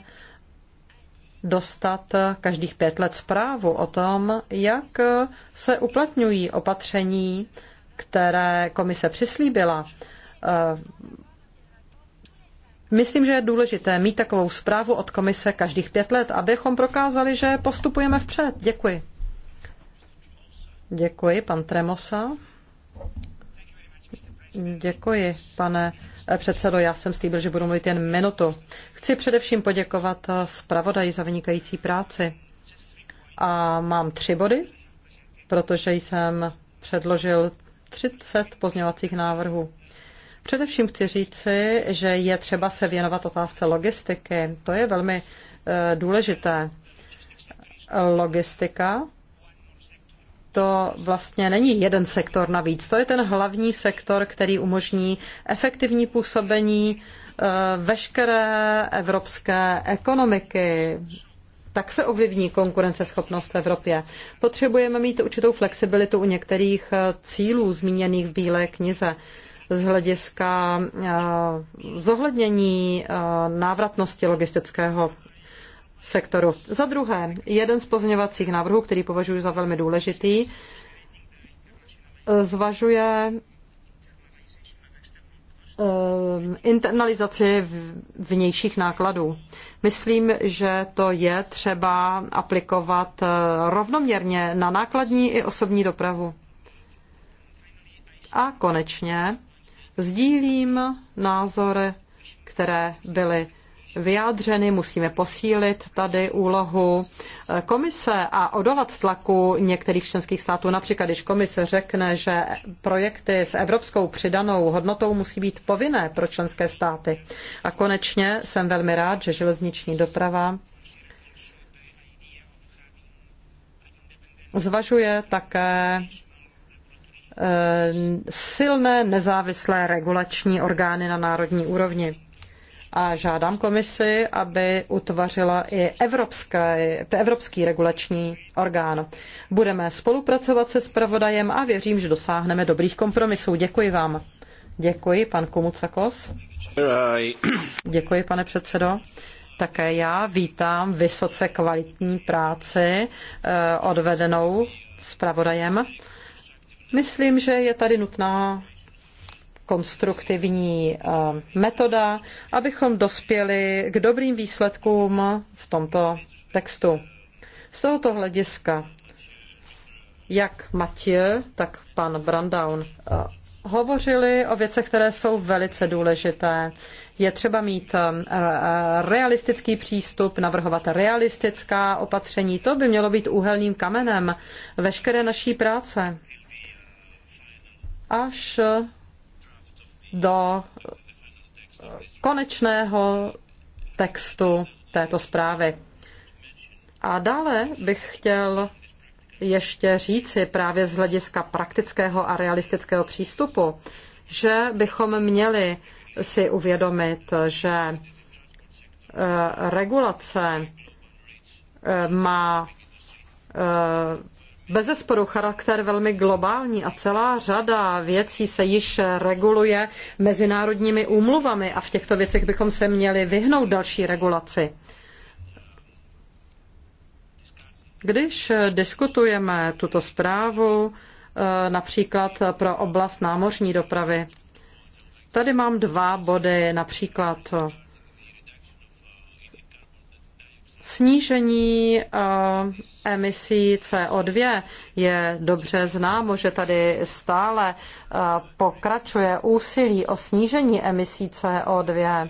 dostat každých pět let zprávu o tom, jak se uplatňují opatření, které komise přislíbila Myslím, že je důležité mít takovou zprávu od komise každých pět let, abychom prokázali, že postupujeme vpřed. Děkuji. Děkuji, pan Tremosa. Děkuji, pane eh, předsedo. Já jsem slíbil, že budu mluvit jen minutu. Chci především poděkovat eh, zpravodaji za vynikající práci. A mám tři body, protože jsem předložil 30 pozněvacích návrhů. Především chci říci, že je třeba se věnovat otázce logistiky. To je velmi eh, důležité. Logistika to vlastně není jeden sektor navíc, to je ten hlavní sektor, který umožní efektivní působení eh, veškeré evropské ekonomiky. Tak se ovlivní konkurenceschopnost v Evropě. Potřebujeme mít určitou flexibilitu u některých eh, cílů zmíněných v Bílé knize z hlediska eh, zohlednění eh, návratnosti logistického sektoru. Za druhé, jeden z pozměňovacích návrhů, který považuji za velmi důležitý, eh, zvažuje internalizaci vnějších nákladů. Myslím, že to je třeba aplikovat rovnoměrně na nákladní i osobní dopravu. A konečně Sdílím názory, které byly vyjádřeny, musíme posílit tady úlohu eh, komise a odolat tlaku některých členských států. Například, když komise řekne, že projekty s evropskou přidanou hodnotou musí být povinné pro členské státy. A konečně jsem velmi rád, že železniční doprava zvažuje také Eh, silné nezávislé regulační orgány na národní úrovni. A žádám komisi, aby utvořila i evropské, evropský regulační orgán. Budeme spolupracovat se spravodajem a věřím, že dosáhneme dobrých kompromisů. Děkuji vám. Děkuji, pan Komucakos. Děkuji, pane předsedo. Také já vítám vysoce kvalitní práci eh, odvedenou spravodajem. Myslím, že je tady nutná konstruktivní eh, metoda, abychom dospěli k dobrým výsledkům v tomto textu. Z tohoto hlediska, jak Mathieu, tak pan Brandown eh, hovořili o věcech, které jsou velice důležité. Je třeba mít eh, realistický přístup, navrhovat realistická opatření. To by mělo být úhelným kamenem veškeré naší práce až do konečného textu této zprávy. A dále bych chtěl ještě říci právě z hlediska praktického a realistického přístupu, že bychom měli si uvědomit, že eh, regulace eh, má eh, bezesporu charakter velmi globální a celá řada věcí se již reguluje mezinárodními úmluvami a v těchto věcech bychom se měli vyhnout další regulaci. Když diskutujeme tuto zprávu, eh, například pro oblast námořní dopravy, tady mám dva body, například Snížení eh, emisí CO2 je dobře známo, že tady stále eh, pokračuje úsilí o snížení emisí CO2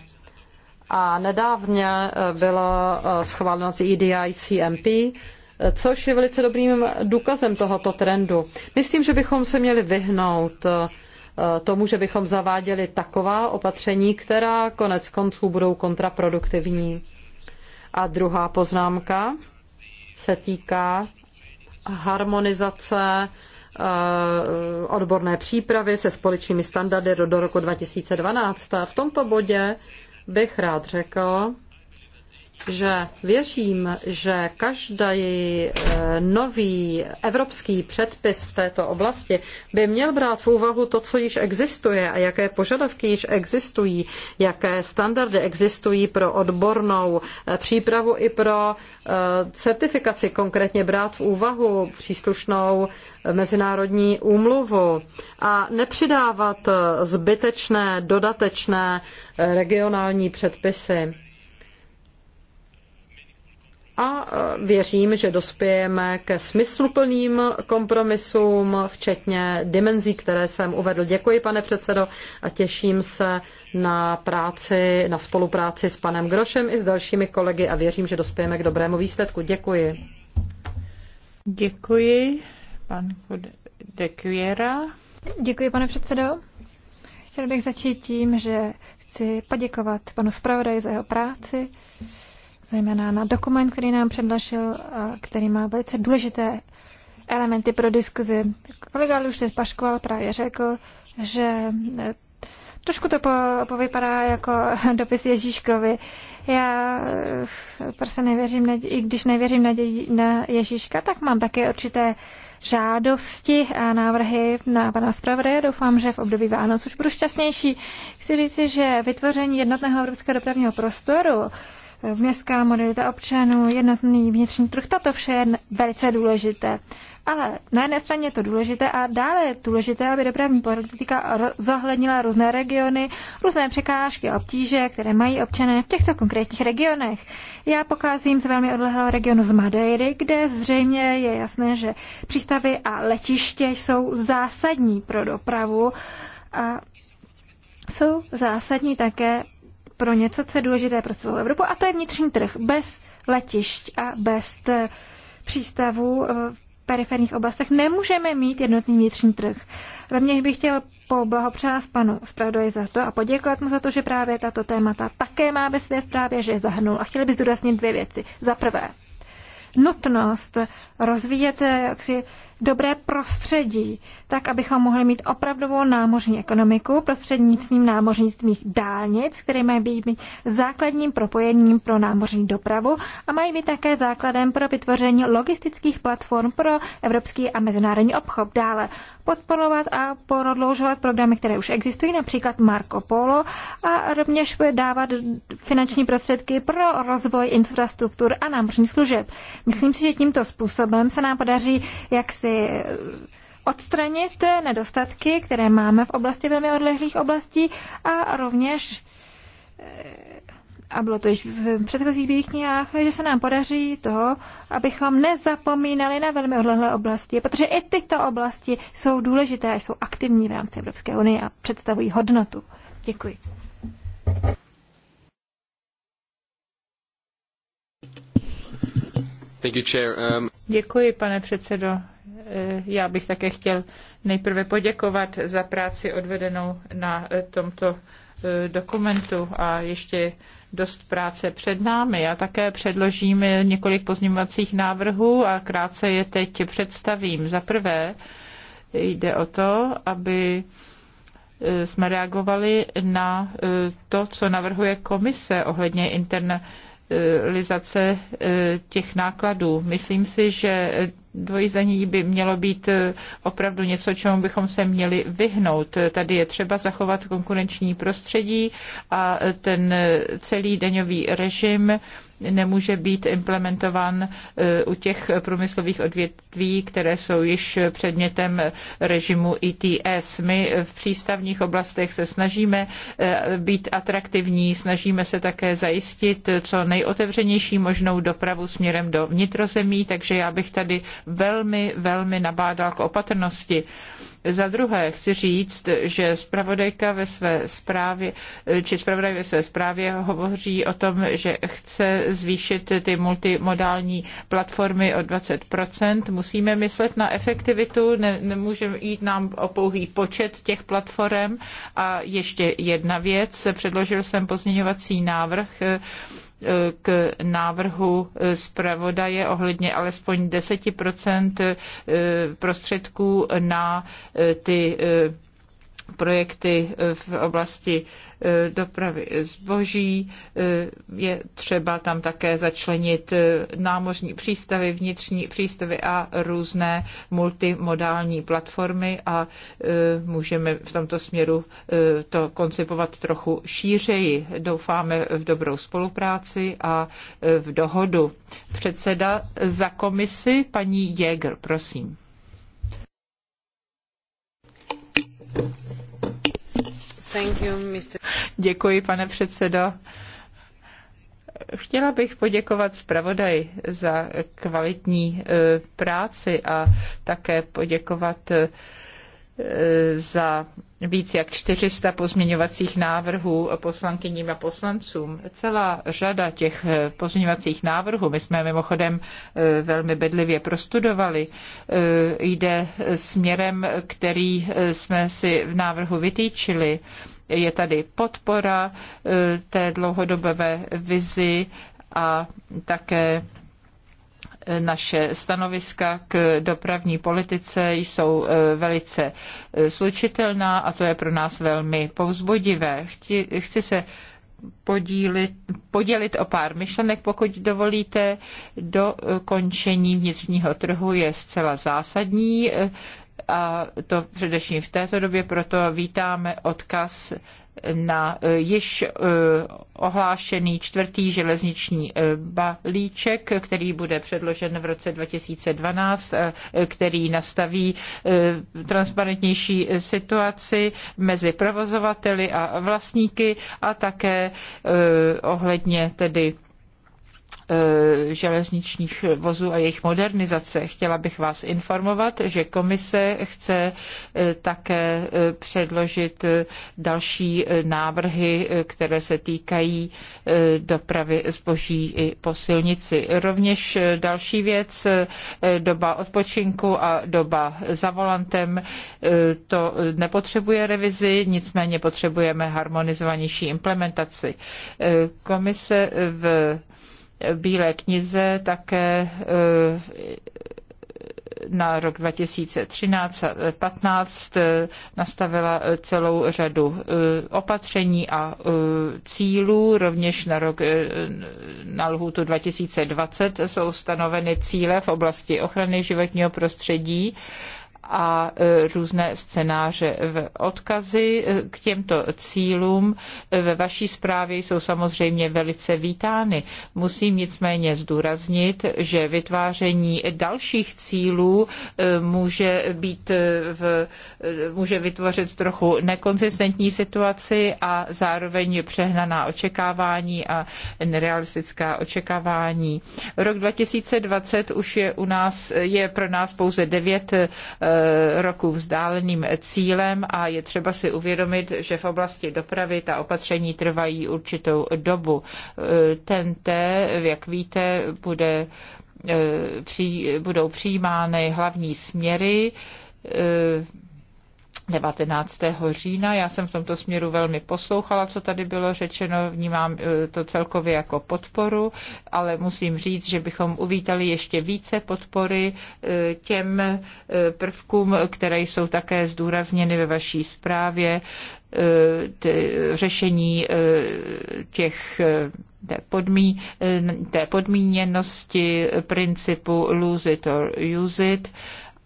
a nedávně eh, bylo schváleno CMP, což je velice dobrým důkazem tohoto trendu. Myslím, že bychom se měli vyhnout tomu, že bychom zaváděli taková opatření, která konec konců budou kontraproduktivní. A druhá poznámka se týká harmonizace eh, odborné přípravy se společnými standardy do roku 2012. V tomto bodě bych rád řekl, že věřím, že každý eh, nový evropský předpis v této oblasti by měl brát v úvahu to, co již existuje a jaké požadavky již existují, jaké standardy existují pro odbornou eh, přípravu i pro eh, certifikaci, konkrétně brát v úvahu příslušnou mezinárodní úmluvu a nepřidávat zbytečné, dodatečné regionální předpisy a e, věřím, že dospějeme ke smysluplným kompromisům, včetně dimenzí, které jsem uvedl. Děkuji, pane předsedo, a těším se na práci, na spolupráci s panem Grošem i s dalšími kolegy a věřím, že dospějeme k dobrému výsledku. Děkuji. Děkuji, pan de Quiera. Děkuji, pane předsedo. Chtěl bych začít tím, že chci poděkovat panu zpravodaji za jeho práci zejména na dokument, který nám předložil, který má velice důležité elementy pro diskuzi. Kolega Luštěv Paškoval právě řekl, že e, trošku to po, povypadá jako [laughs] dopis Ježíškovi. Já e, prostě nevěřím, i když nevěřím na, dědi, na Ježíška, tak mám také určité žádosti a návrhy na pana zpravodaje. Doufám, že v období Vánoc už budu šťastnější. Chci říci, že vytvoření jednotného evropského dopravního prostoru městská modalita občanů, jednotný vnitřní trh, toto vše je velice důležité. Ale na jedné straně je to důležité a dále je důležité, aby dopravní politika zohlednila různé regiony, různé překážky a obtíže, které mají občané v těchto konkrétních regionech. Já pokázím z velmi odlehlého regionu z Madeiry, kde zřejmě je jasné, že přístavy a letiště jsou zásadní pro dopravu a jsou zásadní také pro něco, co je důležité pro celou Evropu, a to je vnitřní trh. Bez letišť a bez eh, přístavů eh, v periferních oblastech nemůžeme mít jednotný vnitřní trh. Rovněž bych chtěl poblahopřát panu zpravodaji za to a poděkovat mu za to, že právě tato témata také má ve své zprávě, že je zahrnul. A chtěl bych zdůraznit dvě věci. Za prvé, nutnost rozvíjet eh, jaksi dobré prostředí tak abychom mohli mít opravdovou námořní ekonomiku prostřednictvím námořnictvích dálnic, které mají být základním propojením pro námořní dopravu a mají být také základem pro vytvoření logistických platform pro evropský a mezinárodní obchod. Dále podporovat a prodloužovat programy, které už existují, například Marco Polo a rovněž dávat finanční prostředky pro rozvoj infrastruktur a námořních služeb. Myslím si, že tímto způsobem se nám podaří jaksi odstranit nedostatky, které máme v oblasti velmi odlehlých oblastí a rovněž eh, a bylo to již v předchozích bílých knihách, že se nám podaří to, abychom nezapomínali na velmi odlehlé oblasti, protože i tyto oblasti jsou důležité a jsou aktivní v rámci Evropské unie a představují hodnotu. Děkuji. Um, Děkuji, pane předsedo. Eh, já bych také chtěl nejprve poděkovat za práci odvedenou na eh, tomto eh, dokumentu a ještě dost práce před námi. Já také předložím několik pozměňovacích návrhů a krátce je teď představím. Za prvé jde o to, aby jsme reagovali na to, co navrhuje komise ohledně internalizace těch nákladů. Myslím si, že dvojí zdanění by mělo být eh, opravdu něco, čemu bychom se měli vyhnout. Tady je třeba zachovat konkurenční prostředí a eh, ten eh, celý daňový režim nemůže být implementován u těch průmyslových odvětví, které jsou již předmětem režimu ETS. My v přístavních oblastech se snažíme být atraktivní, snažíme se také zajistit co nejotevřenější možnou dopravu směrem do vnitrozemí, takže já bych tady velmi, velmi nabádal k opatrnosti. Za druhé chci říct, že zpravodajka ve své zprávě, či zpravodaj ve své zprávě hovoří o tom, že chce zvýšit ty multimodální platformy o 20%. Musíme myslet na efektivitu, ne, nemůžeme jít nám o pouhý počet těch platform. A ještě jedna věc, předložil jsem pozměňovací návrh, k návrhu zpravodaje ohledně alespoň 10 eh, prostředků na eh, ty eh, projekty eh, v oblasti eh, dopravy zboží. Eh, je třeba tam také začlenit námořní přístavy, vnitřní přístavy a různé multimodální platformy a můžeme v tomto směru to koncipovat trochu šířeji. Doufáme v dobrou spolupráci a v dohodu. Předseda za komisi, paní Jäger, prosím. Děkuji, pane předsedo. Chtěla bych poděkovat zpravodaji za kvalitní eh, práci a také poděkovat eh, E, za víc jak 400 pozměňovacích návrhů poslankyním a poslancům. Celá řada těch e, pozměňovacích návrhů, my jsme je mimochodem e, velmi bedlivě prostudovali, jde směrem, který jsme si v návrhu vytýčili. Je tady podpora té dlouhodobé vizi a také naše stanoviska k dopravní politice jsou e, velice e, slučitelná a to je pro nás velmi povzbudivé. Chci, chci se podílit, podělit o pár myšlenek, pokud dovolíte. do končení vnitřního trhu je zcela zásadní e, a to především v této době, proto vítáme odkaz na eh, již eh, ohlášený čtvrtý železniční eh, balíček, který bude předložen v roce 2012, který nastaví transparentnější situaci mezi provozovateli a vlastníky a také ohledně tedy Eh, železničních vozů a jejich modernizace. Chtěla bych vás informovat, že komise chce eh, také eh, předložit další návrhy, které se týkají dopravy zboží i po silnici. Rovněž další věc, doba odpočinku a doba za volantem, to nepotřebuje revizi, nicméně potřebujeme harmonizovanější implementaci. Komise v Bílé knize také eh, na rok 2013 2015 eh, nastavila eh, celou řadu opatření a cílů. Rovněž na, rok, na lhůtu 2020 jsou stanoveny cíle v oblasti ochrany životního prostředí a e, různé scénáře. v Odkazy e, k těmto cílům e, ve vaší zprávě jsou samozřejmě velice vítány. Musím nicméně zdůraznit, že vytváření dalších cílů může, být v, může vytvořit trochu nekonzistentní situaci a zároveň přehnaná očekávání a nerealistická očekávání. Rok 2020 už je u nás, je pro nás pouze devět Eh, roku vzdáleným cílem a je třeba si uvědomit, že v oblasti dopravy ta opatření trvají určitou dobu. Eh, ten T, jak víte, bude, eh, budou přijímány hlavní směry 19. října. Já jsem v tomto směru velmi poslouchala, co tady bylo řečeno, vnímám eh, to celkově jako podporu, ale musím říct, že bychom uvítali ještě více podpory eh, těm eh, prvkům, které jsou také zdůrazněny ve vaší zprávě, ty, řešení těch té, podmí, té podmíněnosti principu lose it or use it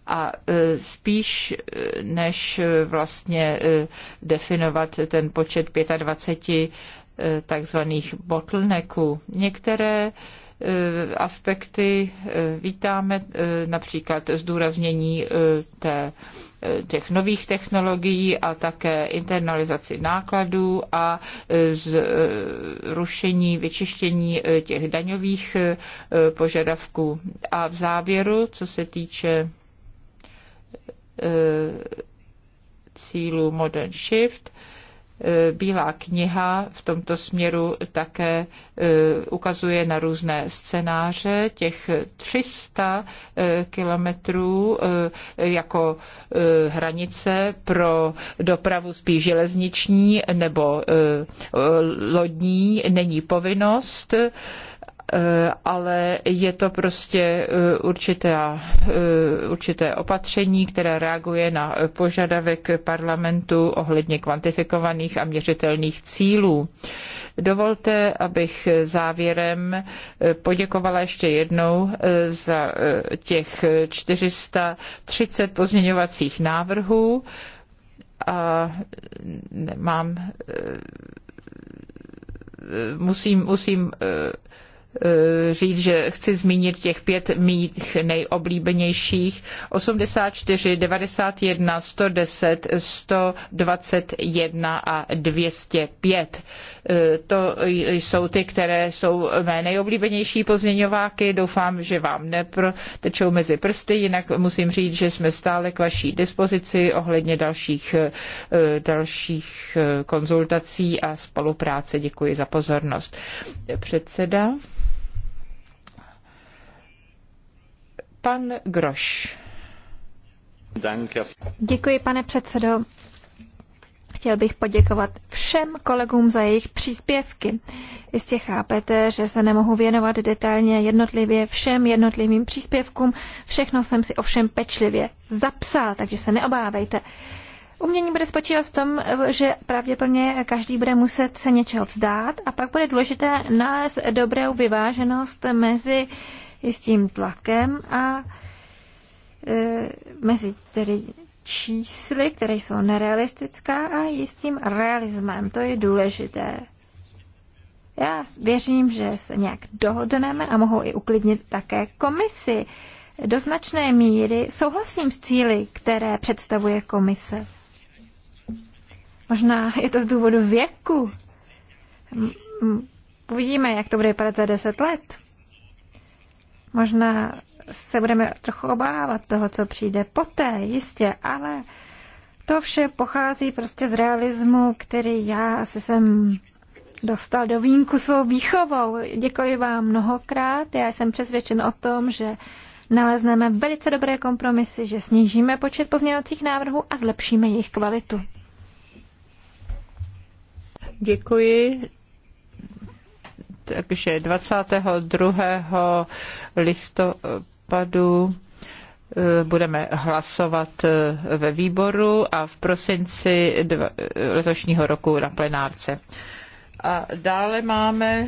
a e, spíš e, než e, vlastně definovat ten počet 25 takzvaných bottlenecků. Některé aspekty vítáme, například zdůraznění té, těch nových technologií a také internalizaci nákladů a zrušení, vyčištění těch daňových požadavků. A v závěru, co se týče Eh, cílů Modern Shift. Eh, Bílá kniha v tomto směru také eh, ukazuje na různé scénáře těch 300 kilometrů jako hranice pro dopravu spíš železniční nebo lodní není povinnost Eh, ale je to prostě eh, určité, eh, určité opatření, které reaguje na požadavek parlamentu ohledně kvantifikovaných a měřitelných cílů. Dovolte, abych závěrem poděkovala ještě jednou za těch 430 pozměňovacích návrhů a mám musím, musím Eh, říct, že chci zmínit těch pět mých nejoblíbenějších. 84, 91, 110, 121 a 205. E, to jsou ty, které jsou mé nejoblíbenější pozměňováky. Doufám, že vám neprotečou mezi prsty, jinak musím říct, že jsme stále k vaší dispozici ohledně dalších, e, dalších e, konzultací a spolupráce. Děkuji za pozornost. Předseda. Pan Groš. Děkuji, pane předsedo. Chtěl bych poděkovat všem kolegům za jejich příspěvky. Jistě chápete, že se nemohu věnovat detailně jednotlivě všem jednotlivým příspěvkům. Všechno jsem si ovšem pečlivě zapsal, takže se neobávejte. Umění bude spočívat v tom, že pravděpodobně každý bude muset se něčeho vzdát a pak bude důležité nalézt dobrou vyváženost mezi jistým tlakem a e, mezi tedy čísly, které jsou nerealistická a jistým realismem. To je důležité. Já věřím, že se nějak dohodneme a mohou i uklidnit také komisi. Do značné míry souhlasím s cíly, které představuje komise. Možná je to z důvodu věku. Uvidíme, jak to bude vypadat za deset let. Možná se budeme trochu obávat toho, co přijde poté, jistě, ale to vše pochází prostě z realismu, který já asi jsem dostal do výjimku svou výchovou. Děkuji vám mnohokrát. Já jsem přesvědčen o tom, že nalezneme velice dobré kompromisy, že snížíme počet pozměňovacích návrhů a zlepšíme jejich kvalitu. Děkuji. Takže 22. listopadu listopadu eh, budeme hlasovat eh, ve výboru a v prosinci eh, letošního roku na plenárce. A dále máme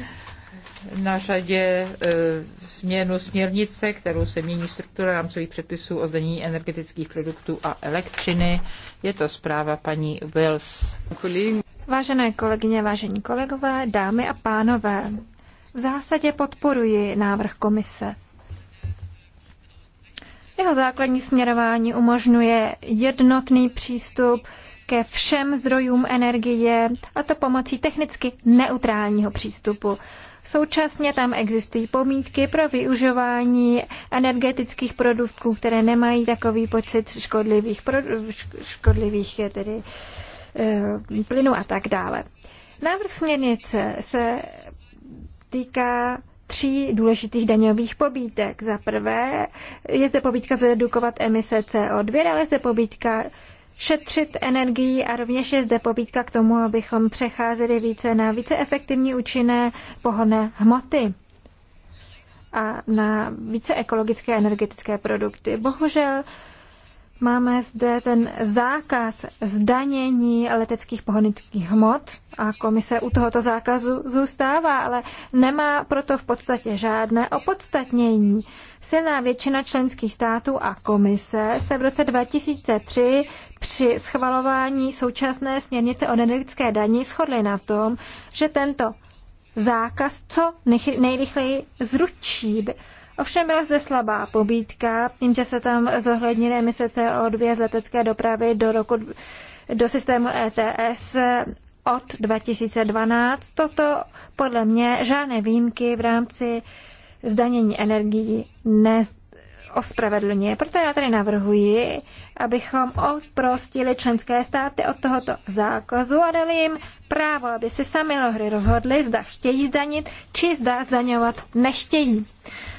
na řadě změnu směrnice, kterou se mění struktura rámcových předpisů o zdanění energetických produktů a elektřiny. Je to zpráva paní Wills. Vážené kolegyně, vážení kolegové, dámy a pánové, v zásadě podporuji návrh komise. Jeho základní směrování umožňuje jednotný přístup ke všem zdrojům energie, a to pomocí technicky neutrálního přístupu. Současně tam existují pomítky pro využívání energetických produktů, které nemají takový počet škodlivých, škodlivých tedy, eh, plynů a tak dále. Návrh směrnice se týká tří důležitých daňových pobítek. Za prvé je zde pobítka zredukovat emise CO2, ale je zde pobítka šetřit energii a rovněž je zde pobítka k tomu, abychom přecházeli více na více efektivní účinné pohonné hmoty a na více ekologické energetické produkty. Bohužel Máme zde ten zákaz zdanění leteckých pohonických hmot a komise u tohoto zákazu zůstává, ale nemá proto v podstatě žádné opodstatnění. Silná většina členských států a komise se v roce 2003 při schvalování současné směrnice o energetické daní shodly na tom, že tento zákaz co nejrychleji zručí Ovšem byla zde slabá pobídka, tím, že se tam zohlednily emise CO2 z letecké dopravy do roku do systému ETS od 2012. Toto podle mě žádné výjimky v rámci zdanění energií neospravedlňuje. Proto já tady navrhuji, abychom oprostili členské státy od tohoto zákazu a dali jim právo, aby si sami lohry rozhodli, zda chtějí zdanit, či zda zdaňovat nechtějí.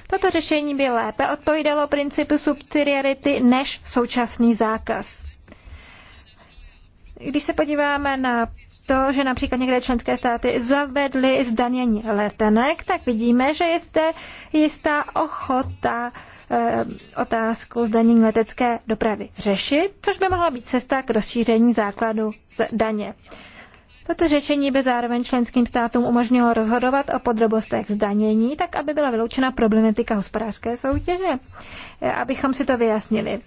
Toto řešení by lépe odpovídalo principu subsidiarity než současný zákaz. Když se podíváme na to, že například některé členské státy zavedly zdanění letenek, tak vidíme, že je zde jistá ochota eh, otázku zdanění letecké dopravy řešit, což by mohla být cesta k rozšíření základu daně. Toto řešení by zároveň členským státům umožnilo rozhodovat o podrobnostech zdanění, tak aby byla vyloučena problematika hospodářské soutěže. Eh, abychom si to vyjasnili.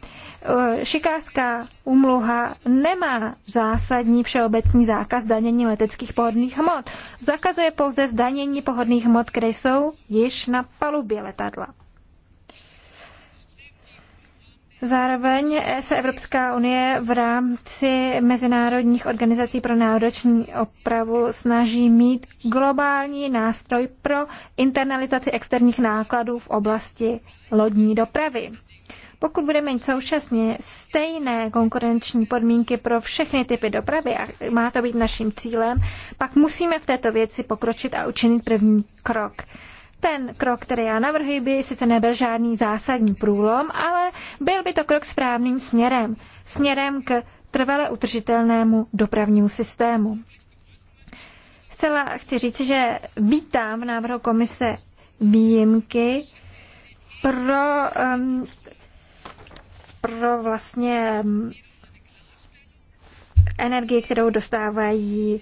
Eh, Šikářská umluha nemá zásadní všeobecný zákaz zdanění leteckých pohodných hmot. Zakazuje pouze zdanění pohodných hmot, které jsou již na palubě letadla. Zároveň se Evropská unie v rámci mezinárodních organizací pro národní opravu snaží mít globální nástroj pro internalizaci externích nákladů v oblasti lodní dopravy. Pokud budeme mít současně stejné konkurenční podmínky pro všechny typy dopravy, a má to být naším cílem, pak musíme v této věci pokročit a učinit první krok. Ten krok, který já navrhuji, by sice nebyl žádný zásadní průlom, ale byl by to krok správným směrem. Směrem k trvale utržitelnému dopravnímu systému. Zcela chci říct, že vítám v návrhu komise výjimky pro, um, pro vlastně um, energii, kterou dostávají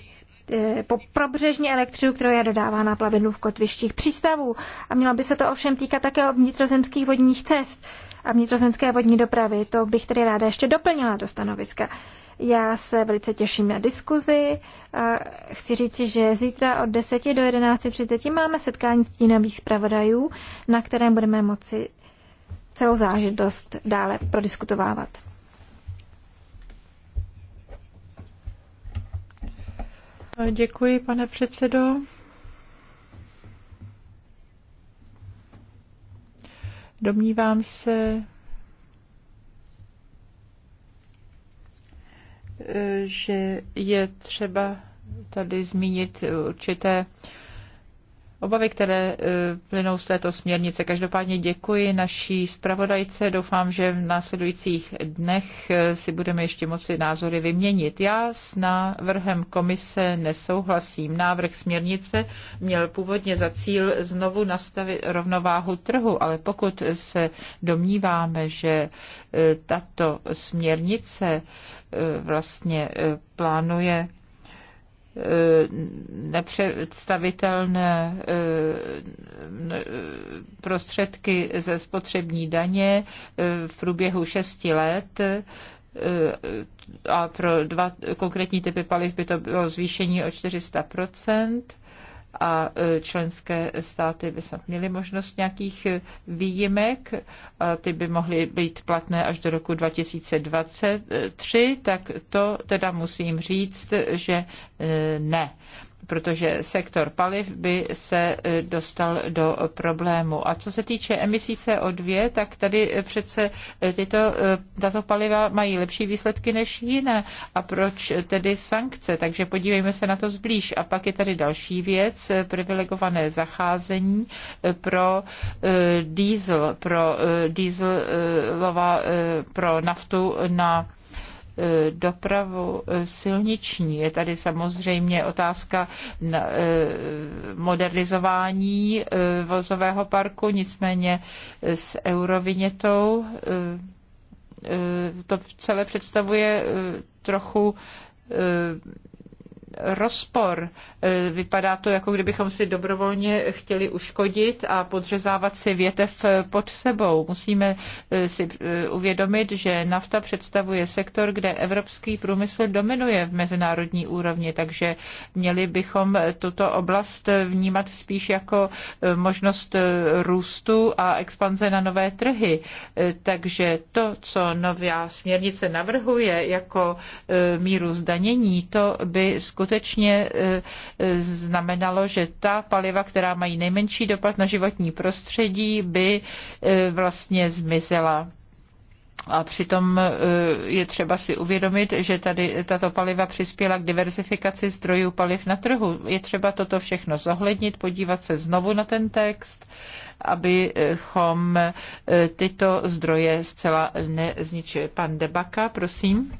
Eh, po probřežní elektřinu, kterou je dodávána plavidlu v kotvištích přístavů. A mělo by se to ovšem týkat také vnitrozemských vodních cest a vnitrozemské vodní dopravy. To bych tedy ráda ještě doplnila do stanoviska. Já se velice těším na diskuzi. A chci říci, že zítra od 10 do 11.30 máme setkání stínových zpravodajů, na kterém budeme moci celou zážitost dále prodiskutovávat. Děkuji, pane předsedo. Domnívám se, že je třeba tady zmínit určité obavy, které e, plynou z této směrnice. Každopádně děkuji naší zpravodajce. Doufám, že v následujících dnech e, si budeme ještě moci názory vyměnit. Já s návrhem komise nesouhlasím. Návrh směrnice měl původně za cíl znovu nastavit rovnováhu trhu, ale pokud se domníváme, že e, tato směrnice vlastně plánuje Eh, nepředstavitelné eh, eh, prostředky ze spotřební daně v průběhu šesti let a pro dva konkrétní typy paliv by to bylo zvýšení o 400 a e, členské státy by snad měly možnost nějakých e, výjimek. Ty by mohly být platné až do roku 2023, tak to teda musím říct, že e, ne protože sektor paliv by se e, dostal do problému. A co se týče emisí CO2, tak tady přece e, tyto, e, tato paliva mají lepší výsledky než jiné. A proč tedy sankce? Takže podívejme se na to zblíž. A pak je tady další věc, privilegované zacházení pro diesel, pro dieselová, pro naftu na dopravu eh, silniční. Je tady samozřejmě otázka eh, modernizování eh, vozového parku, nicméně s eurovinětou to celé představuje trochu rozpor. E, vypadá to, jako kdybychom si dobrovolně chtěli uškodit a podřezávat si větev e, pod sebou. Musíme e, si uvědomit, že nafta představuje sektor, kde evropský průmysl dominuje v mezinárodní úrovni, takže měli bychom tuto oblast vnímat spíš jako možnost růstu a expanze na nové trhy. Takže to, co nová směrnice navrhuje jako míru zdanění, to by skutečně skutečně e, e, znamenalo, že ta paliva, která mají nejmenší dopad na životní prostředí, by e, vlastně zmizela. A přitom je třeba si uvědomit, že tady tato paliva přispěla k diversifikaci zdrojů paliv na trhu. Je třeba toto všechno zohlednit, podívat se znovu na ten text, abychom tyto zdroje zcela nezničili. Pan Debaka, prosím.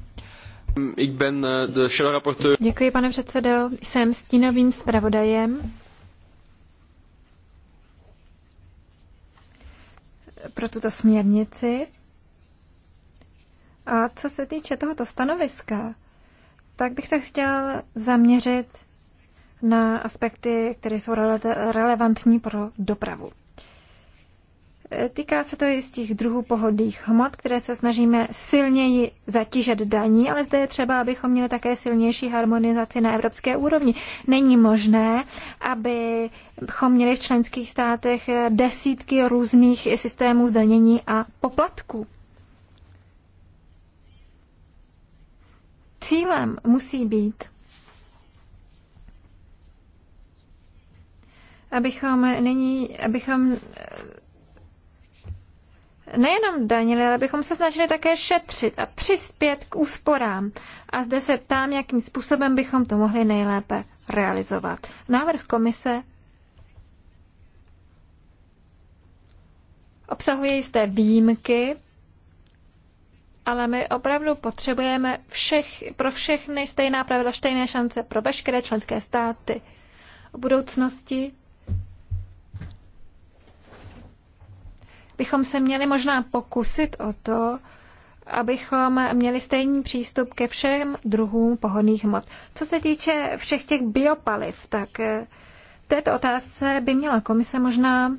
Eh, Děkuji, pane předsedo. Jsem stínovým zpravodajem. pro tuto směrnici. A co se týče tohoto stanoviska, tak bych se chtěl zaměřit na aspekty, které jsou relevantní pro dopravu. Týká se to jistých druhů pohodlých hmot, které se snažíme silněji zatížet daní, ale zde je třeba, abychom měli také silnější harmonizaci na evropské úrovni. Není možné, abychom měli v členských státech desítky různých systémů zdanění a poplatků. Cílem musí být abychom, nyní, abychom nejenom danili, ale bychom se snažili také šetřit a přispět k úsporám. A zde se ptám, jakým způsobem bychom to mohli nejlépe realizovat. Návrh komise obsahuje jisté výjimky, ale my opravdu potřebujeme všech, pro všechny stejná pravidla, stejné šance pro veškeré členské státy. V budoucnosti bychom se měli možná pokusit o to, abychom měli stejný přístup ke všem druhům pohodných hmot. Co se týče všech těch biopaliv, tak eh, této otázce by měla komise možná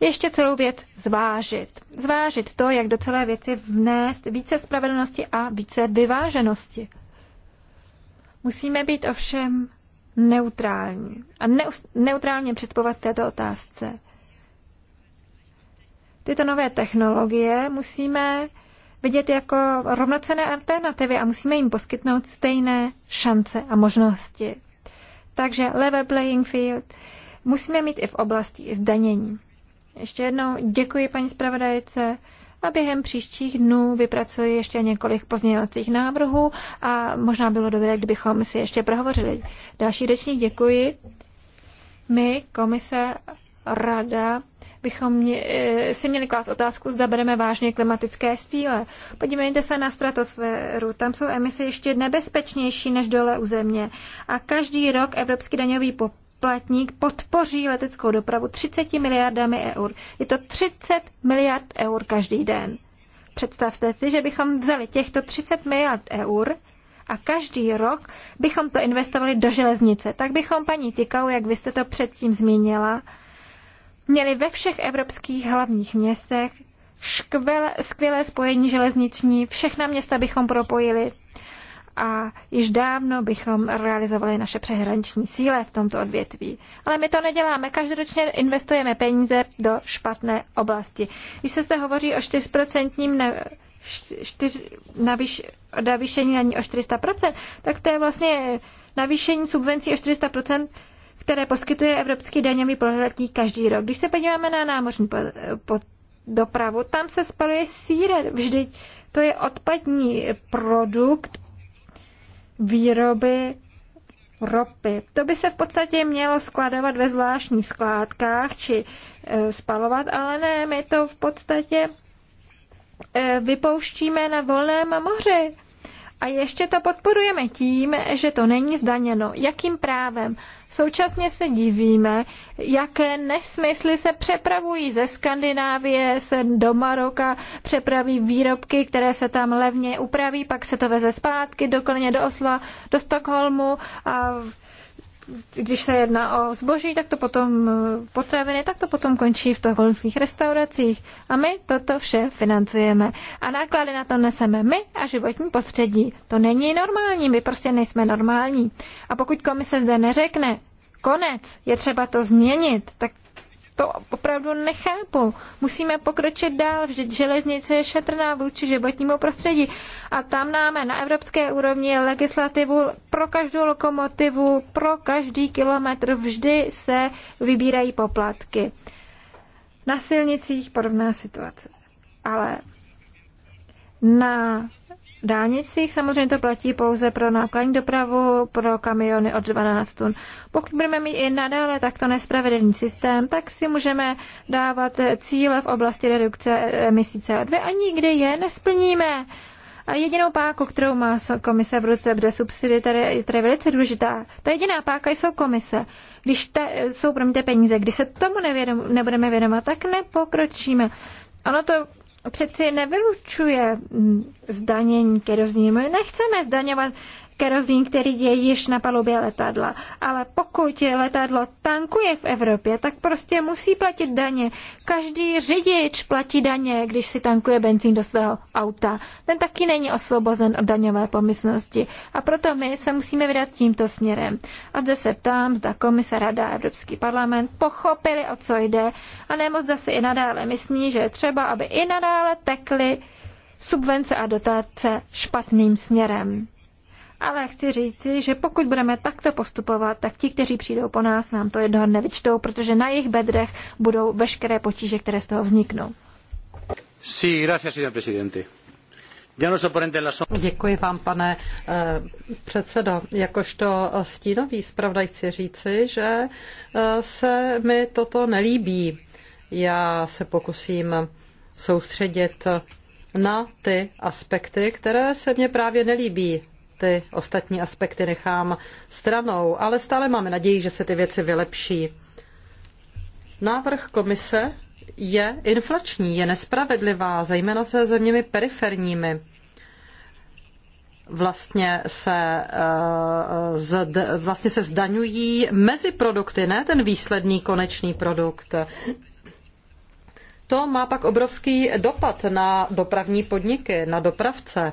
ještě celou věc zvážit. Zvážit to, jak do celé věci vnést více spravedlnosti a více vyváženosti. Musíme být ovšem neutrální a neutrálně přistupovat k této otázce tyto nové technologie musíme vidět jako rovnocené alternativy a musíme jim poskytnout stejné šance a možnosti. Takže level playing field musíme mít i v oblasti zdanění. Ještě jednou děkuji paní zpravodajce a během příštích dnů vypracuji ještě několik pozměňovacích návrhů a možná bylo dobré, kdybychom si ještě prohovořili. Další řečník děkuji. My, komise, rada bychom mě, eh, si měli klást otázku, zda bereme vážně klimatické stíle. Podívejte se na stratosféru, tam jsou emise ještě nebezpečnější než dole u země. A každý rok evropský daňový poplatník podpoří leteckou dopravu 30 miliardami eur. Je to 30 miliard eur každý den. Představte si, že bychom vzali těchto 30 miliard eur a každý rok bychom to investovali do železnice. Tak bychom, paní Tikau, jak vy jste to předtím zmínila, měli ve všech evropských hlavních městech škvel, skvělé spojení železniční, všechna města bychom propojili a již dávno bychom realizovali naše přehraniční síle v tomto odvětví. Ale my to neděláme. Každoročně investujeme peníze do špatné oblasti. Když se zde hovoří o 4% na, 4, navyš, navýšení daní o 400%, tak to je vlastně navýšení subvencí o 400% které poskytuje Evropský daňový poplatník každý rok. Když se podíváme na námořní po, po, dopravu, tam se spaluje síra. Vždyť to je odpadní produkt výroby ropy. To by se v podstatě mělo skladovat ve zvláštních skládkách či e, spalovat, ale ne, my to v podstatě e, vypouštíme na volném moři. A ještě to podporujeme tím, že to není zdaněno. Jakým právem? Současně se divíme, jaké nesmysly se přepravují ze Skandinávie se do Maroka, přepraví výrobky, které se tam levně upraví, pak se to veze zpátky do Kolně, do Osla, do Stockholmu a když se jedná o zboží, tak to potom potraviny, tak to potom končí v volných restauracích. A my toto vše financujeme. A náklady na to neseme my a životní prostředí. To není normální, my prostě nejsme normální. A pokud komise zde neřekne, konec, je třeba to změnit, tak to opravdu nechápu. Musíme pokročit dál, vždyť železnice je šetrná vůči životnímu prostředí. A tam máme na evropské úrovni legislativu pro každou lokomotivu, pro každý kilometr vždy se vybírají poplatky. Na silnicích podobná situace. Ale na dálnicích. Samozřejmě to platí pouze pro nákladní dopravu, pro kamiony od 12 tun. Pokud budeme mít i nadále takto nespravedlný systém, tak si můžeme dávat cíle v oblasti redukce emisí CO2 a nikdy je nesplníme. A jedinou páku, kterou má komise v ruce, protože subsidy tady, tady je velice důležitá, ta jediná páka jsou komise. Když te, jsou, ty peníze, když se tomu nevědom, nebudeme vědomat, tak nepokročíme. Ono to přeci nevylučuje mm, zdanění My Nechceme zdaňovat kerozín, který je již na palubě letadla. Ale pokud letadlo tankuje v Evropě, tak prostě musí platit daně. Každý řidič platí daně, když si tankuje benzín do svého auta. Ten taky není osvobozen od daňové pomyslnosti. A proto my se musíme vydat tímto směrem. A zde se ptám, zda komise, rada, Evropský parlament pochopili, o co jde, a nebo zda si i nadále myslí, že je třeba, aby i nadále tekly subvence a dotace špatným směrem ale chci říci, že pokud budeme takto postupovat, tak ti, kteří přijdou po nás, nám to jednoho dne vyčtou, protože na jejich bedrech budou veškeré potíže, které z toho vzniknou. Sí, gracias, señor presidente. No Děkuji vám, pane eh, předsedo. Jakožto stínový zpravodaj chci říci, že eh, se mi toto nelíbí. Já se pokusím soustředit na ty aspekty, které se mně právě nelíbí ty ostatní aspekty nechám stranou, ale stále máme naději, že se ty věci vylepší. Návrh komise je inflační, je nespravedlivá, zejména se zeměmi periferními. Vlastně se, eh, vlastně se zdaňují mezi produkty, ne ten výsledný konečný produkt. To má pak obrovský dopad na dopravní podniky, na dopravce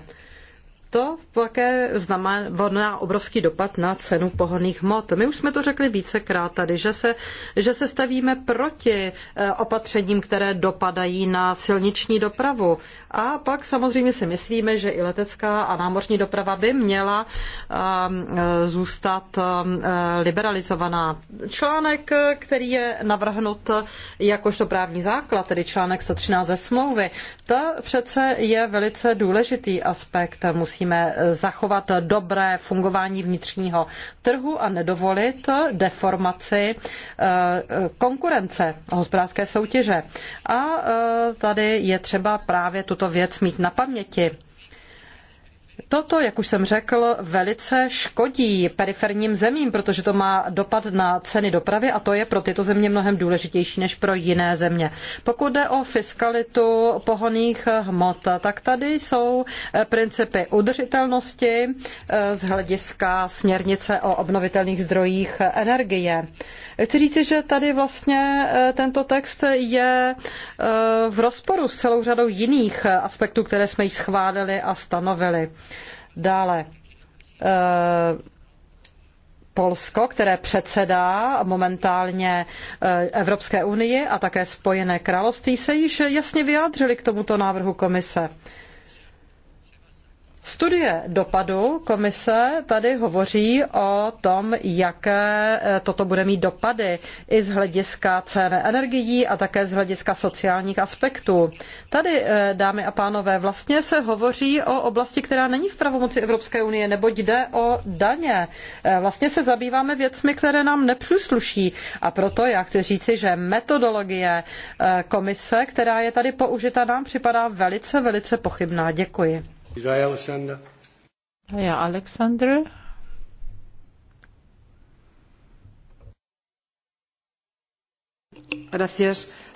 to také znamená obrovský dopad na cenu pohonných hmot. My už jsme to řekli vícekrát tady, že se, že se stavíme proti eh, opatřením, které dopadají na silniční dopravu. A pak samozřejmě si myslíme, že i letecká a námořní doprava by měla ehm, eh, zůstat ehm, eh, liberalizovaná. Článek, který je navrhnut jakožto právní základ, tedy článek 113 ze smlouvy, to přece je velice důležitý aspekt. Musí musíme zachovat dobré fungování vnitřního trhu a nedovolit deformaci eh, konkurence, hospodářské soutěže. A eh, tady je třeba právě tuto věc mít na paměti. Toto, jak už jsem řekl, velice škodí periferním zemím, protože to má dopad na ceny dopravy a to je pro tyto země mnohem důležitější než pro jiné země. Pokud jde o fiskalitu pohoných hmot, tak tady jsou eh, principy udržitelnosti eh, z hlediska směrnice o obnovitelných zdrojích energie. Chci říci, že tady vlastně eh, tento text je v rozporu s celou řadou jiných aspektů, které jsme již schválili a stanovili. Dále eh, Polsko, které předsedá momentálně eh, Evropské unii a také Spojené království, se již jasně vyjádřili k tomuto návrhu komise. Studie dopadu komise tady hovoří o tom, jaké eh, toto bude mít dopady i z hlediska cen energií a také z hlediska sociálních aspektů. Tady, eh, dámy a pánové, vlastně se hovoří o oblasti, která není v pravomoci Evropské unie, neboť jde o daně. Eh, vlastně se zabýváme věcmi, které nám nepřísluší. A proto já chci říci, že metodologie komise, která je tady použita, nám připadá velice, velice pochybná. Děkuji. Alexander. Alexander.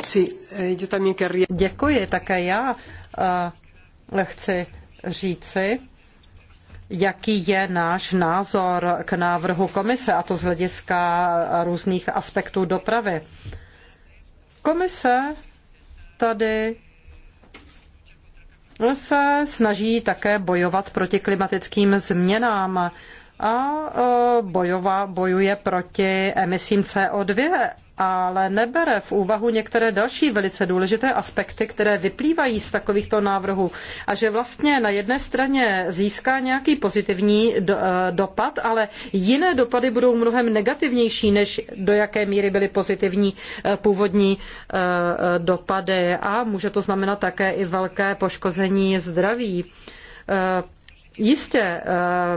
Eh, Děkuji, také já eh, chci říci, jaký je náš názor k návrhu komise, a to z hlediska eh, různých aspektů dopravy. Komise tady se snaží také bojovat proti klimatickým změnám a e, bojová bojuje proti emisím CO2 ale nebere v úvahu některé další velice důležité aspekty, které vyplývají z takovýchto návrhů a že vlastně na jedné straně získá nějaký pozitivní eh, dopad, ale jiné dopady budou mnohem negativnější, než do jaké míry byly pozitivní eh, původní eh, dopady a může to znamenat také i velké poškození zdraví Jistě eh,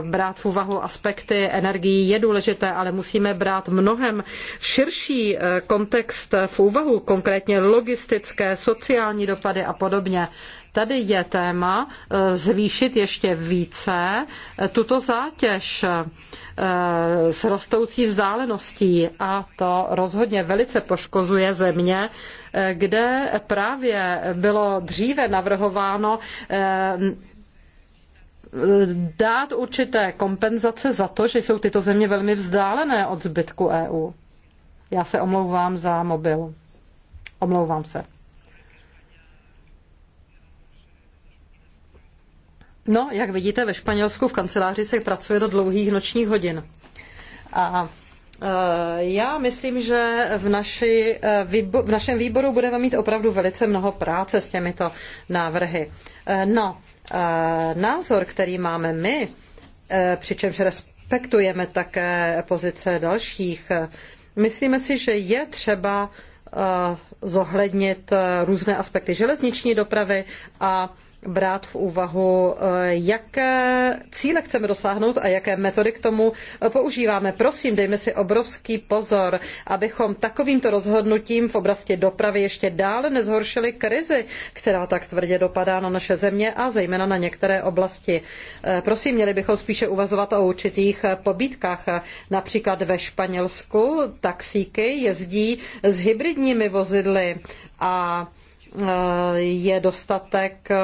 brát v úvahu aspekty energií je důležité, ale musíme brát mnohem širší eh, kontext v úvahu, konkrétně logistické, sociální dopady a podobně. Tady je téma eh, zvýšit ještě více tuto zátěž s rostoucí vzdáleností a to rozhodně velice poškozuje země, kde právě bylo dříve navrhováno dát určité kompenzace za to, že jsou tyto země velmi vzdálené od zbytku EU. Já se omlouvám za mobil. Omlouvám se. No, jak vidíte, ve Španělsku v kanceláři se pracuje do dlouhých nočních hodin. A e, já myslím, že v, naši, e, v našem výboru budeme mít opravdu velice mnoho práce s těmito návrhy. E, no, názor, který máme my, e, přičemž respektujeme také pozice dalších, myslíme si, že je třeba e, zohlednit různé aspekty železniční dopravy a brát v úvahu, eh, jaké cíle chceme dosáhnout a jaké metody k tomu eh, používáme. Prosím, dejme si obrovský pozor, abychom takovýmto rozhodnutím v oblasti dopravy ještě dále nezhoršili krizi, která tak tvrdě dopadá na naše země a zejména na některé oblasti. Eh, prosím, měli bychom spíše uvazovat o určitých pobítkách. Například ve Španělsku taxíky jezdí s hybridními vozidly a je dostatek eh,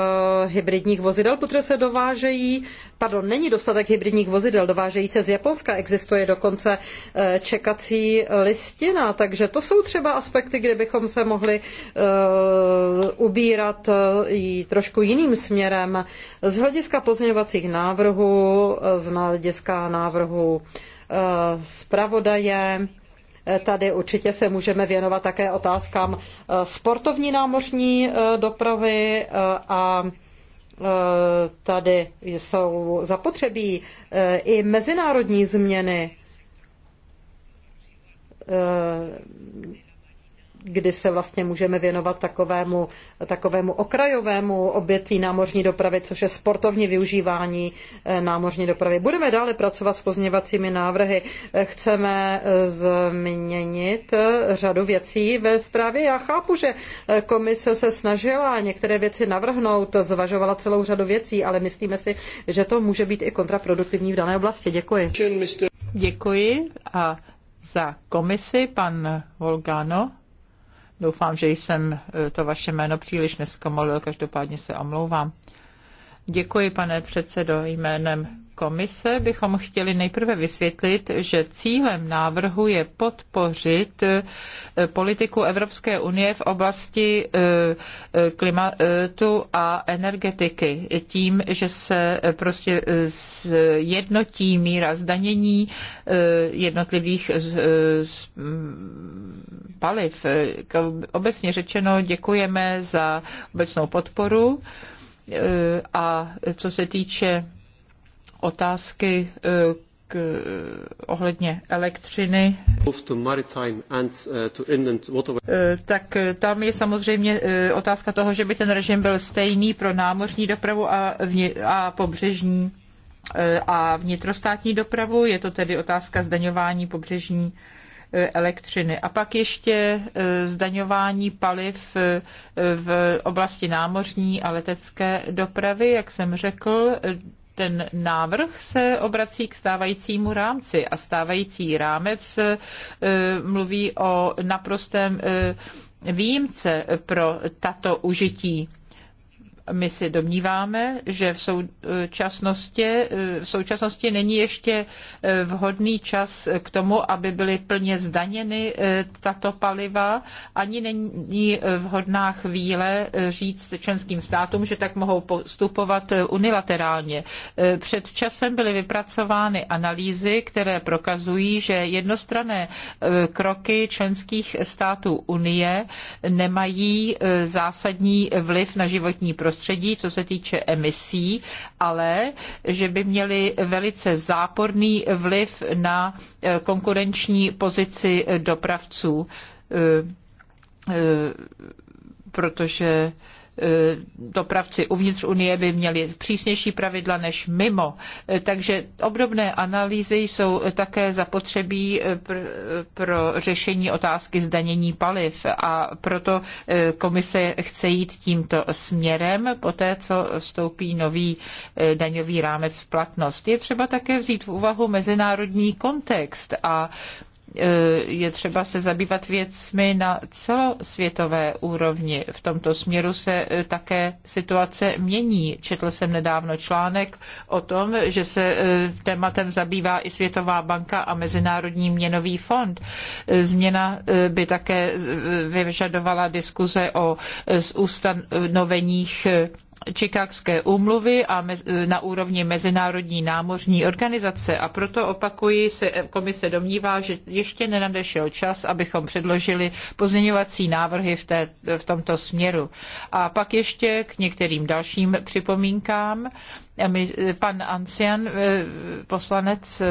hybridních vozidel, protože se dovážejí, pardon, není dostatek hybridních vozidel, dovážejí se z Japonska, existuje dokonce eh, čekací listina, takže to jsou třeba aspekty, kde bychom se mohli eh, ubírat i trošku jiným směrem z hlediska pozměňovacích návrhů, z hlediska návrhu zpravodaje, Eh, tady určitě se můžeme věnovat také otázkám eh, sportovní námořní eh, dopravy a tady jsou zapotřebí i mezinárodní změny kdy se vlastně můžeme věnovat takovému, takovému okrajovému obětví námořní dopravy, což je sportovní využívání eh, námořní dopravy. Budeme dále pracovat s pozměňovacími návrhy. Eh, chceme eh, změnit řadu věcí ve zprávě. Já chápu, že komise se snažila některé věci navrhnout, zvažovala celou řadu věcí, ale myslíme si, že to může být i kontraproduktivní v dané oblasti. Děkuji. Děkuji a za komisi pan Volgano. Doufám, že jsem e, to vaše jméno příliš neskomolil, každopádně se omlouvám. Děkuji, pane předsedo, jménem komise bychom chtěli nejprve vysvětlit, že cílem návrhu je podpořit eh, politiku Evropské unie v oblasti eh, eh, klimatu a energetiky tím, že se prostě jednotí míra zdanění jednotlivých mm, paliv. Obecně řečeno děkujeme za obecnou podporu a co se týče otázky eh, k, eh, ohledně elektřiny, eh, tak tam je samozřejmě otázka toho, že by ten režim byl stejný pro námořní dopravu a, a pobřežní a vnitrostátní dopravu. Je to tedy otázka zdaňování pobřežní elektřiny. A pak ještě zdaňování paliv v oblasti námořní a letecké dopravy, jak jsem řekl, ten návrh se obrací k stávajícímu rámci a stávající rámec eh, mluví o naprostém eh, výjimce pro tato užití my si domníváme, že v současnosti, v současnosti není ještě eh, vhodný čas k tomu, aby byly plně zdaněny eh, tato paliva, ani není vhodná chvíle eh, říct členským státům, že tak mohou postupovat unilaterálně. Před časem byly vypracovány analýzy, které prokazují, že jednostranné kroky členských států Unie nemají zásadní vliv na životní prostředí prostředí, co se týče emisí, ale že by měly velice záporný vliv na eh, konkurenční pozici eh, dopravců, eh, protože Eh, dopravci uvnitř Unie by měli přísnější pravidla než mimo. Eh, takže obdobné analýzy jsou také zapotřebí eh, pro řešení otázky zdanění paliv a proto komise chce jít tímto směrem po té, co vstoupí nový daňový rámec v platnost. Je třeba také vzít v úvahu mezinárodní kontext a E, je třeba se zabývat věcmi na celosvětové úrovni. V tomto směru se e, také situace mění. Četl jsem nedávno článek o tom, že se e, tématem zabývá i Světová banka a Mezinárodní měnový fond. Změna by také vyžadovala diskuze o ustanoveních Čikagské úmluvy a eh, na úrovni Mezinárodní námořní organizace a proto opakuji, se eh, komise domnívá, že ještě nenadešel čas, abychom předložili pozměňovací návrhy v, té, eh, v tomto směru. A pak ještě k některým dalším připomínkám. Pan Ancian, poslanec,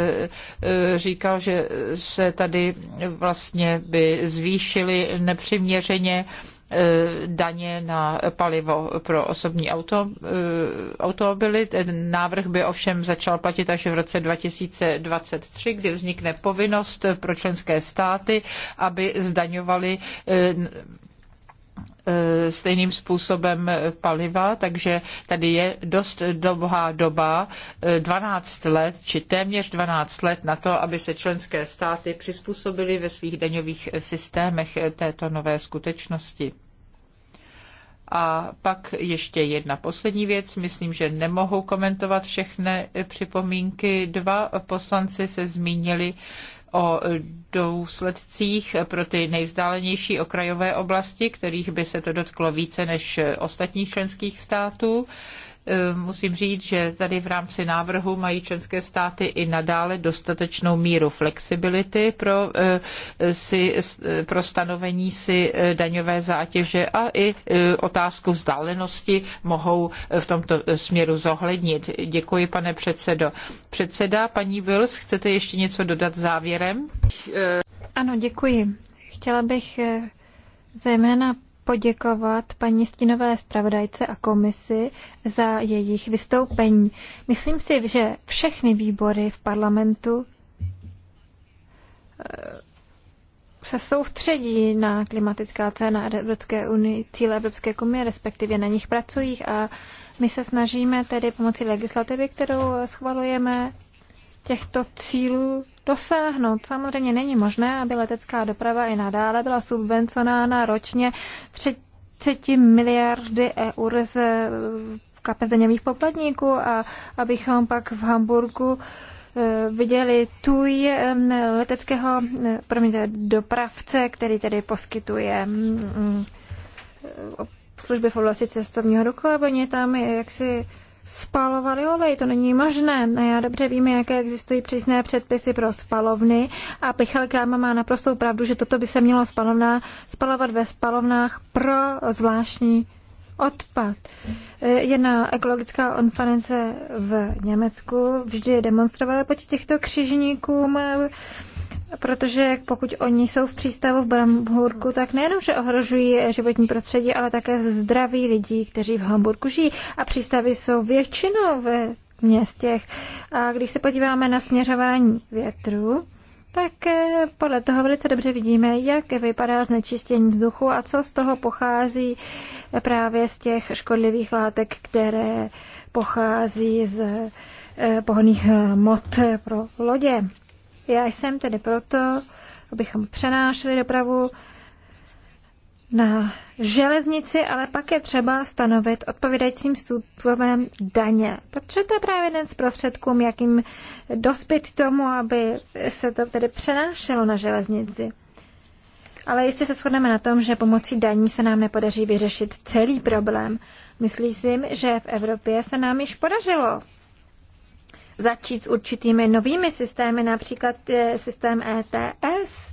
říkal, že se tady vlastně by zvýšily nepřiměřeně Eh, daně na palivo pro osobní auto, eh, automobily. Ten návrh by ovšem začal platit až v roce 2023, kdy vznikne povinnost pro členské státy, aby zdaňovali eh, Eh, stejným způsobem paliva, takže tady je dost dlouhá doba, 12 eh, let, či téměř 12 let na to, aby se členské státy přizpůsobily ve svých daňových systémech eh, této nové skutečnosti. A pak ještě jedna poslední věc. Myslím, že nemohu komentovat všechny připomínky. Dva poslanci se zmínili o důsledcích pro ty nejvzdálenější okrajové oblasti, kterých by se to dotklo více než ostatních členských států. Eh, musím říct, že tady v rámci návrhu mají členské státy i nadále dostatečnou míru flexibility pro, eh, si, eh, pro stanovení si daňové zátěže a i otázku vzdálenosti mohou v tomto směru zohlednit. Děkuji, pane předsedo. Předseda, paní Wills, chcete ještě něco dodat závěrem? Ano, děkuji. Chtěla bych zejména poděkovat paní Stinové zpravodajce a komisi za jejich vystoupení. Myslím si, že všechny výbory v parlamentu eh, se soustředí na klimatická cena Evropské unie, cíle Evropské komise, respektive na nich pracují a my se snažíme tedy pomocí legislativy, kterou schvalujeme, těchto cílů dosáhnout. Samozřejmě není možné, aby letecká doprava i nadále byla subvencionána ročně 30 miliardy eur z eh, kapes daňových poplatníků a abychom pak v Hamburgu eh, viděli tuj leteckého eh, promiňte, dopravce, který tedy poskytuje mm, mm, služby v oblasti cestovního ruchu, nebo tam jaksi spalovali olej. To není možné. A já dobře vím, jaké existují přísné předpisy pro spalovny a Pichal Káma má naprostou pravdu, že toto by se mělo spalovna, spalovat ve spalovnách pro zvláštní odpad. Eh, jedna ekologická konference v Německu vždy demonstrovala proti těchto křižníkům protože pokud oni jsou v přístavu v Hamburgu, tak nejenom, že ohrožují životní prostředí, ale také zdraví lidí, kteří v Hamburgu žijí. A přístavy jsou většinou ve městěch. A když se podíváme na směřování větru, tak eh, podle toho velice dobře vidíme, jak vypadá znečištění vzduchu a co z toho pochází právě z těch škodlivých látek, které pochází z eh, pohoných hmot pro lodě. Já jsem tedy proto, abychom přenášeli dopravu na železnici, ale pak je třeba stanovit odpovídajícím způsobem daně, protože to je právě jeden z prostředků, jakým dospět tomu, aby se to tedy přenášelo na železnici. Ale jistě se shodneme na tom, že pomocí daní se nám nepodaří vyřešit celý problém. Myslím si, že v Evropě se nám již podařilo začít s určitými novými systémy, například eh, systém ETS,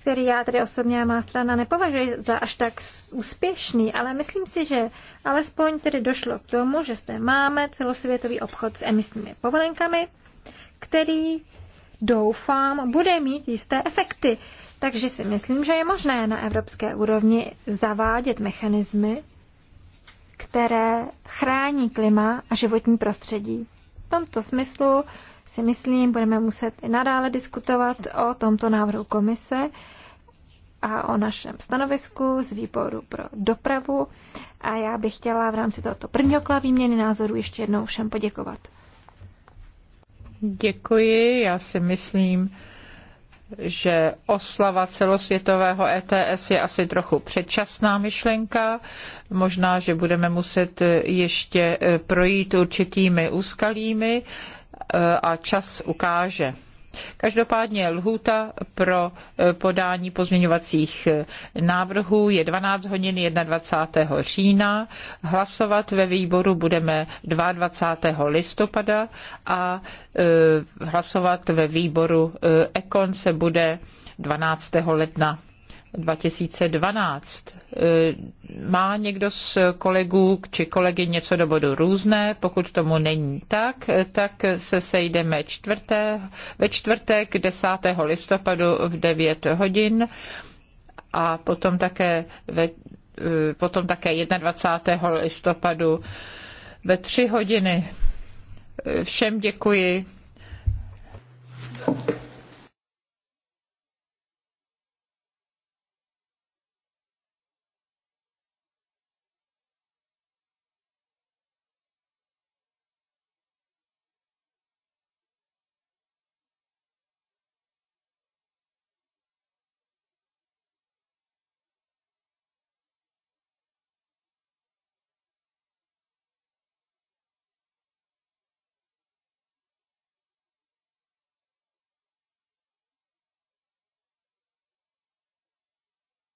který já tedy osobně a má strana nepovažuji za až tak úspěšný, ale myslím si, že alespoň tedy došlo k tomu, že zde máme celosvětový obchod s emisními povolenkami, který doufám bude mít jisté efekty. Takže si myslím, že je možné na evropské úrovni zavádět mechanismy, které chrání klima a životní prostředí tomto smyslu si myslím, budeme muset i nadále diskutovat o tomto návrhu komise a o našem stanovisku z výboru pro dopravu. A já bych chtěla v rámci tohoto prvního kola výměny názoru ještě jednou všem poděkovat. Děkuji, já si myslím, že oslava celosvětového ETS je asi trochu předčasná myšlenka. Možná, že budeme muset ještě projít určitými úskalími e, a čas ukáže. Každopádně lhůta pro eh, podání pozměňovacích eh, návrhů je 12 hodin 21. října. Hlasovat ve výboru budeme 22. listopada a eh, hlasovat ve výboru Ekon se bude 12. ledna. 2012. Eh, má někdo z kolegů či kolegy něco do bodu různé? Pokud tomu není tak, eh, tak se sejdeme čtvrté, ve čtvrtek 10. listopadu v 9 hodin a potom také, ve, eh, potom také 21. listopadu ve 3 hodiny. Všem děkuji.